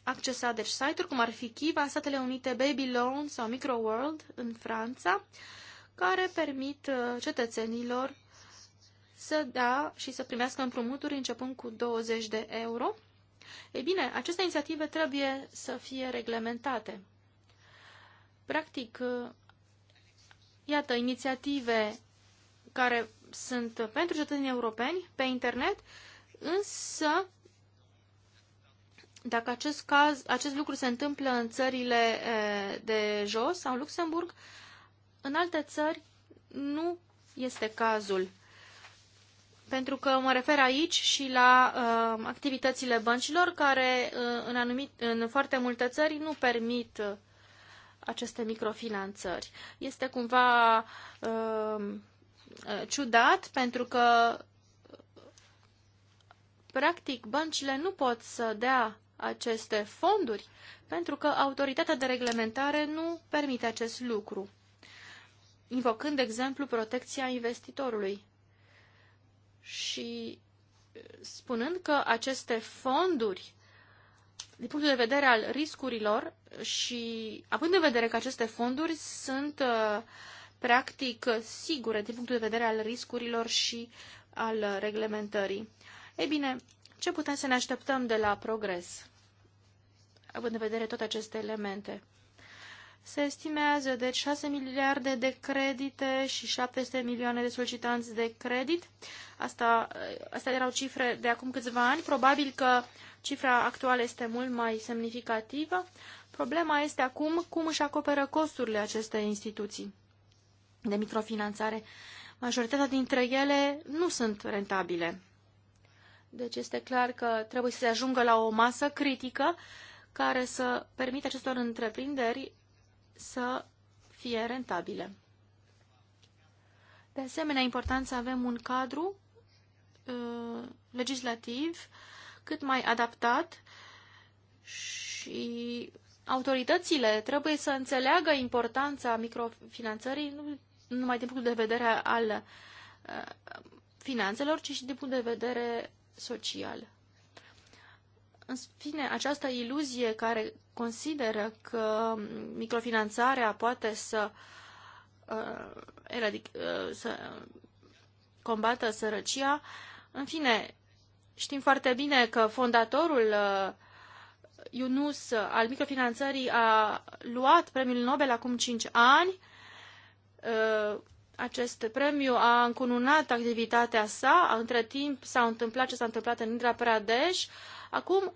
accesa deci site-uri cum ar fi Kiva, Statele Unite, Baby Loan sau Microworld în Franța care permit uh, cetățenilor să dea și să primească împrumuturi începând cu 20 de euro. Ei bine, aceste inițiative trebuie să fie reglementate. Practic, uh, iată, inițiative care sunt pentru cetățenii europeni pe internet, însă dacă acest, caz, acest lucru se întâmplă în țările eh, de jos sau în Luxemburg, în alte țări nu este cazul, pentru că mă refer aici și la uh, activitățile băncilor care uh, în, anumit, în foarte multe țări nu permit uh, aceste microfinanțări. Este cumva uh, ciudat pentru că practic băncile nu pot să dea aceste fonduri pentru că autoritatea de reglementare nu permite acest lucru invocând, de exemplu, protecția investitorului și uh, spunând că aceste fonduri, din punctul de vedere al riscurilor și având în vedere că aceste fonduri sunt uh, practic sigure din punctul de vedere al riscurilor și al reglementării. Ei bine, ce putem să ne așteptăm de la progres, având în vedere toate aceste elemente? Se estimează de deci, 6 miliarde de credite și 700 milioane de solicitanți de credit. Asta, astea erau cifre de acum câțiva ani. Probabil că cifra actuală este mult mai semnificativă. Problema este acum cum își acoperă costurile acestei instituții de microfinanțare. Majoritatea dintre ele nu sunt rentabile. Deci este clar că trebuie să se ajungă la o masă critică care să permită acestor întreprinderi să fie rentabile. De asemenea, important să avem un cadru uh, legislativ cât mai adaptat și autoritățile trebuie să înțeleagă importanța microfinanțării nu numai din punctul de vedere al uh, finanțelor, ci și din punct de vedere social. În fine, această iluzie care consideră că microfinanțarea poate să, uh, eradic, uh, să combată sărăcia. În fine, știm foarte bine că fondatorul uh, Yunus al microfinanțării a luat premiul Nobel acum 5 ani. Uh, acest premiu a încununat activitatea sa. Între timp s-a întâmplat ce s-a întâmplat în Indra Pradesh. Acum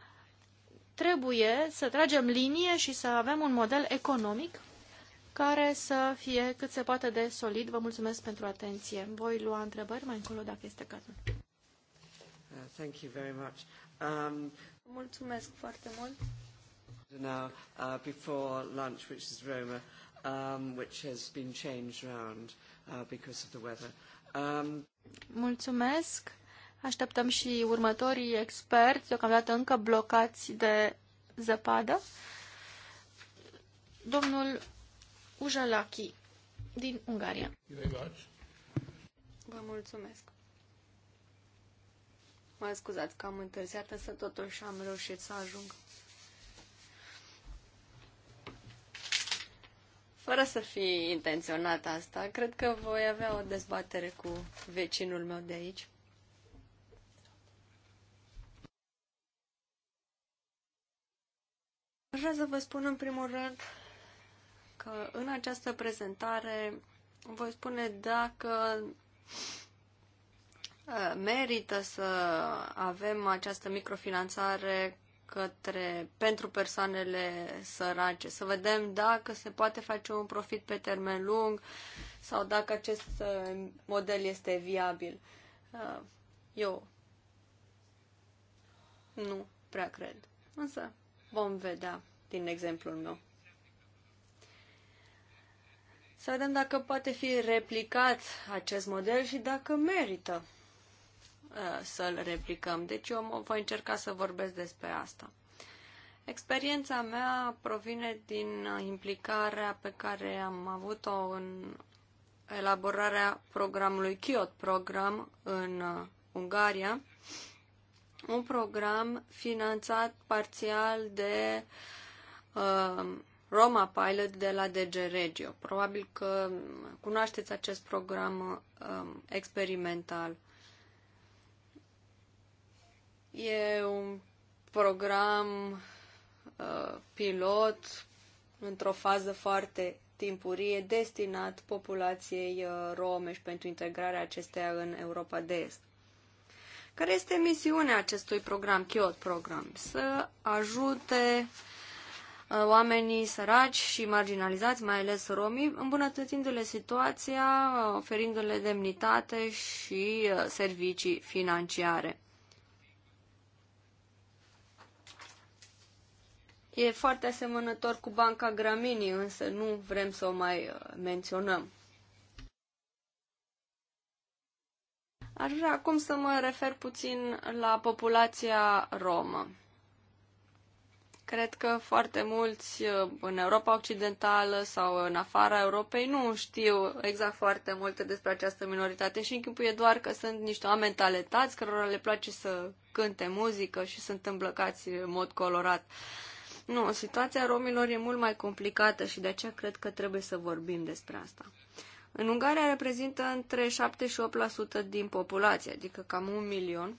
trebuie să tragem linie și să avem un model economic care să fie cât se poate de solid. Vă mulțumesc pentru atenție. Voi lua întrebări mai încolo dacă este cazul. Uh,
thank you very much. Um, mulțumesc foarte mult. Now, uh, before lunch, which is Roma, um, which has been changed round uh, because of the weather. Um, mulțumesc.
Așteptăm și următorii experți, deocamdată încă blocați de zăpadă. Domnul Ujalaki din Ungaria.
Vă mulțumesc. Mă scuzați că am întârziat, însă totuși am reușit să ajung. Fără să fi intenționat asta, cred că voi avea o dezbatere cu vecinul meu de aici. Așa să vă spun în primul rând că în această prezentare voi spune dacă uh, merită să avem această microfinanțare către, pentru persoanele sărace, să vedem dacă se poate face un profit pe termen lung sau dacă acest uh, model este viabil. Uh, eu nu prea cred. Însă, Vom vedea din exemplul meu. Să vedem dacă poate fi replicat acest model și dacă merită uh, să-l replicăm. Deci eu voi încerca să vorbesc despre asta. Experiența mea provine din implicarea pe care am avut-o în elaborarea programului Kiot Program în uh, Ungaria, un program finanțat parțial de uh, Roma Pilot de la DG Regio. Probabil că cunoașteți acest program uh, experimental. E un program uh, pilot într-o fază foarte timpurie destinat populației uh, rome și pentru integrarea acesteia în Europa de Est. Care este misiunea acestui program, Kyoto Program? Să ajute uh, oamenii săraci și marginalizați, mai ales romii, îmbunătățindu-le situația, uh, oferindu-le demnitate și uh, servicii financiare. E foarte asemănător cu Banca Gramini, însă nu vrem să o mai menționăm. Aș vrea acum să mă refer puțin la populația romă. Cred că foarte mulți uh, în Europa Occidentală sau în afara Europei nu știu exact foarte multe despre această minoritate și închipuie doar că sunt niște oameni talentați cărora le place să cânte muzică și sunt îmblăcați în mod colorat. Nu, situația romilor e mult mai complicată și de aceea cred că trebuie să vorbim despre asta. În Ungaria reprezintă între 7 și 8% din populație, adică cam un milion.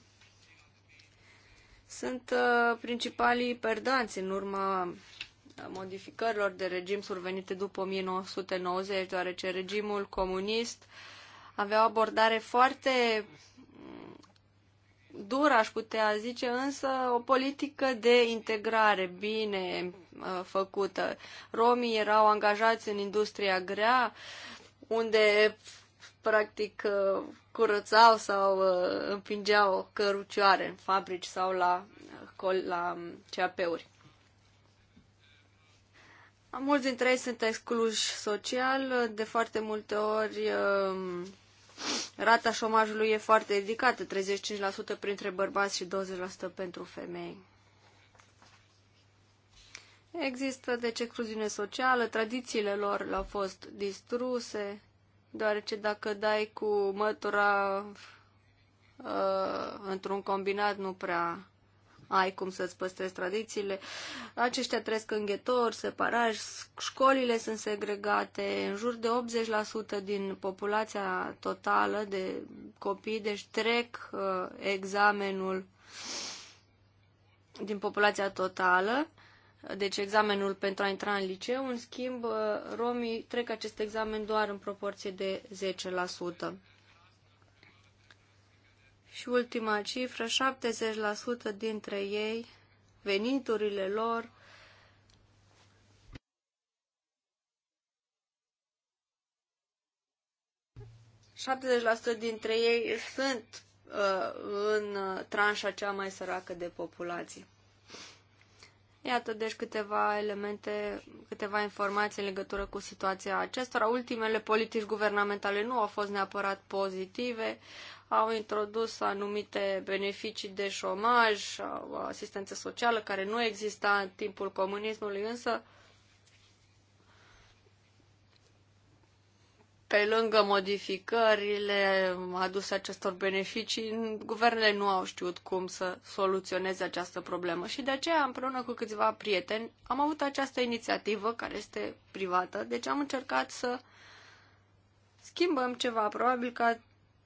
Sunt uh, principalii perdanți în urma uh, modificărilor de regim survenite după 1990, deoarece regimul comunist avea o abordare foarte mm, dură, aș putea zice, însă o politică de integrare bine uh, făcută. Romii erau angajați în industria grea, uh, unde practic uh, curățau sau uh, împingeau cărucioare în fabrici sau la, uh, la um, CAP-uri. Mulți dintre ei sunt excluși social, de foarte multe ori um, rata șomajului e foarte ridicată, 35% printre bărbați și 20% pentru femei. Există deci excluziune socială, tradițiile lor au fost distruse, deoarece dacă dai cu mătura uh, într-un combinat nu prea ai cum să-ți păstrezi tradițiile. Aceștia trăiesc în ghetori, separași, școlile sunt segregate, în jur de 80% din populația totală de copii, deci trec uh, examenul din populația totală deci examenul pentru a intra în liceu. În schimb, romii trec acest examen doar în proporție de 10%. Și ultima cifră, 70% dintre ei, veniturile lor, dintre ei sunt uh, în uh, tranșa cea mai săracă de populație. Iată deci câteva elemente, câteva informații în legătură cu situația acestora. Ultimele politici guvernamentale nu au fost neapărat pozitive, au introdus anumite beneficii de șomaj, asistență socială care nu exista în timpul comunismului, însă uh, pe lângă modificările aduse acestor beneficii, guvernele nu au știut cum să soluționeze această problemă și de aceea, împreună cu câțiva prieteni, am avut această inițiativă care este privată, deci am încercat să schimbăm ceva. Probabil că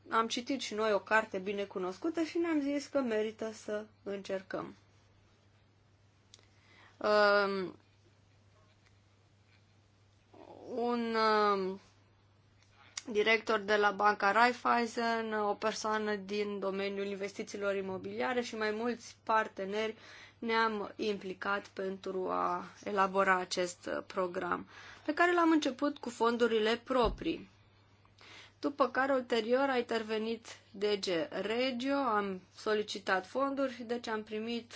am citit și noi o carte bine cunoscută și ne-am zis că merită să încercăm. Um, un um, director de la Banca Raiffeisen, o persoană din domeniul investițiilor imobiliare și mai mulți parteneri ne-am implicat pentru a elabora acest program, pe care l-am început cu fondurile proprii. După care, ulterior, a intervenit DG Regio, am solicitat fonduri și deci am primit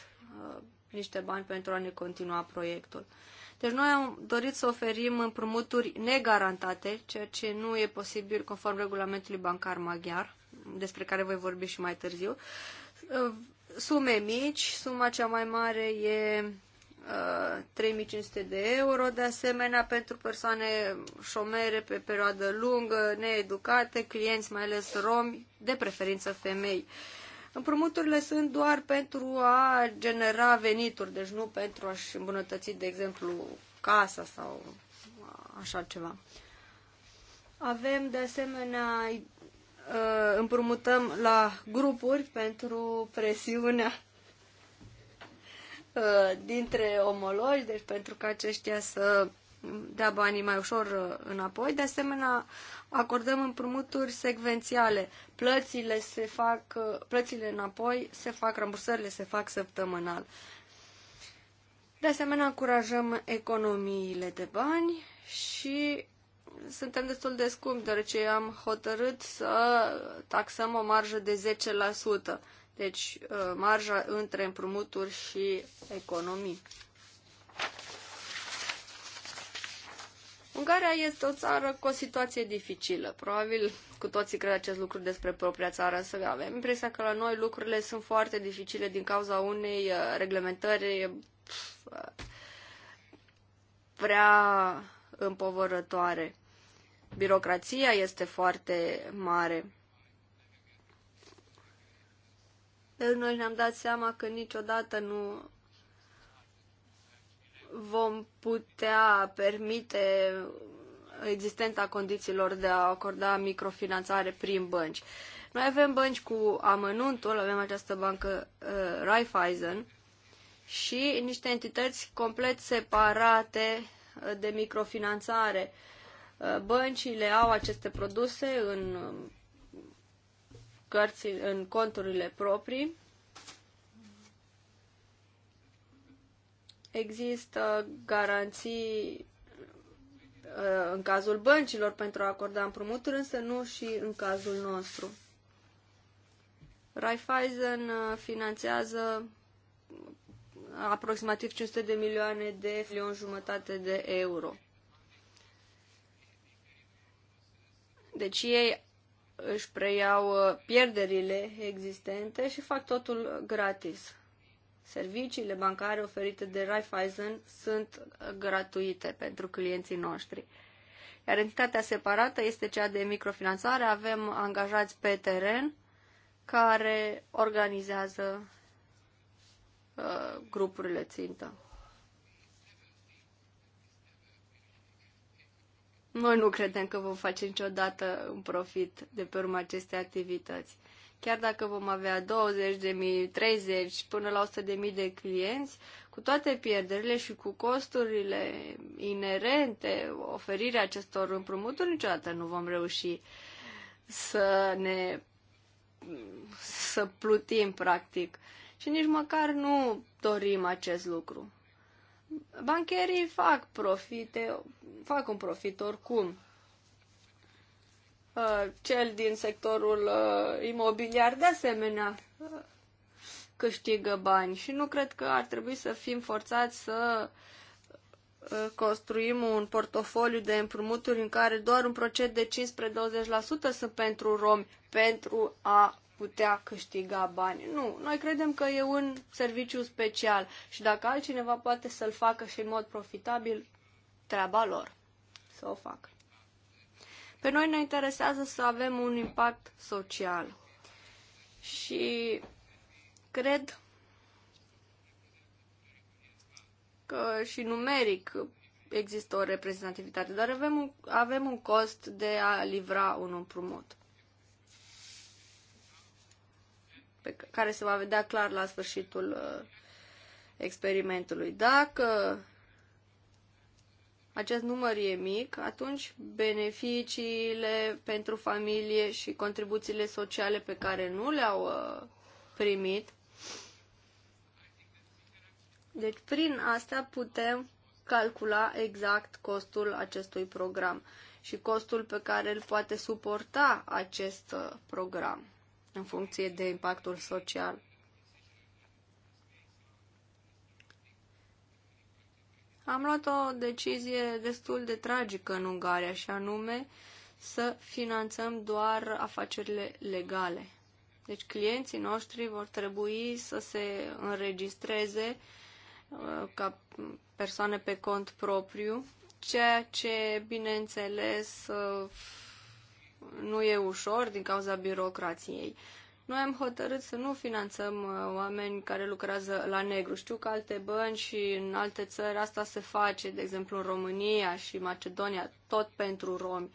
uh, niște bani pentru a ne continua proiectul. Uh, deci noi am dorit să oferim împrumuturi negarantate, ceea ce nu e posibil conform regulamentului bancar maghiar, despre care voi vorbi și mai târziu. Uh, sume mici, suma cea mai mare e 3500 uh, de euro, de asemenea pentru persoane șomere pe perioadă lungă, needucate, clienți mai ales romi, de preferință femei. Uh, Împrumuturile sunt doar pentru a genera venituri, deci nu pentru a-și îmbunătăți, de exemplu, casa sau așa ceva. Avem, de asemenea, ă, împrumutăm la grupuri pentru presiunea ă, dintre omologi, deci pentru ca aceștia să dea banii mai ușor uh, înapoi. De asemenea, acordăm împrumuturi secvențiale. Plățile se fac, uh, plățile înapoi se fac, rambursările se fac săptămânal. De asemenea, încurajăm economiile de bani și suntem destul de scumpi, deoarece am hotărât să taxăm o marjă de 10%, deci uh, marja între împrumuturi și economii. Ungaria este o țară cu o situație dificilă. Probabil cu toții cred acest lucru despre propria țară, să avem impresia că la noi lucrurile sunt foarte dificile din cauza unei uh, reglementări uh, prea împovărătoare. Birocrația este foarte mare. Deci noi ne-am dat seama că niciodată nu vom putea permite existența condițiilor de a acorda microfinanțare prin bănci. Noi avem bănci cu amănuntul, avem această bancă uh, Raiffeisen și niște entități complet separate uh, de microfinanțare. Uh, băncile au aceste produse în uh, cărți, în conturile proprii Există garanții uh, în cazul băncilor pentru a acorda împrumuturi, însă nu și în cazul nostru. Raiffeisen uh, finanțează aproximativ 500 de milioane de milion jumătate de euro. Deci ei își preiau uh, pierderile existente și fac totul gratis serviciile bancare oferite de Raiffeisen sunt uh, gratuite pentru clienții noștri. Iar entitatea separată este cea de microfinanțare. Avem angajați pe teren care organizează uh, grupurile țintă. Noi nu credem că vom face niciodată un profit de pe urma acestei activități. Chiar dacă vom avea 20 de mii, 30 până la 100 de mii de clienți, cu toate pierderile și cu costurile inerente oferirea acestor împrumuturi, niciodată nu vom reuși să ne să plutim practic. Și nici măcar nu dorim acest lucru. Bancherii fac profite, fac un profit oricum Uh, cel din sectorul uh, imobiliar de asemenea uh, câștigă bani și nu cred că ar trebui să fim forțați să construim un portofoliu de împrumuturi în care doar un procent de 15-20% sunt pentru romi pentru a putea câștiga bani. Nu, noi credem că e un serviciu special și dacă altcineva poate să-l facă și în mod profitabil, treaba lor să o facă. Pe noi ne interesează să avem un impact social. Și cred că și numeric există o reprezentativitate, dar avem un, avem un cost de a livra un împrumut. Pe care se va vedea clar la sfârșitul uh, experimentului. Dacă acest număr e mic, atunci beneficiile pentru familie și contribuțiile sociale pe care nu le-au uh, primit. Deci prin asta putem calcula exact costul acestui program și costul pe care îl poate suporta acest uh, program în funcție de impactul social. Am luat o decizie destul de tragică în Ungaria și anume să finanțăm doar afacerile legale. Deci clienții noștri vor trebui să se înregistreze uh, ca persoane pe cont propriu, ceea ce, bineînțeles, uh, nu e ușor din cauza birocrației. Noi am hotărât să nu finanțăm uh, oameni care lucrează la negru. Știu că alte bănci și în alte țări asta se face, de exemplu în România și Macedonia, tot pentru romi.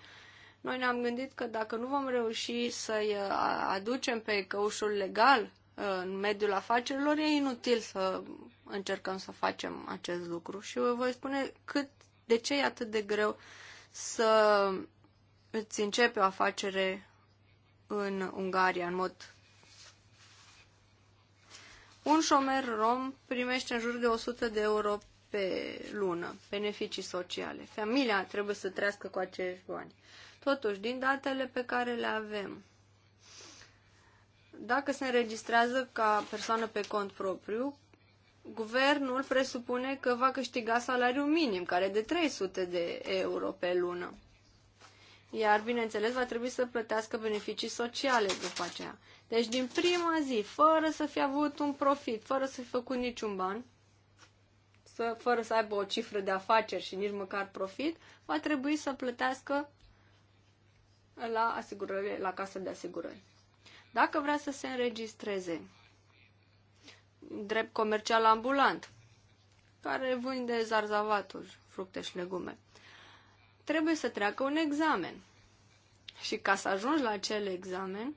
Noi ne-am gândit că dacă nu vom reuși să-i uh, aducem pe căușul legal uh, în mediul afacerilor, e inutil să încercăm să facem acest lucru. Și vă voi spune cât, de ce e atât de greu să îți începe o afacere în Ungaria, în mod un șomer rom primește în jur de 100 de euro pe lună, beneficii sociale. Familia trebuie să trăiască cu acești bani. Totuși, din datele pe care le avem, dacă se înregistrează ca persoană pe cont propriu, guvernul presupune că va câștiga salariul minim, care e de 300 de euro pe lună. Iar, bineînțeles, va trebui să plătească beneficii sociale după aceea. Deci, din prima zi, fără să fi avut un profit, fără să fi făcut niciun ban, să, fără să aibă o cifră de afaceri și nici măcar profit, va trebui să plătească la asigurări, la casa de asigurări. Dacă vrea să se înregistreze drept comercial ambulant, care vinde zarzavatul, fructe și legume, trebuie să treacă un examen. Și ca să ajungi la acel examen,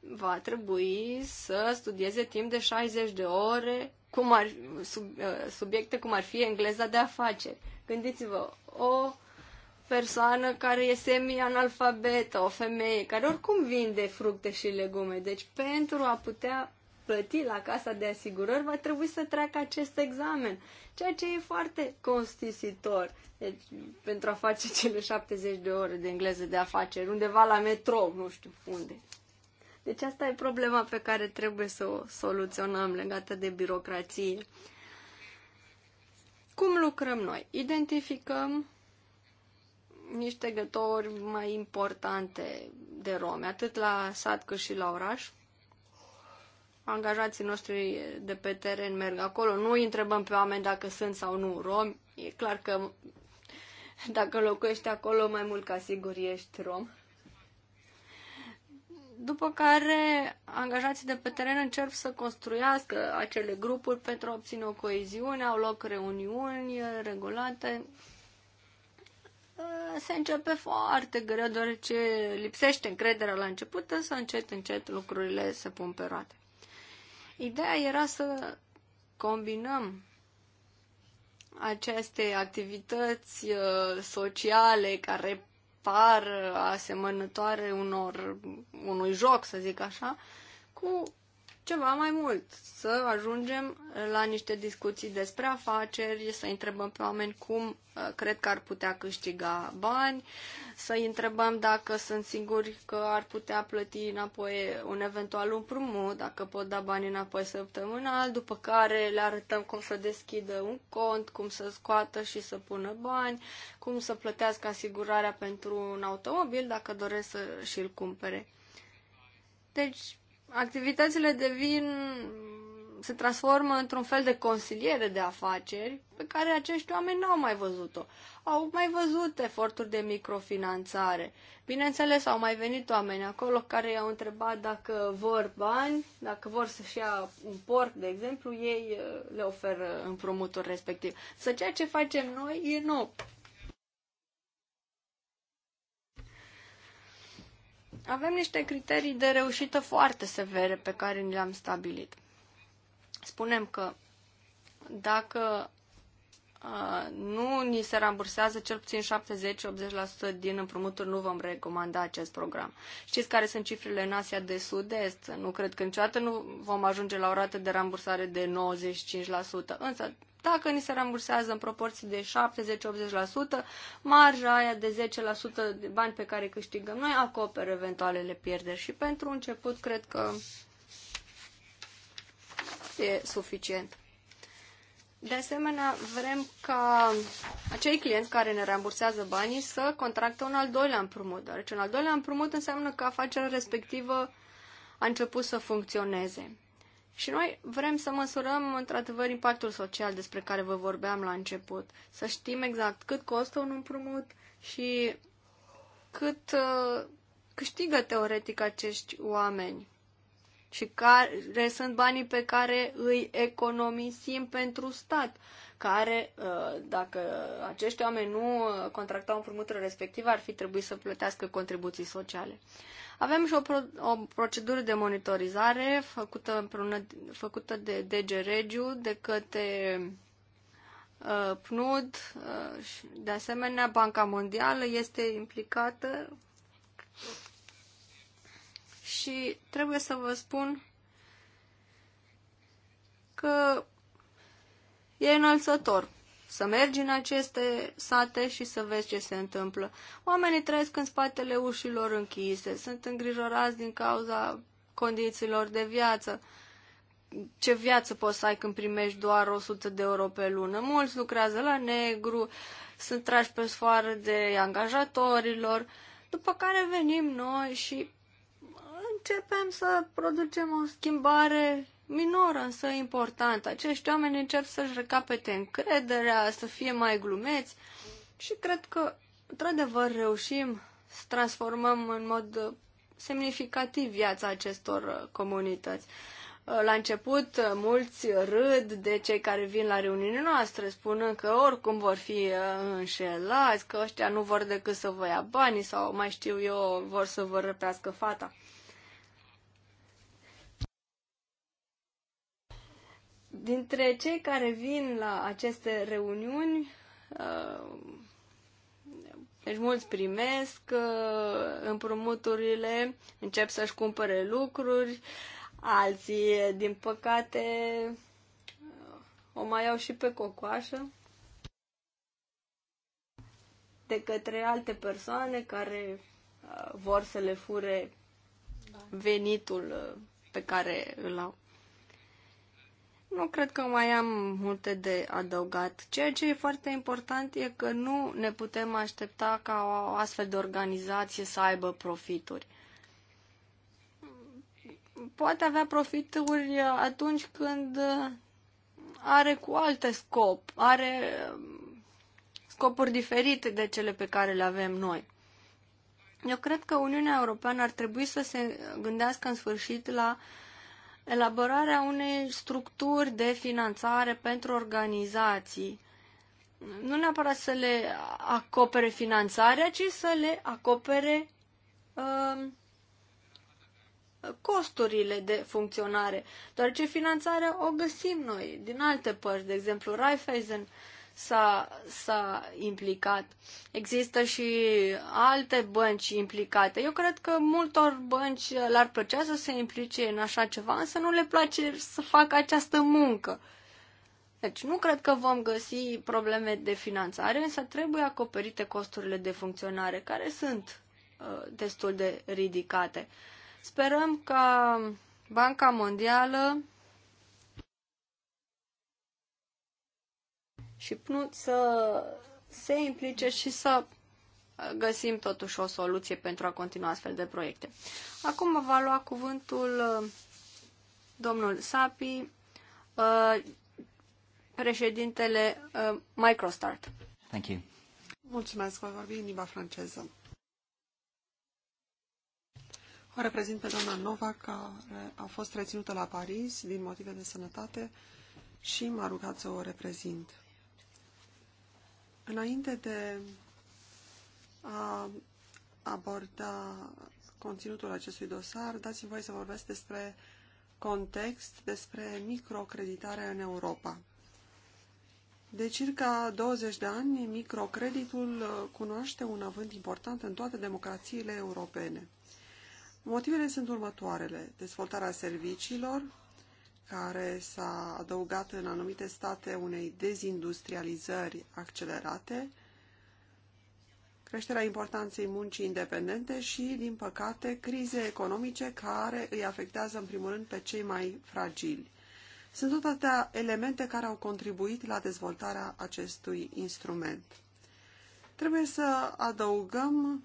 va trebui să studieze timp de 60 de ore cum ar, sub, ă, subiecte cum ar fi engleza de afaceri. Gândiți-vă, o persoană care e semi-analfabetă, o femeie care oricum vinde fructe și legume. Deci pentru a putea plăti la casa de asigurări, va trebui să treacă acest examen, ceea ce e foarte costisitor deci, pentru a face cele 70 de ore de engleză de afaceri, undeva la metrou, nu știu unde. Deci asta e problema pe care trebuie să o soluționăm legată de birocrație. Cum lucrăm noi? Identificăm niște gători mai importante de rome, atât la sat cât și la oraș, angajații noștri de pe teren merg acolo. Nu îi întrebăm pe oameni dacă sunt sau nu romi. E clar că dacă locuiești acolo, mai mult ca sigur ești rom. După care, angajații de pe teren încep să construiască acele grupuri pentru a obține o coeziune, au loc reuniuni regulate. Se începe foarte greu, deoarece lipsește încrederea la început, însă încet, încet lucrurile se pun pe roate. Ideea era să combinăm aceste activități uh, sociale care par asemănătoare unor, unui joc, să zic așa, cu ceva mai mult, să ajungem la niște discuții despre afaceri, să întrebăm pe oameni cum uh, cred că ar putea câștiga bani, să întrebăm dacă sunt singuri că ar putea plăti înapoi un eventual împrumut, dacă pot da bani înapoi săptămânal, după care le arătăm cum să deschidă un cont, cum să scoată și să pună bani, cum să plătească asigurarea pentru un automobil dacă doresc să și-l cumpere. Deci, activitățile devin se transformă într-un fel de consiliere de afaceri pe care acești oameni n-au mai văzut-o. Au mai văzut eforturi de microfinanțare. Bineînțeles, au mai venit oameni acolo care i-au întrebat dacă vor bani, dacă vor să-și ia un porc, de exemplu, ei eh, le oferă împrumutul respectiv. Să ceea ce facem noi e nou. Avem niște criterii de reușită foarte severe pe care ni le-am stabilit. Spunem că dacă nu ni se rambursează cel puțin 70-80% din împrumuturi, nu vom recomanda acest program. Știți care sunt cifrele în Asia de Sud-Est? Nu cred că niciodată nu vom ajunge la o rată de rambursare de 95%, însă dacă ni se rambursează în proporții de 70-80%, marja aia de 10% de bani pe care câștigăm noi acoperă eventualele pierderi și pentru început cred că e suficient. De asemenea, vrem ca acei clienți care ne rambursează banii să contracte un al doilea împrumut, deoarece un al doilea împrumut înseamnă că afacerea respectivă a început să funcționeze. Și noi vrem să măsurăm într-adevăr impactul social despre care vă vorbeam la început, să știm exact cât costă un împrumut și cât uh, câștigă teoretic acești oameni și care sunt banii pe care îi economisim pentru stat, care, uh, dacă acești oameni nu uh, contractau împrumuturile respective, ar fi trebuit să plătească contribuții sociale. Avem și o, pro, o procedură de monitorizare făcută, împreună, făcută de DG Regiu, de către uh, PNUD, uh, și de asemenea Banca Mondială este implicată și trebuie să vă spun că e înălțător să mergi în aceste sate și să vezi ce se întâmplă. Oamenii trăiesc în spatele ușilor închise, sunt îngrijorați din cauza condițiilor de viață. Ce viață poți să ai când primești doar 100 de euro pe lună? Mulți lucrează la negru, sunt trași pe sfoară de angajatorilor, după care venim noi și începem să producem o schimbare minoră, însă importantă. Acești oameni încep să-și recapete încrederea, să fie mai glumeți și cred că, într-adevăr, reușim să transformăm în mod semnificativ viața acestor uh, comunități. Uh, la început, uh, mulți râd de cei care vin la reuniunile noastre, spunând că oricum vor fi înșelați, că ăștia nu vor decât să vă ia banii sau, mai știu eu, vor să vă răpească fata. Dintre cei care vin la aceste reuniuni, uh, deci mulți primesc uh, împrumuturile, încep să-și cumpere lucruri, alții, din păcate, o mai au și pe cocoașă de către alte persoane care uh, vor să le fure venitul pe care îl au. Nu cred că mai am multe de adăugat. Ceea ce e foarte important e că nu ne putem aștepta ca o astfel de organizație să aibă profituri. Poate avea profituri atunci când are cu alte scop, are um, scopuri diferite de cele pe care le avem noi. Eu cred că Uniunea Europeană ar trebui să se gândească în sfârșit la uh, elaborarea unei structuri de finanțare pentru organizații. Nu neapărat să le acopere finanțarea, ci să le acopere um, costurile de funcționare, deoarece finanțarea o găsim noi din alte părți, de exemplu Raiffeisen s-a, implicat. Există și alte bănci implicate. Eu cred că multor bănci le ar plăcea să se implice în așa ceva, însă nu le place să facă această muncă. Deci nu cred că vom găsi probleme de finanțare, însă trebuie acoperite costurile de funcționare, care sunt uh, destul de ridicate. Sperăm ca Banca Mondială și PNUD să se implice și să uh, găsim totuși o soluție pentru a continua astfel de proiecte. Acum va lua cuvântul uh, domnul Sapi, uh, președintele
Microstart. Thank you. Mulțumesc, voi vorbi în limba franceză. O reprezint pe doamna Nova, care a fost reținută la Paris din motive de sănătate și m-a rugat să o reprezint. Înainte de a aborda conținutul acestui dosar, dați-mi voi să vorbesc despre context, despre microcreditarea în Europa. De circa 20 de ani, microcreditul cunoaște un avânt important în toate democrațiile europene. Motivele sunt următoarele. Dezvoltarea serviciilor, care s-a adăugat în anumite state unei dezindustrializări accelerate, creșterea importanței muncii independente și, din păcate, crize economice care îi afectează, în primul rând, pe cei mai fragili. Sunt tot atâtea elemente care au contribuit la dezvoltarea acestui instrument. Trebuie să adăugăm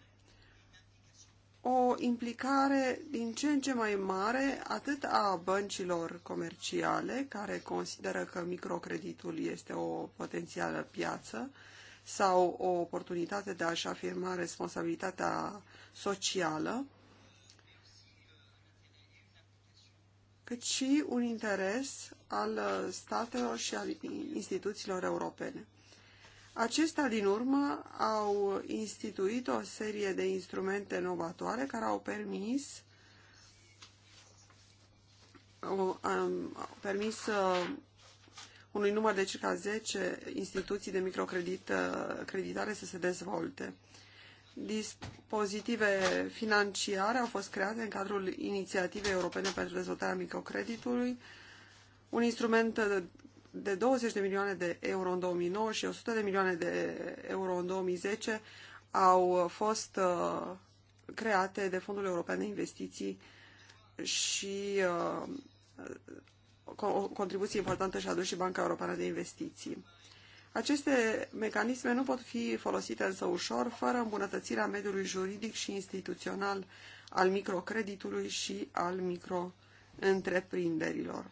o implicare din ce în ce mai mare atât a băncilor comerciale, care consideră că microcreditul este o potențială piață sau o oportunitate de a-și afirma responsabilitatea socială, cât și un interes al statelor și al instituțiilor europene. Acestea, din urmă, au instituit o serie de instrumente novatoare care au permis au, au permis uh, unui număr de circa 10 instituții de microcreditare uh, să se dezvolte. Dispozitive financiare au fost create în cadrul inițiativei europene pentru dezvoltarea microcreditului, un instrument de 20 de milioane de euro în 2009 și 100 de milioane de euro în 2010 au fost uh, create de Fondul European de Investiții și uh, o contribuție importantă și-a adus și Banca Europeană de Investiții. Aceste mecanisme nu pot fi folosite însă ușor fără îmbunătățirea mediului juridic și instituțional al microcreditului și al microîntreprinderilor.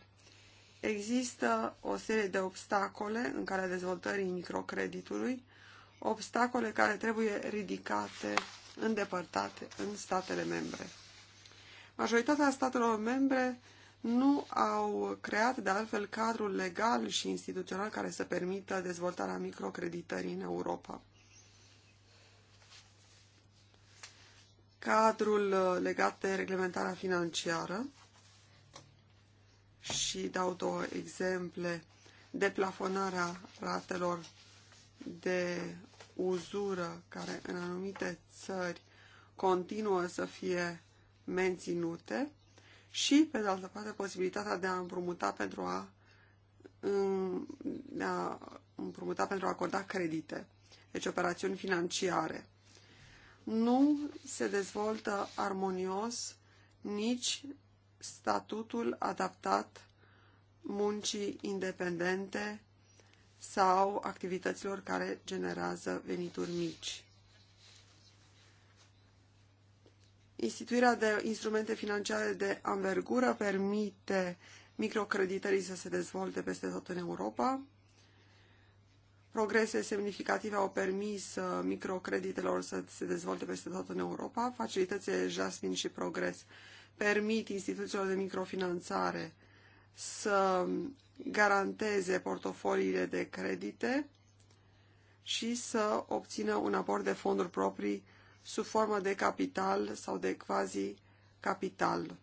Există o serie de obstacole în calea dezvoltării microcreditului, obstacole care trebuie ridicate, îndepărtate în statele membre. Majoritatea statelor membre nu au creat de altfel cadrul legal și instituțional care să permită dezvoltarea microcreditării în Europa. Cadrul legat de reglementarea financiară și dau două exemple. Deplafonarea ratelor de uzură care în anumite țări continuă să fie menținute și, pe de altă parte, posibilitatea de a împrumuta pentru a, de a împrumuta pentru a acorda credite, deci operațiuni financiare. Nu se dezvoltă armonios nici statutul adaptat muncii independente sau activităților care generează venituri mici. Instituirea de instrumente financiare de anvergură permite microcreditării să se dezvolte peste tot în Europa. Progrese semnificative au permis uh, microcreditelor să se dezvolte peste tot în Europa. Facilitățile Jasmine și Progres permit instituțiilor de microfinanțare să garanteze portofoliile de credite și să obțină un aport de fonduri proprii sub formă de capital sau de quasi-capital.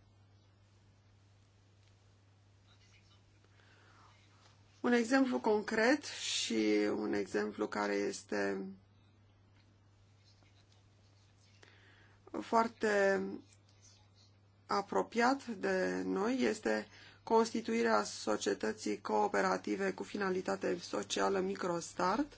Un exemplu concret și un exemplu care este foarte apropiat de noi este constituirea societății cooperative cu finalitate socială Microstart.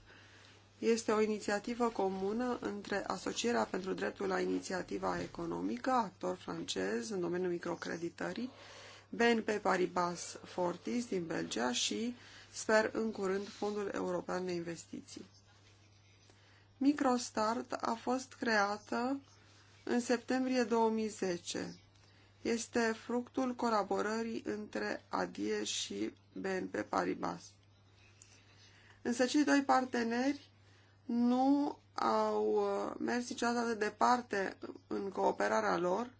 Este o inițiativă comună între Asocierea pentru Dreptul la Inițiativa Economică, actor francez în domeniul microcreditării, BNP Paribas Fortis din Belgia și, sper în curând, Fondul European de Investiții. Microstart a fost creată în septembrie 2010 este fructul colaborării între ADIE și BNP Paribas. Însă cei doi parteneri nu au uh, mers niciodată de departe în cooperarea lor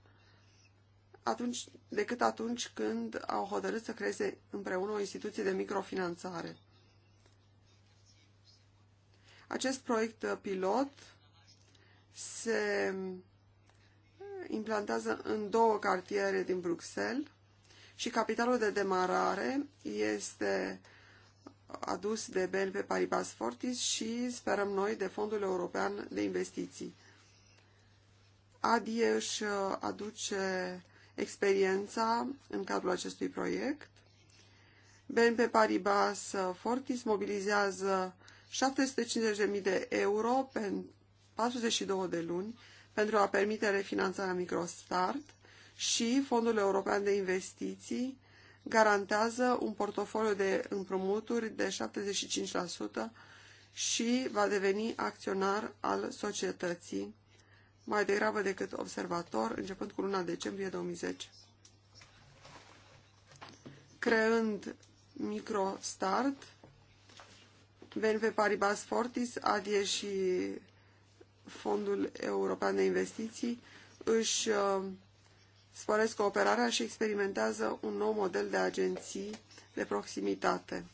atunci, decât atunci când au hotărât să creeze împreună o instituție de microfinanțare. Acest proiect uh, pilot se implantează în două cartiere din Bruxelles și capitalul de demarare este adus de BNP Paribas Fortis și, sperăm noi, de Fondul European de Investiții. ADIE își uh, aduce experiența în cadrul acestui proiect. BNP Paribas uh, Fortis mobilizează 750.000 de euro pentru 42 de luni pentru a permite refinanțarea microstart și Fondul European de Investiții garantează un portofoliu de împrumuturi de 75% și va deveni acționar al societății mai degrabă decât observator, începând cu luna decembrie 2010. Creând MicroStart, BNP Paribas Fortis, ADIE și Fondul European de Investiții își uh, sporesc cooperarea și experimentează un nou model de agenții de proximitate.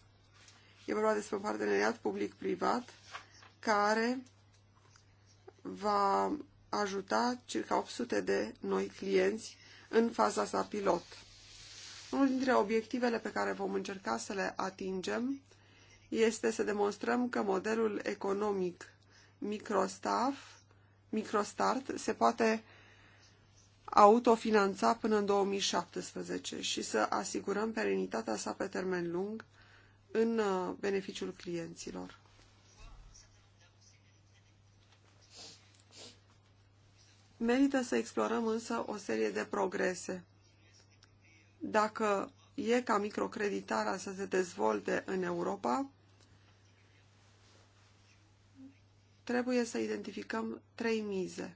E vorba despre un parteneriat public-privat care va ajuta circa 800 de noi clienți în faza sa pilot. Unul dintre obiectivele pe care vom încerca să le atingem este să demonstrăm că modelul economic microstaff, microstart se poate autofinanța până în 2017 și să asigurăm perenitatea sa pe termen lung în uh, beneficiul clienților. Merită să explorăm însă o serie de progrese. Dacă e ca microcreditarea să se dezvolte în Europa, trebuie să identificăm trei mize.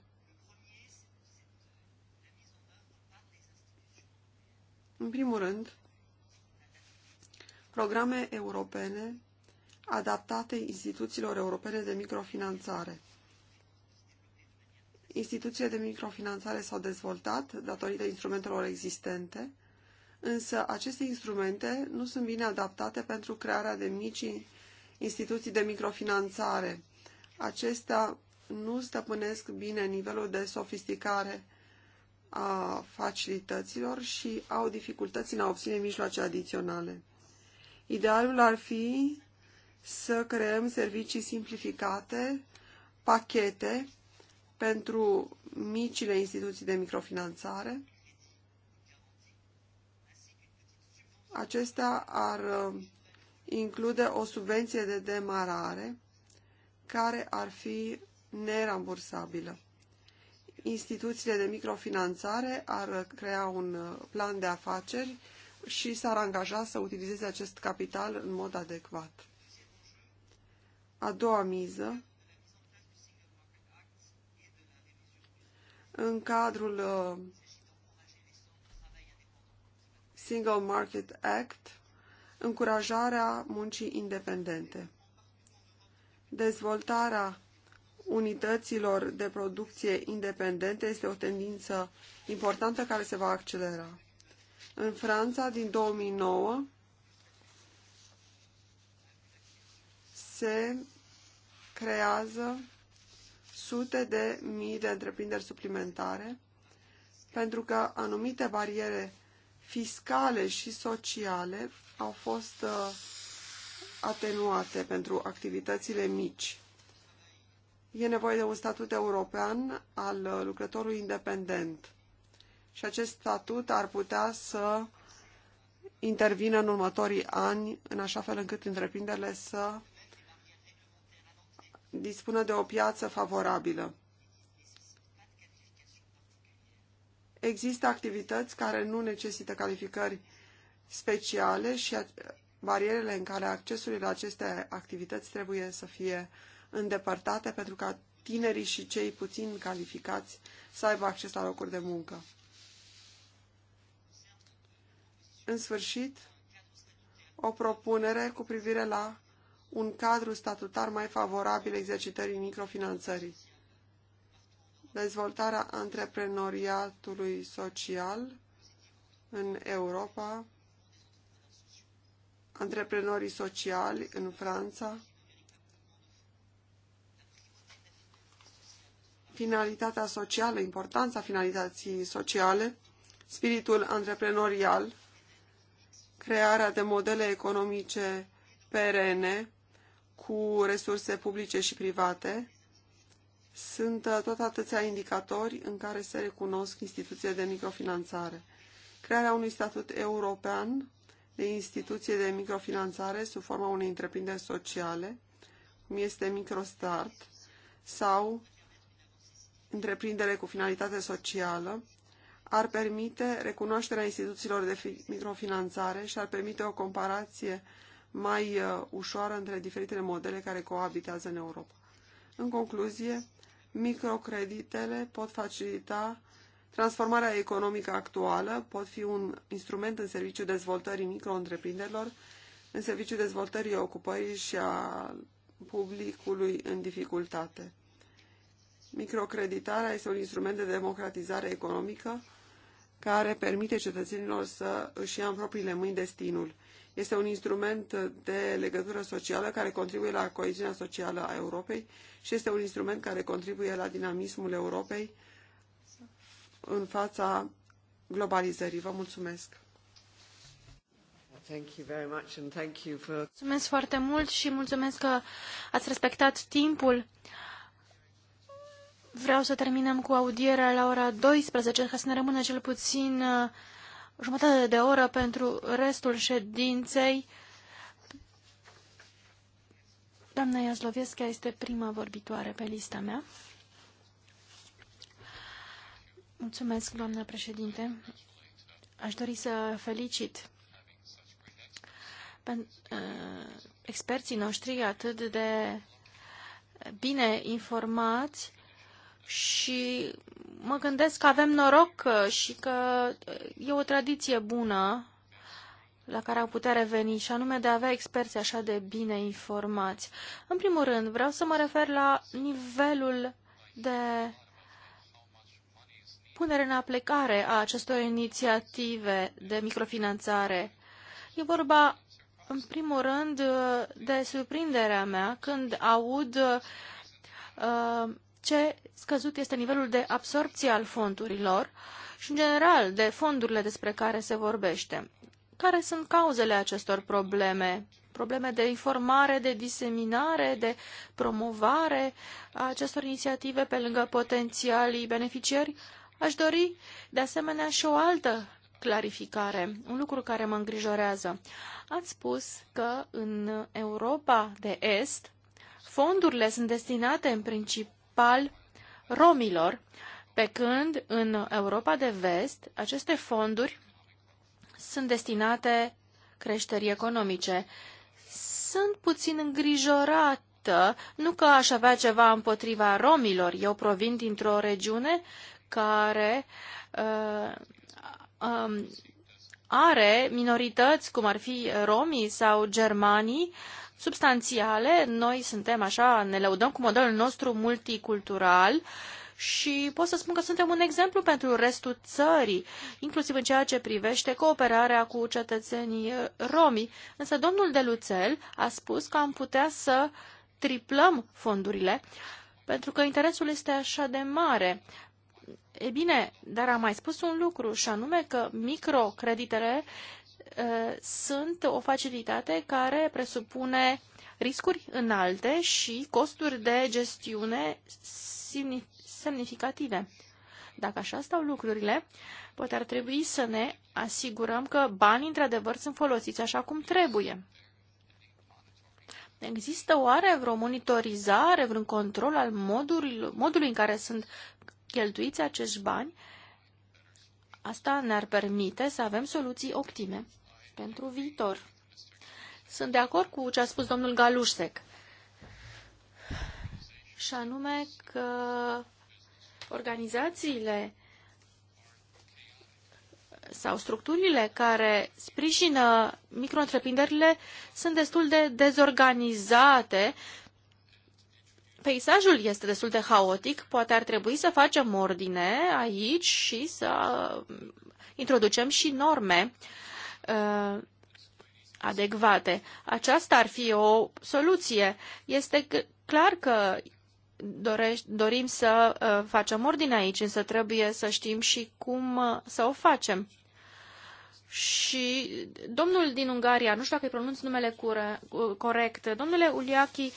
În primul rând, programe europene adaptate instituțiilor europene de microfinanțare. Instituțiile de microfinanțare s-au dezvoltat datorită instrumentelor existente, însă aceste instrumente nu sunt bine adaptate pentru crearea de mici instituții de microfinanțare acestea nu stăpânesc bine nivelul de sofisticare a facilităților și au dificultăți în a obține mijloace adiționale. Idealul ar fi să creăm servicii simplificate, pachete pentru micile instituții de microfinanțare. Acestea ar uh, include o subvenție de demarare care ar fi nerambursabilă. Instituțiile de microfinanțare ar crea un uh, plan de afaceri și s-ar angaja să utilizeze acest capital în mod adecvat. A doua miză, în cadrul uh, Single Market Act, încurajarea muncii independente. Dezvoltarea unităților de producție independente este o tendință importantă care se va accelera. În Franța, din 2009, se creează sute de mii de întreprinderi suplimentare pentru că anumite bariere fiscale și sociale au fost uh, atenuate pentru activitățile mici. E nevoie de un statut european al lucrătorului independent și acest statut ar putea să intervină în următorii ani în așa fel încât întreprinderile să dispună de o piață favorabilă. Există activități care nu necesită calificări speciale și barierele în care accesul la aceste activități trebuie să fie îndepărtate pentru ca tinerii și cei puțin calificați să aibă acces la locuri de muncă. În sfârșit, o propunere cu privire la un cadru statutar mai favorabil exercitării microfinanțării, dezvoltarea antreprenoriatului social în Europa, antreprenorii sociali în Franța. Finalitatea socială, importanța finalității sociale, spiritul antreprenorial, crearea de modele economice perene cu resurse publice și private, sunt uh, tot atâția indicatori în care se recunosc instituțiile de microfinanțare. Crearea unui statut european de instituție de microfinanțare sub forma unei întreprinderi sociale, cum este MicroStart, sau întreprindere cu finalitate socială, ar permite recunoașterea instituțiilor de microfinanțare și ar permite o comparație mai uh, ușoară între diferitele modele care coabitează în Europa. În concluzie, microcreditele pot facilita Transformarea economică actuală pot fi un instrument în serviciu dezvoltării micro-întreprinderilor, în serviciu dezvoltării ocupării și a publicului în dificultate. Microcreditarea este un instrument de democratizare economică care permite cetățenilor să își ia în propriile mâini destinul. Este un instrument de legătură socială care contribuie la coeziunea socială a Europei și este un instrument care contribuie la dinamismul Europei în fața globalizării. Vă mulțumesc!
Mulțumesc
foarte mult și mulțumesc că ați respectat timpul. Vreau să terminăm cu audierea la ora 12, ca să ne rămână cel puțin uh, jumătate de oră pentru restul ședinței. Doamna Iazlovescu este prima vorbitoare pe lista mea. Mulțumesc, doamnă președinte. Aș dori să felicit pe, uh, experții noștri atât de bine informați și mă gândesc că avem noroc și că e o tradiție bună la care au putea reveni, și anume de a avea experți așa de bine informați. În primul rând, vreau să mă refer la nivelul de punere în aplicare a acestor inițiative de microfinanțare. E vorba, în primul rând, de surprinderea mea când aud uh, ce scăzut este nivelul de absorpție al fondurilor și, în general, de fondurile despre care se vorbește. Care sunt cauzele acestor probleme? Probleme de informare, de diseminare, de promovare a acestor inițiative pe lângă potențialii beneficiari? Aș dori, de asemenea, și o altă clarificare, un lucru care mă îngrijorează. Ați spus că în Europa de Est fondurile sunt destinate în principal romilor, pe când în Europa de Vest aceste fonduri sunt destinate creșterii economice. Sunt puțin îngrijorată, nu că aș avea ceva împotriva romilor. Eu provin dintr-o regiune care uh, um, are minorități, cum ar fi romii sau germanii, substanțiale. Noi suntem așa, ne lăudăm cu modelul nostru multicultural și pot să spun că suntem un exemplu pentru restul țării, inclusiv în ceea ce privește cooperarea cu cetățenii romi. Însă domnul Deluțel a spus că am putea să triplăm fondurile, pentru că interesul este așa de mare. E bine, dar am mai spus un lucru și anume că microcreditele uh, sunt o facilitate care presupune riscuri înalte și costuri de gestiune semnificative. Dacă așa stau lucrurile, poate ar trebui să ne asigurăm că banii într-adevăr sunt folosiți așa cum trebuie. Există oare vreo monitorizare, vreun control al modului, modului în care sunt cheltuiți acești bani, asta ne-ar permite să avem soluții optime pentru viitor. Sunt de acord cu ce a spus domnul Galușec. și anume că organizațiile sau structurile care sprijină micro sunt destul de dezorganizate peisajul este destul de haotic, poate ar trebui să facem ordine aici și să uh, introducem și norme uh, adecvate. Aceasta ar fi o soluție. Este clar că dorești, dorim să uh, facem ordine aici, însă trebuie să știm și cum uh, să o facem. Și domnul din Ungaria, nu știu dacă îi pronunț numele uh, corect, domnule Uliachi,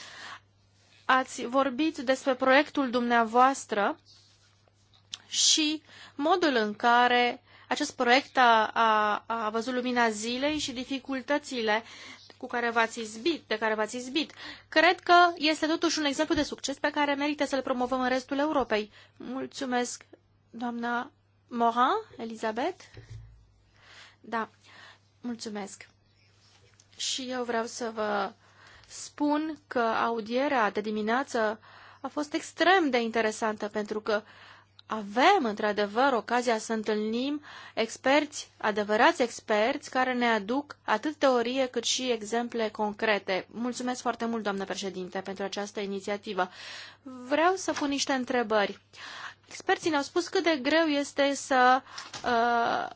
ați vorbit despre proiectul dumneavoastră și modul în care acest proiect a, a, a văzut lumina zilei și dificultățile cu care v-ați izbit, de care v-ați izbit. Cred că este totuși un exemplu de succes pe care merită să-l promovăm în restul Europei. Mulțumesc, doamna Morin, Elizabeth. Da, mulțumesc. Și eu vreau să vă spun că audierea de dimineață a fost extrem de interesantă pentru că avem într-adevăr ocazia să întâlnim experți, adevărați experți, care ne aduc atât teorie cât și exemple concrete. Mulțumesc foarte mult, doamnă președinte, pentru această inițiativă. Vreau să pun niște întrebări. Experții ne-au spus cât de greu este să uh,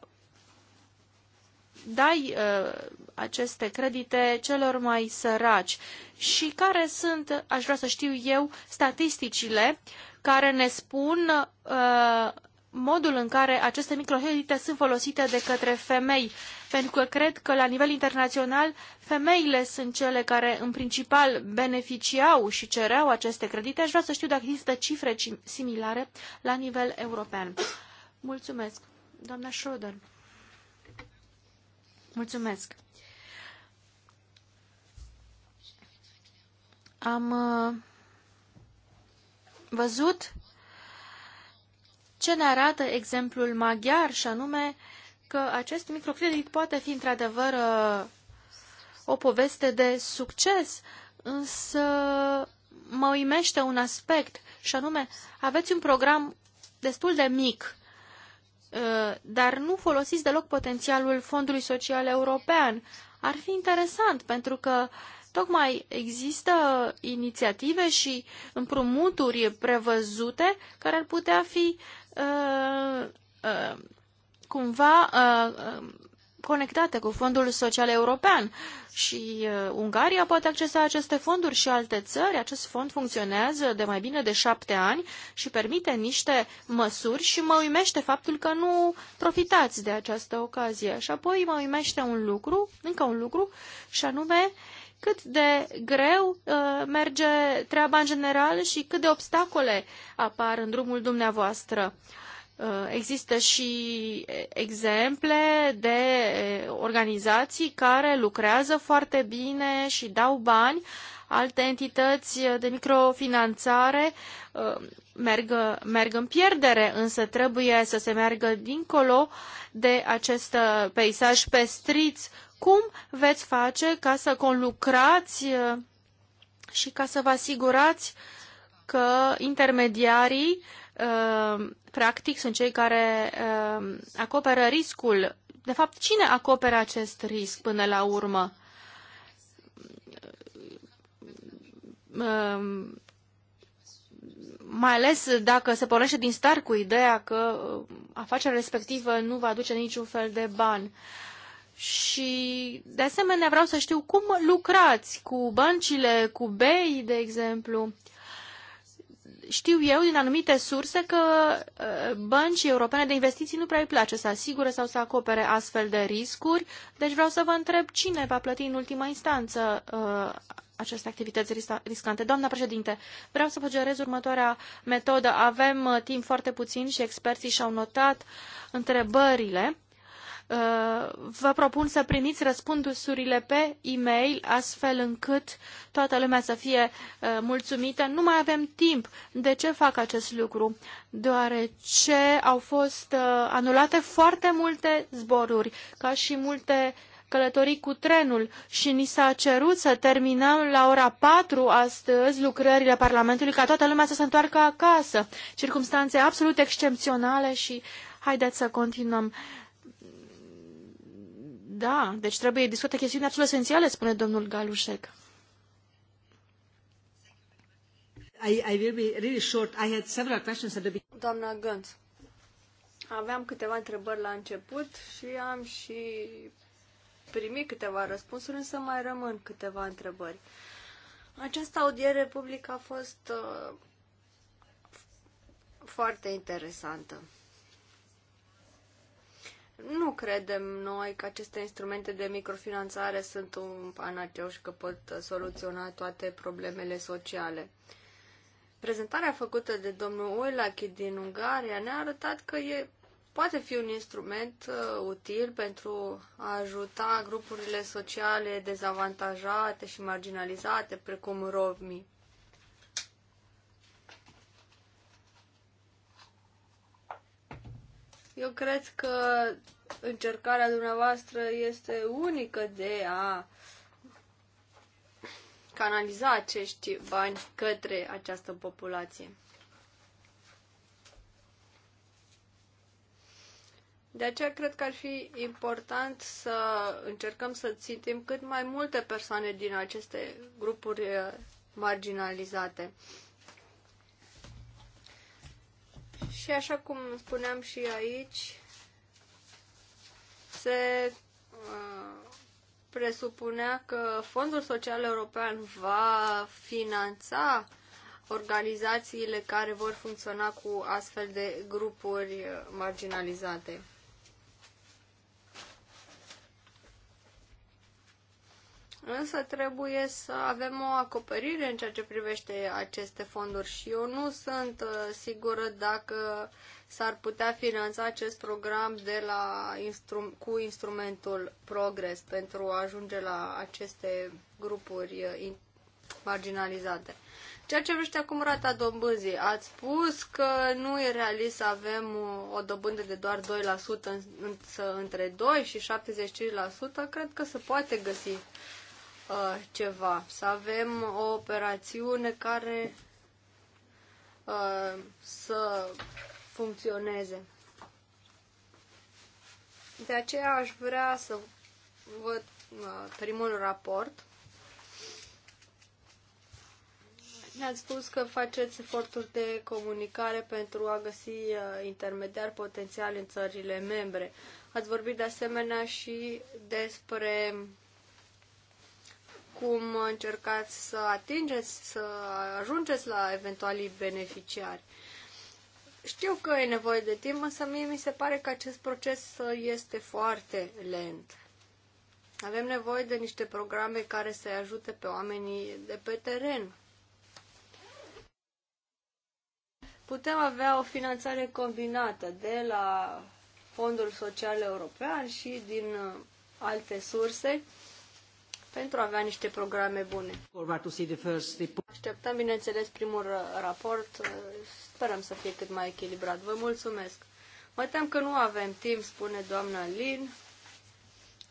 dai uh, aceste credite celor mai săraci și care sunt, aș vrea să știu eu, statisticile care ne spun uh, modul în care aceste microcredite sunt folosite de către femei, pentru că cred că la nivel internațional femeile sunt cele care în principal beneficiau și cereau aceste credite. Aș vrea să știu dacă există cifre similare la nivel european. Mulțumesc. Doamna Schroeder. Mulțumesc. Am uh, văzut ce ne arată exemplul maghiar și anume că acest microcredit poate fi într-adevăr uh, o poveste de succes, însă mă uimește un aspect și anume aveți un program destul de mic Uh, dar nu folosiți deloc potențialul Fondului Social European. Ar fi interesant, pentru că tocmai există inițiative și împrumuturi prevăzute care ar putea fi uh, uh, cumva uh, uh conectate cu Fondul Social European și uh, Ungaria poate accesa aceste fonduri și alte țări. Acest fond funcționează de mai bine de șapte ani și permite niște măsuri și mă uimește faptul că nu profitați de această ocazie. Și apoi mă uimește un lucru, încă un lucru, și anume cât de greu uh, merge treaba în general și cât de obstacole apar în drumul dumneavoastră. Uh, Uh, există și exemple de organizații care lucrează foarte bine și dau bani, alte entități de microfinanțare uh, merg, merg în pierdere, însă trebuie să se meargă dincolo de acest uh, peisaj pe pestriț. Cum veți face ca să conlucrați și ca să vă asigurați că intermediarii uh, Uh, practic, sunt cei care uh, acoperă riscul. De fapt, cine acoperă acest risc până la urmă? Uh, mai ales dacă se pornește din start cu ideea că afacerea respectivă nu va aduce niciun fel de bani. Și, de asemenea, vreau să știu cum lucrați cu băncile, cu BEI, de exemplu știu eu din anumite surse că uh, băncii europene de investiții nu prea îi place să asigure sau să acopere astfel de riscuri, deci vreau să vă întreb cine va plăti în ultima instanță uh, aceste activități riscante. Doamna președinte, vreau să sugerez următoarea metodă. Avem uh, timp foarte puțin și experții și-au notat întrebările. Uh, vă propun să primiți răspunsurile pe e-mail, astfel încât toată lumea să fie uh, mulțumită. Nu mai avem timp. De ce fac acest lucru? Deoarece au fost uh, anulate foarte multe zboruri, ca și multe călătorii cu trenul și ni s-a cerut să terminăm la ora 4 astăzi lucrările Parlamentului ca toată lumea să se întoarcă acasă. Circumstanțe absolut excepționale și haideți să continuăm da, deci trebuie discutate chestiunea cele esențiale, spune domnul Galușec.
I, I will be really short. I had several questions at the beginning.
Doamna Gânț, aveam câteva întrebări la început și am și primit câteva răspunsuri, însă mai rămân câteva întrebări. Această audiere publică a fost uh, foarte interesantă. Nu credem noi că aceste instrumente de microfinanțare sunt un panaceu și că pot soluționa toate problemele sociale. Prezentarea făcută de domnul Oilachi din Ungaria ne-a arătat că e, poate fi un instrument uh, util pentru a ajuta grupurile sociale dezavantajate și marginalizate, precum romii. Eu cred că încercarea dumneavoastră este unică de a canaliza acești bani către această populație. De aceea cred că ar fi important să încercăm să țintim cât mai multe persoane din aceste grupuri eh, marginalizate. Și așa cum spuneam și aici, se uh, presupunea că Fondul Social European va finanța organizațiile care vor funcționa cu astfel de grupuri marginalizate. Însă trebuie să avem o acoperire în ceea ce privește aceste fonduri și eu nu sunt uh, sigură dacă s-ar putea finanța acest program de la instru- cu instrumentul progres pentru a ajunge la aceste grupuri uh, marginalizate. Ceea ce vrește acum rata dobânzii, ați spus că nu e realist să avem uh, o dobândă de doar 2%, însă între 2 și 75% cred că se poate găsi uh, ceva, să avem o operațiune care uh, să funcționeze. De aceea aș vrea să văd uh, primul raport. Ne-ați spus că faceți eforturi de comunicare pentru a găsi uh, intermediar potențial în țările membre. Ați vorbit de asemenea și despre cum încercați să atingeți, să ajungeți la eventualii beneficiari. Știu că e nevoie de timp, însă mie mi se pare că acest proces este foarte lent. Avem nevoie de niște programe care să-i ajute pe oamenii de pe teren. Putem avea o finanțare combinată de la Fondul Social European și din alte surse pentru a avea niște programe bune. Așteptăm, bineînțeles, primul raport. Sperăm să fie cât mai echilibrat. Vă mulțumesc. Mă tem că nu avem timp, spune doamna Lin.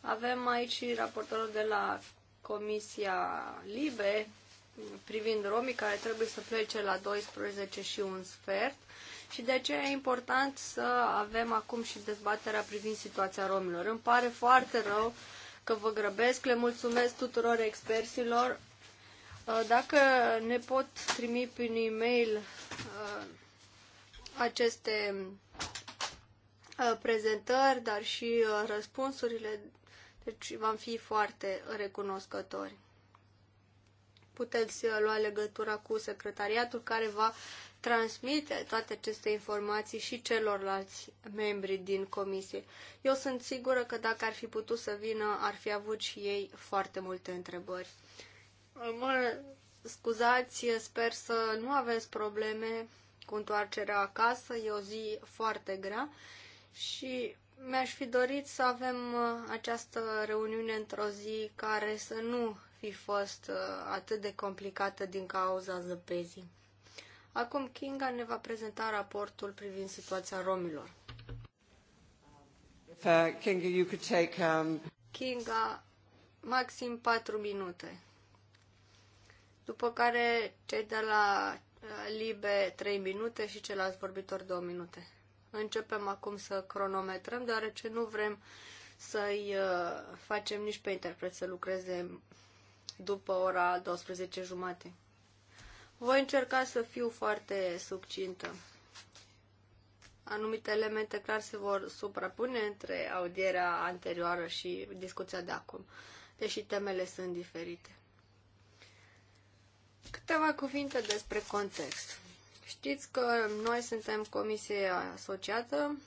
Avem aici raportorul de la Comisia Libe privind romii care trebuie să plece la 12 și un sfert și de aceea e important să avem acum și dezbaterea privind situația romilor. Îmi pare foarte rău că vă grăbesc. Le mulțumesc tuturor experților. Uh, dacă ne pot trimi prin e-mail uh, aceste uh, prezentări, dar și răspunsurile, deci vom fi foarte recunoscători. Puteți lua legătura cu secretariatul care va transmite toate aceste informații și celorlalți membri din comisie. Eu sunt sigură că dacă ar fi putut să vină, ar fi avut și ei foarte multe întrebări. Mă scuzați, sper să nu aveți probleme cu întoarcerea acasă, e o zi foarte grea și mi-aș fi dorit să avem uh, această reuniune într-o zi care să nu fi fost uh, atât de complicată din cauza zăpezii. Acum Kinga ne va prezenta raportul privind situația romilor.
Uh, Kinga, you could take, um...
Kinga, maxim 4 minute. După care cei de la uh, Libe 3 minute și ceilalți vorbitori 2 minute. Începem acum să cronometrăm, deoarece nu vrem să-i uh, facem nici pe interpret să lucreze după ora 12 jumate. Voi încerca să fiu foarte succintă. Anumite elemente clar se vor suprapune între audierea anterioară și discuția de acum, deși temele sunt diferite. Câteva cuvinte despre context. Știți că noi suntem comisie asociată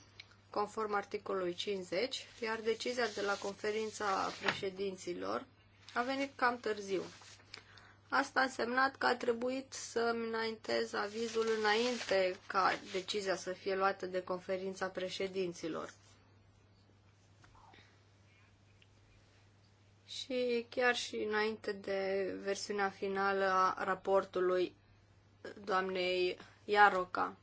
conform articolului 50, iar decizia de la conferința președinților a venit cam târziu, Asta a însemnat că a trebuit să-mi înaintez avizul înainte ca decizia să fie luată de conferința președinților. Și chiar și înainte de versiunea finală a raportului doamnei Iaroca.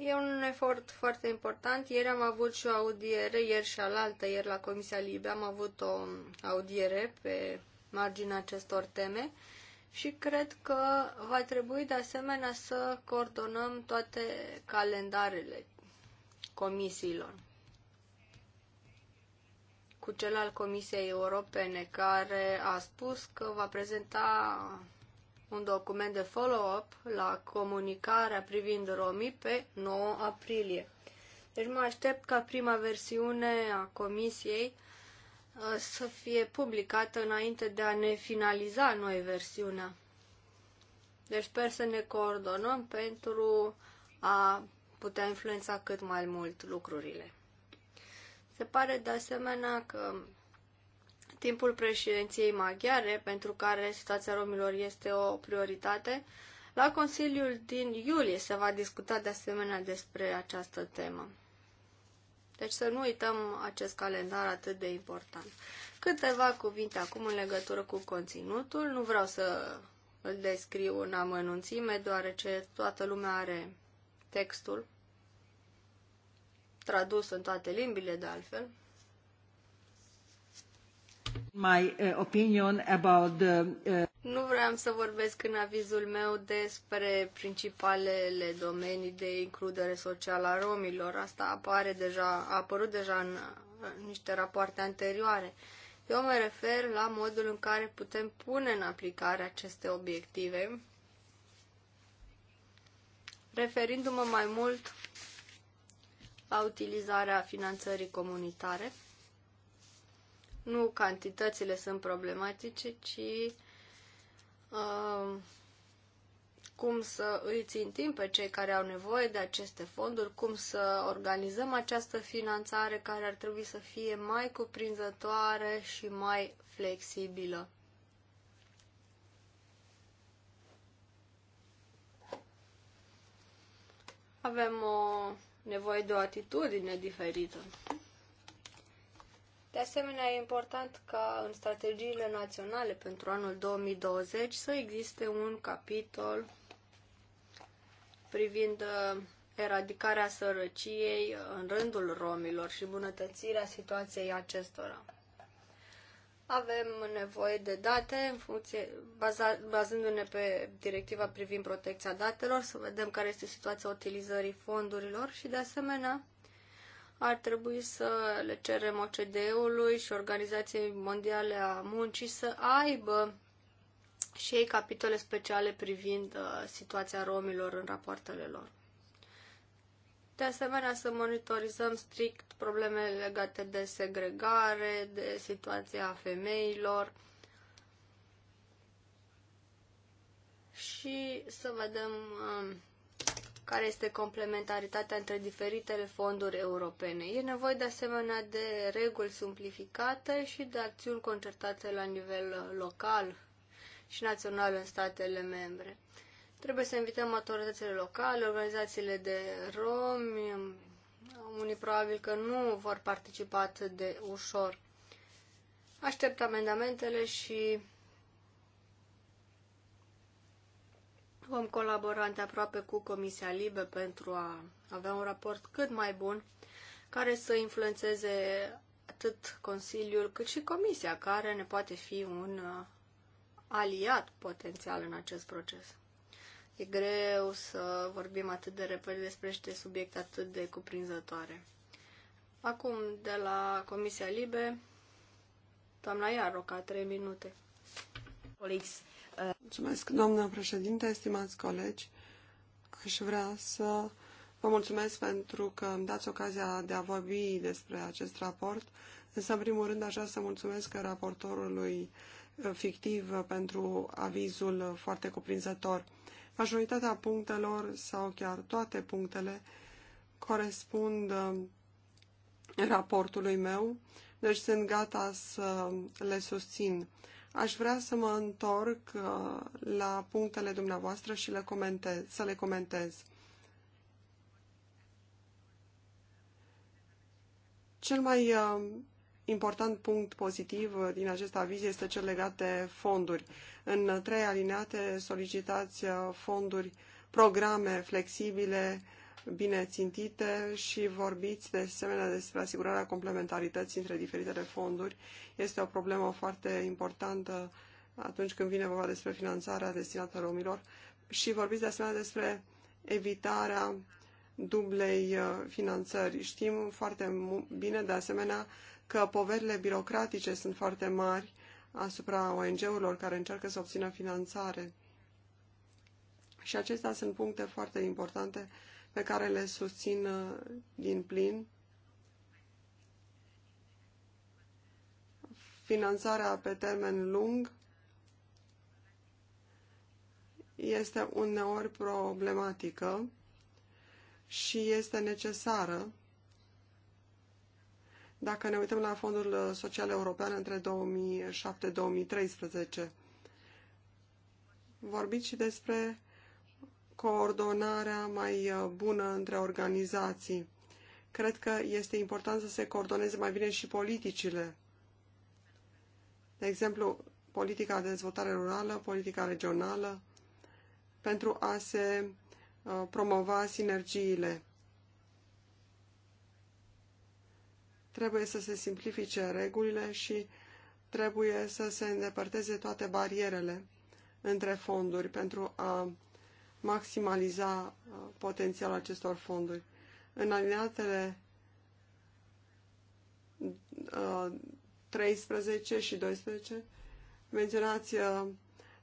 E un efort foarte important. Ieri am avut și o audiere, ieri și alaltă, ieri la Comisia Libe am avut o audiere pe marginea acestor teme și cred că va trebui de asemenea să coordonăm toate calendarele comisiilor cu cel al Comisiei Europene, care a spus că va prezenta un document de follow-up la comunicarea privind romii pe 9 aprilie. Deci mă aștept ca prima versiune a comisiei uh, să fie publicată înainte de a ne finaliza noi versiunea. Deci sper să ne coordonăm pentru a putea influența cât mai mult lucrurile. Se pare de asemenea că timpul președinției maghiare, pentru care situația romilor este o prioritate, la Consiliul din iulie se va discuta de asemenea despre această temă. Deci să nu uităm acest calendar atât de important. Câteva cuvinte acum în legătură cu conținutul. Nu vreau să îl descriu în amănunțime, deoarece toată lumea are textul tradus în toate limbile de altfel.
My uh, opinion about the, uh...
Nu vreau să vorbesc în avizul meu despre principalele domenii de includere socială a romilor. Asta apare deja, a apărut deja în, în niște rapoarte anterioare. Eu mă refer la modul în care putem pune în aplicare aceste obiective, referindu-mă mai mult la utilizarea finanțării comunitare. Nu cantitățile sunt problematice, ci uh, cum să îi țintim pe cei care au nevoie de aceste fonduri, cum să organizăm această finanțare care ar trebui să fie mai cuprinzătoare și mai flexibilă. Avem o nevoie de o atitudine diferită. De asemenea, e important ca în strategiile naționale pentru anul 2020 să existe un capitol privind uh, eradicarea sărăciei în rândul romilor și bunătățirea situației acestora. Avem nevoie de date în funcție, baza, bazându-ne pe directiva privind protecția datelor, să vedem care este situația utilizării fondurilor și, de asemenea, ar trebui să le cerem OCDE-ului și Organizației Mondiale a Muncii să aibă și ei capitole speciale privind uh, situația romilor în rapoartele lor. De asemenea, să monitorizăm strict problemele legate de segregare, de situația femeilor și să vedem um, care este complementaritatea între diferitele fonduri europene. E nevoie de asemenea de reguli simplificate și de acțiuni concertate la nivel local și național în statele membre. Trebuie să invităm autoritățile locale, organizațiile de romi, unii probabil că nu vor participa atât de ușor. Aștept amendamentele și Vom colabora îndeaproape cu Comisia Libe pentru a avea un raport cât mai bun care să influențeze atât Consiliul cât și Comisia, care ne poate fi un uh, aliat potențial în acest proces. E greu să vorbim atât de repede despre niște subiecte atât de cuprinzătoare. Acum, de la Comisia Libe, doamna Iaroca, trei minute.
Colegi, Mulțumesc, doamnă președinte, estimați colegi. Aș vrea să vă mulțumesc pentru că îmi dați ocazia de a vorbi despre acest raport, însă, în primul rând, aș vrea să mulțumesc raportorului uh, fictiv uh, pentru avizul uh, foarte cuprinzător. Majoritatea punctelor sau chiar toate punctele corespund raportului meu, deci sunt gata să le susțin. Aș vrea să mă întorc uh, la punctele dumneavoastră și le comentez, să le comentez. Cel mai uh, important punct pozitiv uh, din acest aviz este cel legat de fonduri. În trei alineate solicitați fonduri, programe flexibile, bine țintite și vorbiți de asemenea despre asigurarea complementarității între diferitele fonduri. Este o problemă foarte importantă atunci când vine vorba despre finanțarea destinată romilor și vorbiți de asemenea despre evitarea dublei uh, finanțări. Știm foarte bine de asemenea că poverile birocratice sunt foarte mari asupra ONG-urilor care încearcă să obțină finanțare. Și acestea sunt puncte foarte importante pe care le susțin uh, din plin. Finanțarea pe termen lung este uneori problematică și este necesară dacă ne uităm la Fondul Social European între 2007-2013. Vorbiți și despre coordonarea mai uh, bună între organizații. Cred că este important să se coordoneze mai bine și politicile. De exemplu, politica de dezvoltare rurală, politica regională, pentru a se uh, promova sinergiile. Trebuie să se simplifice regulile și trebuie să se îndepărteze toate barierele între fonduri pentru a maximaliza uh, potențialul acestor fonduri. În alineatele 13 uh, și 12 menționați uh,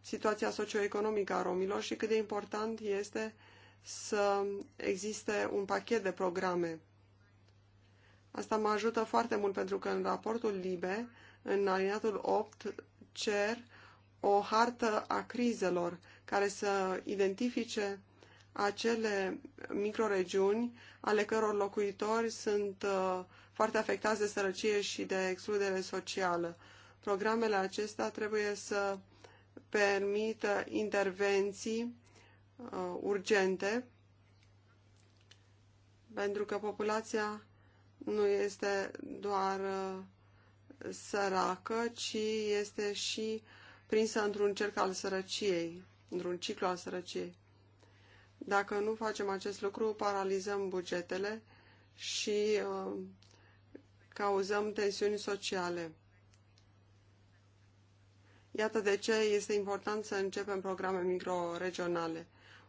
situația socioeconomică a romilor și cât de important este să existe un pachet de programe. Asta mă ajută foarte mult pentru că în raportul LIBE, în aliniatul 8, cer o hartă a crizelor care să identifice acele microregiuni ale căror locuitori sunt uh, foarte afectați de sărăcie și de excludere socială. Programele acestea trebuie să permită intervenții uh, urgente pentru că populația nu este doar uh, săracă, ci este și prinsă într-un cerc al sărăciei într-un ciclu al sărăciei. Dacă nu facem acest lucru, paralizăm bugetele și uh, cauzăm tensiuni sociale. Iată de ce este important să începem programe microregionale.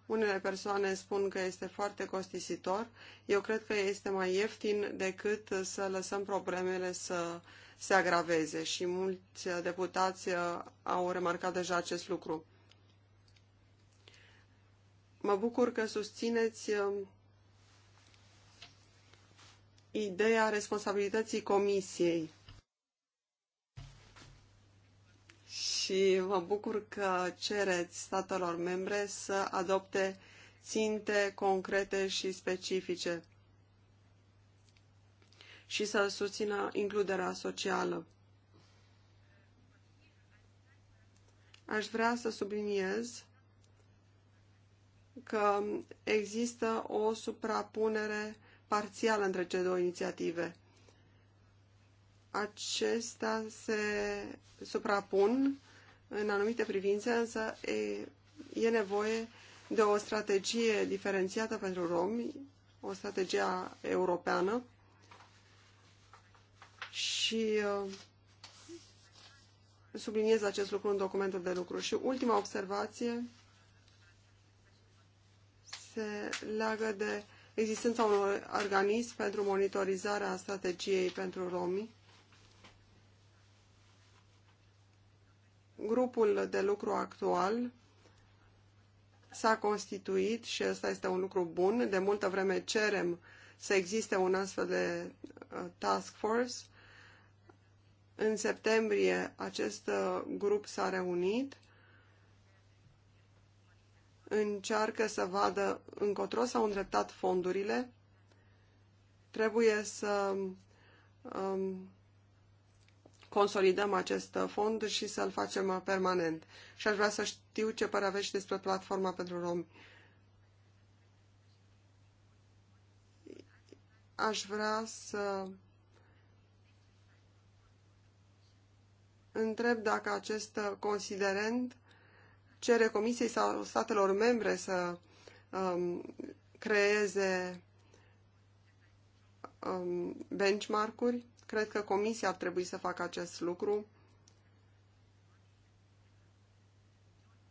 Unele persoane spun că este foarte costisitor. Eu cred că este mai ieftin decât să lăsăm problemele să se agraveze și mulți deputați uh, au remarcat deja acest lucru. Mă bucur că susțineți um, ideea responsabilității comisiei. Și mă bucur că cereți statelor membre să adopte ținte concrete și specifice și să susțină includerea socială. Aș vrea să subliniez că există o suprapunere parțială între cele două inițiative. Acestea se suprapun în anumite privințe, însă e, e nevoie de o strategie diferențiată pentru romi, o strategie europeană și uh, subliniez acest lucru în documentul de lucru. Și ultima observație se leagă de existența unui organism pentru monitorizarea strategiei pentru romi. Grupul de lucru actual s-a constituit și ăsta este un lucru bun. De multă vreme cerem să existe un astfel de uh, task force. În septembrie acest uh, grup s-a reunit încearcă să vadă încotro s-au îndreptat fondurile. Trebuie să um, consolidăm acest fond și să-l facem permanent. Și aș vrea să știu ce părere aveți despre platforma pentru romi. Aș vrea să întreb dacă acest considerent cere Comisiei sau statelor membre să um, creeze um, benchmark-uri. Cred că Comisia ar trebui să facă acest lucru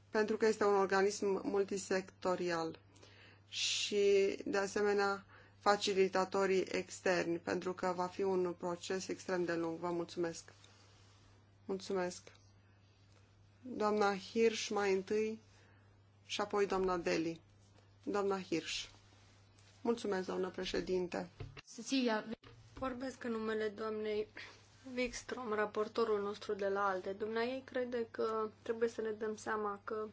pentru că este un organism multisectorial și, de asemenea, facilitatorii externi, pentru că va fi un proces extrem de lung. Vă mulțumesc! Mulțumesc! Doamna Hirsch mai întâi și apoi doamna Deli. Doamna Hirsch. Mulțumesc, doamnă președinte. Cecilia,
vorbesc în numele doamnei Wikstrom, raportorul nostru de la ALDE. ei crede că trebuie să ne dăm seama că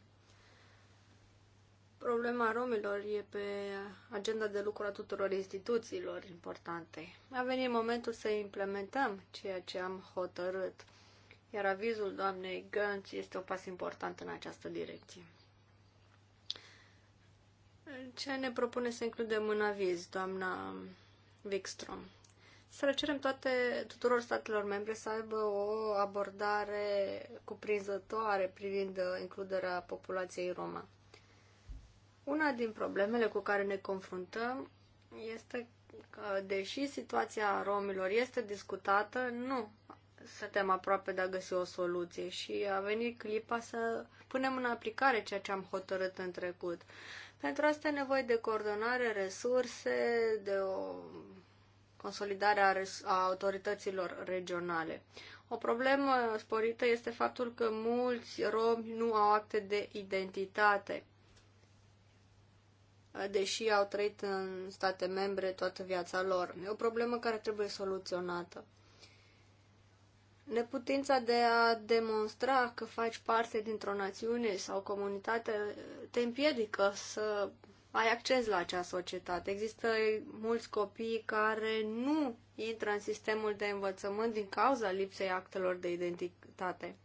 problema romilor e pe agenda de lucru a tuturor instituțiilor importante. A venit momentul să implementăm ceea ce am hotărât iar avizul doamnei Gantz este un pas important în această direcție. Ce ne propune să includem în aviz, doamna Wikstrom? Să le cerem toate, tuturor statelor membre să aibă o abordare cuprinzătoare privind includerea populației romă. Una din problemele cu care ne confruntăm este că, deși situația romilor este discutată, nu suntem aproape de a găsi o soluție și a venit clipa să punem în aplicare ceea ce am hotărât în trecut. Pentru asta e nevoie de coordonare, resurse, de o consolidare a, a autorităților regionale. O problemă sporită este faptul că mulți romi nu au acte de identitate, deși au trăit în state membre toată viața lor. E o problemă care trebuie soluționată. Neputința de a demonstra că faci parte dintr-o națiune sau comunitate te împiedică să ai acces la acea societate. Există mulți copii care nu intră în sistemul de învățământ din cauza lipsei actelor de identitate.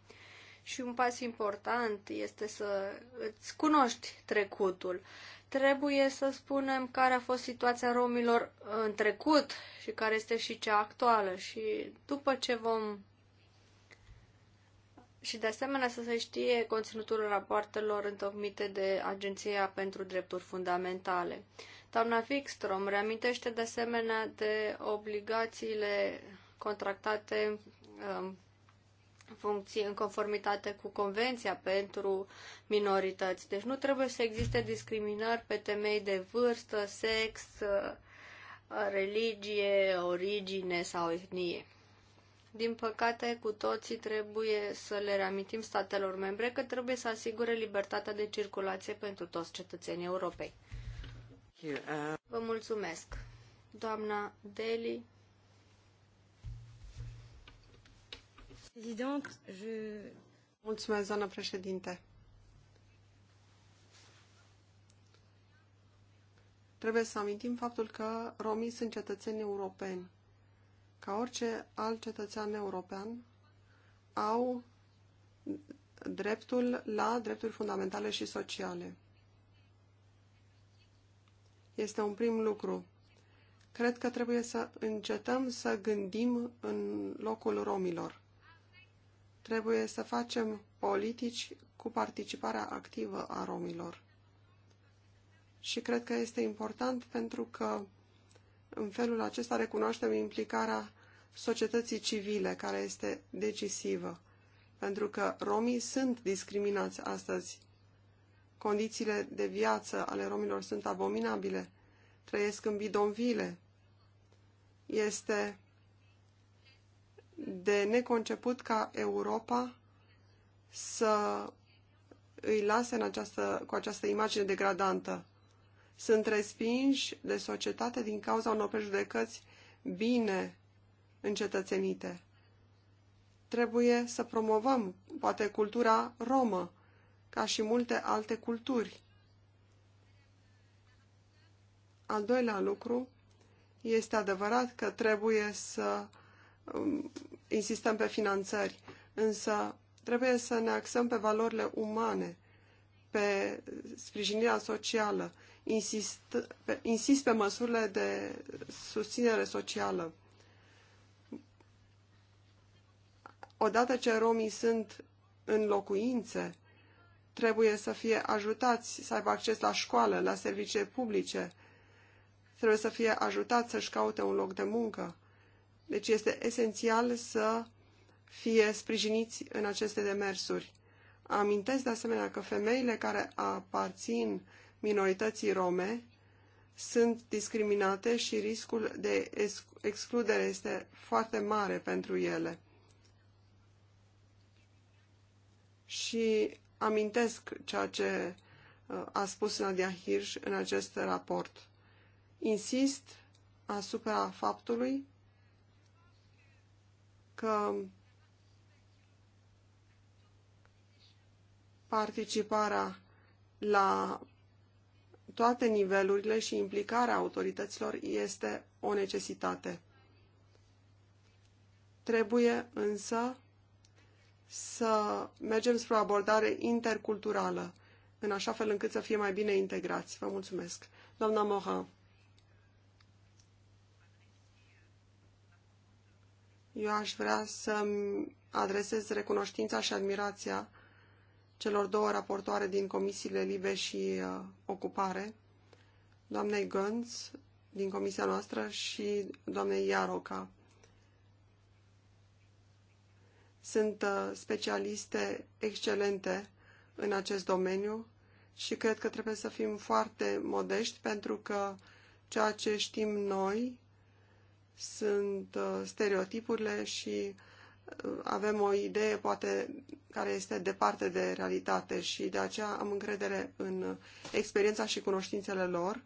Și un pas important este să îți cunoști trecutul. Trebuie să spunem care a fost situația romilor în trecut și care este și cea actuală. Și după ce vom și de asemenea să se știe conținutul rapoartelor întocmite de Agenția pentru Drepturi Fundamentale. Doamna Wikstrom reamintește de asemenea de obligațiile contractate um, funcție în conformitate cu Convenția pentru minorități. Deci nu trebuie să existe discriminări pe temei de vârstă, sex, uh, religie, origine sau etnie. Din păcate, cu toții trebuie să le reamintim statelor membre că trebuie să asigure libertatea de circulație pentru toți cetățenii europei. Vă mulțumesc. Doamna Deli.
Mulțumesc, doamnă președinte. Trebuie să amintim faptul că romii sunt cetățeni europeni ca orice alt cetățean european, au dreptul la drepturi fundamentale și sociale. Este un prim lucru. Cred că trebuie să încetăm să gândim în locul romilor. Trebuie să facem politici cu participarea activă a romilor. Și cred că este important pentru că în felul acesta recunoaștem implicarea societății civile, care este decisivă, pentru că romii sunt discriminați astăzi. Condițiile de viață ale romilor sunt abominabile. Trăiesc în bidonvile. Este de neconceput ca Europa să îi lase în această, cu această imagine degradantă sunt respinși de societate din cauza unor prejudecăți bine încetățenite. Trebuie să promovăm, poate, cultura romă, ca și multe alte culturi. Al doilea lucru, este adevărat că trebuie să um, insistăm pe finanțări, însă trebuie să ne axăm pe valorile umane, pe sprijinirea socială insist pe, insist pe măsurile de susținere socială. Odată ce romii sunt în locuințe, trebuie să fie ajutați să aibă acces la școală, la servicii publice, trebuie să fie ajutați să-și caute un loc de muncă. Deci este esențial să fie sprijiniți în aceste demersuri. Amintesc de asemenea că femeile care aparțin minorității rome sunt discriminate și riscul de excludere este foarte mare pentru ele. Și amintesc ceea ce uh, a spus Nadia Hirsch în acest raport. Insist asupra faptului că participarea la toate nivelurile și implicarea autorităților este o necesitate. Trebuie însă să mergem spre o abordare interculturală, în așa fel încât să fie mai bine integrați. Vă mulțumesc. Doamna Moha. Eu aș vrea să-mi adresez recunoștința și admirația celor două raportoare din Comisiile Libe și uh, Ocupare, doamnei Gânț din comisia noastră și doamnei Iaroca. Sunt uh, specialiste excelente în acest domeniu și cred că trebuie să fim foarte modești pentru că ceea ce știm noi sunt uh, stereotipurile și avem o idee poate care este departe de realitate și de aceea am încredere în experiența și cunoștințele lor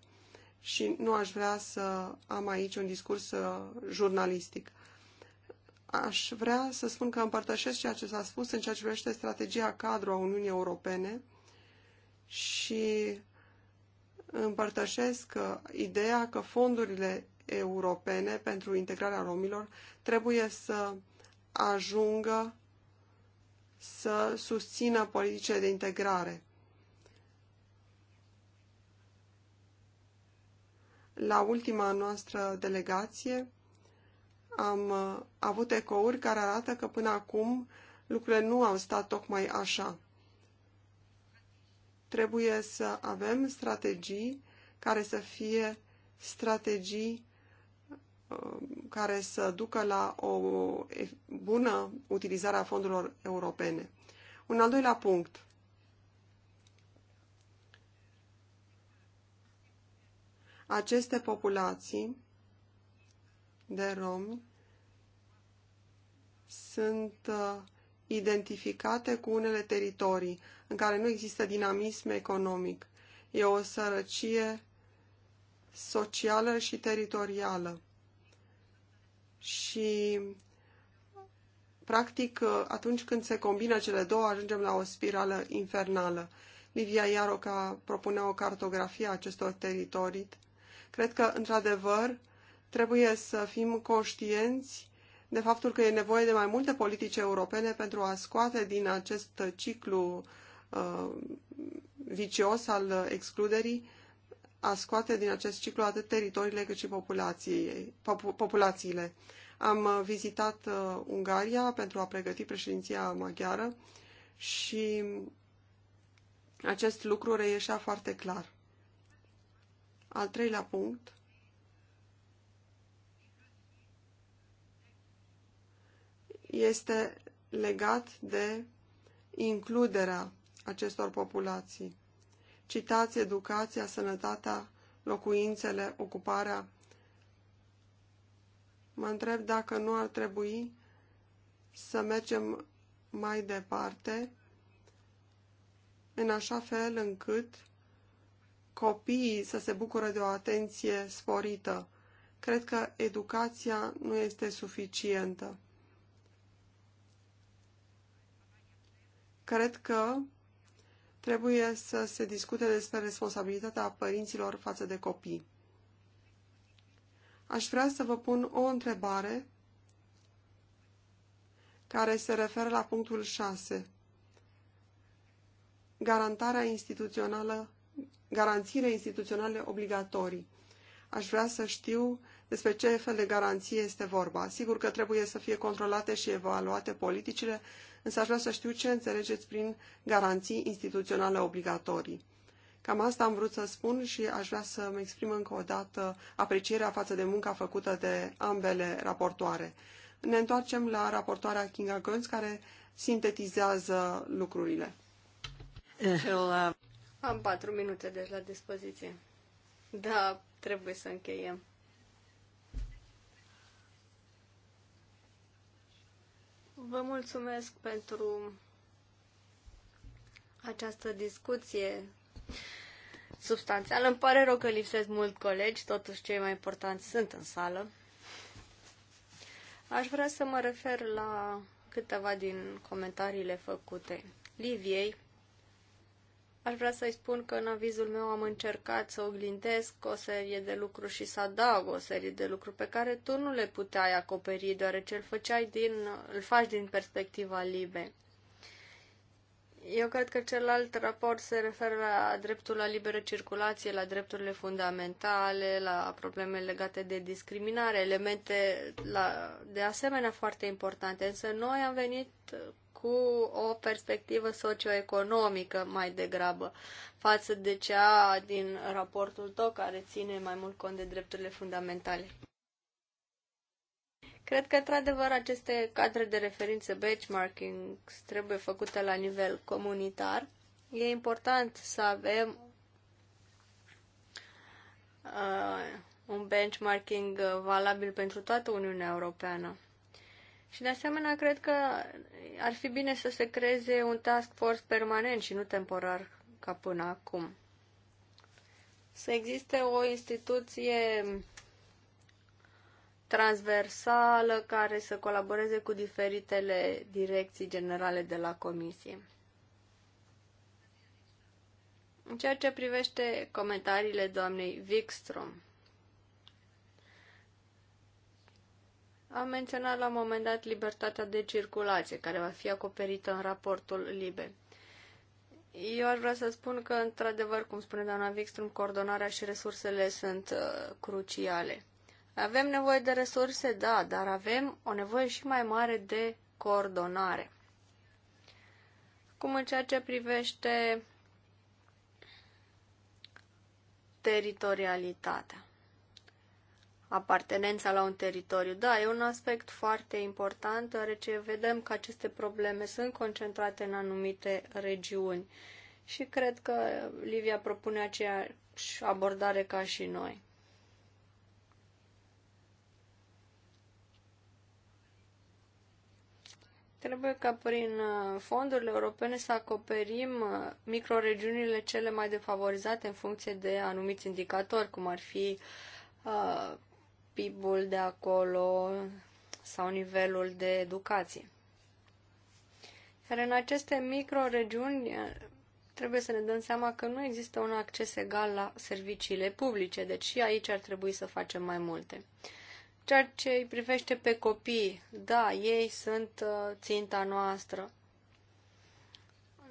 și nu aș vrea să am aici un discurs uh, jurnalistic. Aș vrea să spun că împărtășesc ceea ce s-a spus în ceea ce privește strategia cadru a Uniunii Europene și împărtășesc uh, ideea că fondurile europene pentru integrarea romilor trebuie să ajungă să susțină politicile de integrare. La ultima noastră delegație am uh, avut ecouri care arată că până acum lucrurile nu au stat tocmai așa. Trebuie să avem strategii care să fie strategii care să ducă la o bună utilizare a fondurilor europene. Un al doilea punct. Aceste populații de romi sunt uh, identificate cu unele teritorii în care nu există dinamism economic. E o sărăcie socială și teritorială și practic atunci când se combină cele două ajungem la o spirală infernală. Livia Iaroca propune o cartografie a acestor teritorii. Cred că, într-adevăr, trebuie să fim conștienți de faptul că e nevoie de mai multe politici europene pentru a scoate din acest ciclu uh, vicios al excluderii a scoate din acest ciclu atât teritoriile cât și populațiile. Am uh, vizitat uh, Ungaria pentru a pregăti președinția maghiară și acest lucru reieșea foarte clar. Al treilea punct. Este legat de includerea acestor populații. Citați educația, sănătatea, locuințele, ocuparea. Mă întreb dacă nu ar trebui să mergem mai departe în așa fel încât copiii să se bucură de o atenție sporită. Cred că educația nu este suficientă. Cred că Trebuie să se discute despre responsabilitatea părinților față de copii. Aș vrea să vă pun o întrebare care se referă la punctul 6. Garantarea instituțională, garanțiile instituționale obligatorii. Aș vrea să știu despre ce fel de garanție este vorba. Sigur că trebuie să fie controlate și evaluate politicile însă aș vrea să știu ce înțelegeți prin garanții instituționale obligatorii. Cam asta am vrut să spun și aș vrea să-mi exprim încă o dată aprecierea față de munca făcută de ambele raportoare. Ne întoarcem la raportoarea Kinga Gönz, care sintetizează lucrurile. Eh.
Am patru minute deci la dispoziție. Da, trebuie să încheiem. Vă mulțumesc pentru această discuție substanțială. Îmi pare rău că lipsesc mult colegi, totuși cei mai importanți sunt în sală. Aș vrea să mă refer la câteva din comentariile făcute. Liviei Aș vrea să-i spun că în avizul meu am încercat să oglindesc o serie de lucruri și să adaug o serie de lucruri pe care tu nu le puteai acoperi, deoarece îl, făceai din, îl faci din perspectiva libe. Eu cred că celălalt raport se referă la dreptul la liberă circulație, la drepturile fundamentale, la probleme legate de discriminare, elemente la, de asemenea foarte importante. Însă noi am venit cu o perspectivă socioeconomică mai degrabă față de cea din raportul tău care ține mai mult cont de drepturile fundamentale. Cred că, într-adevăr, aceste cadre de referință, benchmarking, trebuie făcute la nivel comunitar. E important să avem uh, un benchmarking uh, valabil pentru toată Uniunea Europeană. Și de asemenea, cred că ar fi bine să se creeze un task force permanent și nu temporar ca până acum. Să existe o instituție transversală care să colaboreze cu diferitele direcții generale de la Comisie. În ceea ce privește comentariile doamnei Wikstrom, Am menționat la un moment dat libertatea de circulație, care va fi acoperită în raportul LIBE. Eu aș vrea să spun că, într-adevăr, cum spune doamna Wikström, coordonarea și resursele sunt uh, cruciale. Avem nevoie de resurse, da, dar avem o nevoie și mai mare de coordonare. Cum în ceea ce privește teritorialitatea apartenența la un teritoriu. Da, e un aspect foarte important, deoarece vedem că aceste probleme sunt concentrate în anumite regiuni. Și cred că Livia propune aceeași abordare ca și noi. Trebuie ca prin uh, fondurile europene să acoperim uh, microregiunile cele mai defavorizate în funcție de anumiți indicatori, cum ar fi uh, PIB-ul de acolo sau nivelul de educație. Iar în aceste microregiuni eh, trebuie să ne dăm seama că nu există un acces egal la serviciile publice, deci și aici ar trebui să facem mai multe. Ceea ce îi privește pe copii, da, ei sunt eh, ținta noastră.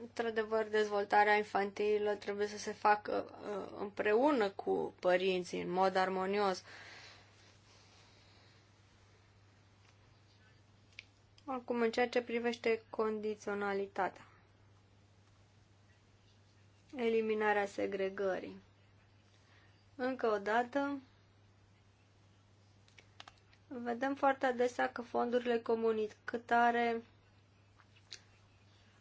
Într-adevăr, dezvoltarea infantilă trebuie să se facă eh, împreună cu părinții, în mod armonios. Acum, în ceea ce privește condiționalitatea, eliminarea segregării. Încă o dată, vedem foarte adesea că fondurile comunitare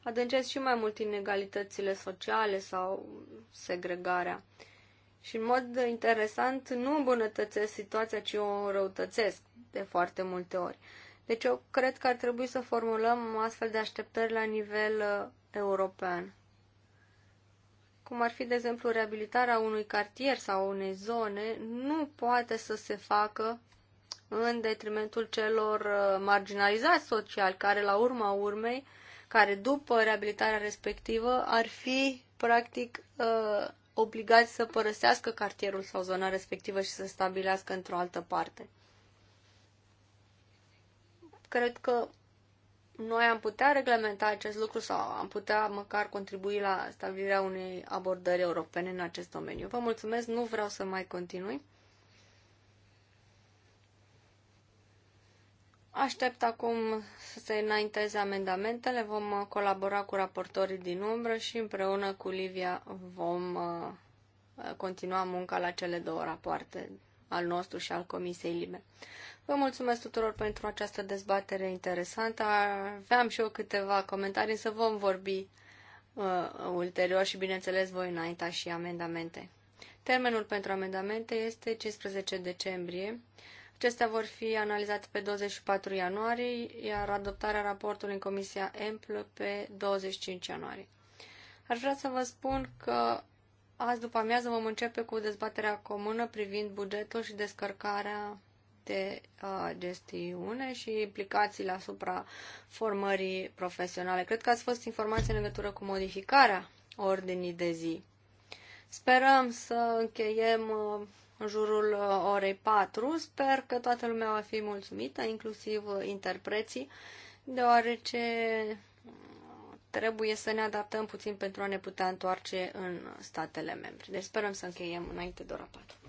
adâncesc și mai mult inegalitățile sociale sau segregarea. Și în mod interesant nu îmbunătățesc situația, ci o răutățesc de foarte multe ori. Deci eu cred că ar trebui să formulăm astfel de așteptări la nivel uh, european. Cum ar fi, de exemplu, reabilitarea unui cartier sau unei zone, nu poate să se facă în detrimentul celor uh, marginalizați social, care la urma urmei, care după reabilitarea respectivă ar fi practic uh, obligați să părăsească cartierul sau zona respectivă și să stabilească într-o altă parte. Cred că noi am putea reglementa acest lucru sau am putea măcar contribui la stabilirea unei abordări europene în acest domeniu. Vă mulțumesc, nu vreau să mai continui. Aștept acum să se înainteze amendamentele, vom uh, colabora cu raportorii din umbră și împreună cu Livia vom uh, continua munca la cele două rapoarte, al nostru și al Comisiei Libe. Vă mulțumesc tuturor pentru această dezbatere interesantă. Aveam și eu câteva comentarii, să vom vorbi uh, ulterior și, bineînțeles, voi înainta și amendamente. Termenul pentru amendamente este 15 decembrie. Acestea vor fi analizate pe 24 ianuarie, iar adoptarea raportului în Comisia EMPL pe 25 ianuarie. Aș vrea să vă spun că azi după amiază vom începe cu dezbaterea comună privind bugetul și descărcarea de uh, gestiune și implicațiile asupra formării profesionale. Cred că ați fost informații în legătură cu modificarea ordinii de zi. Sperăm să încheiem uh, în jurul uh, orei 4. Sper că toată lumea va fi mulțumită, inclusiv interpreții, deoarece trebuie să ne adaptăm puțin pentru a ne putea întoarce în statele membre. Deci sperăm să încheiem înainte de ora 4.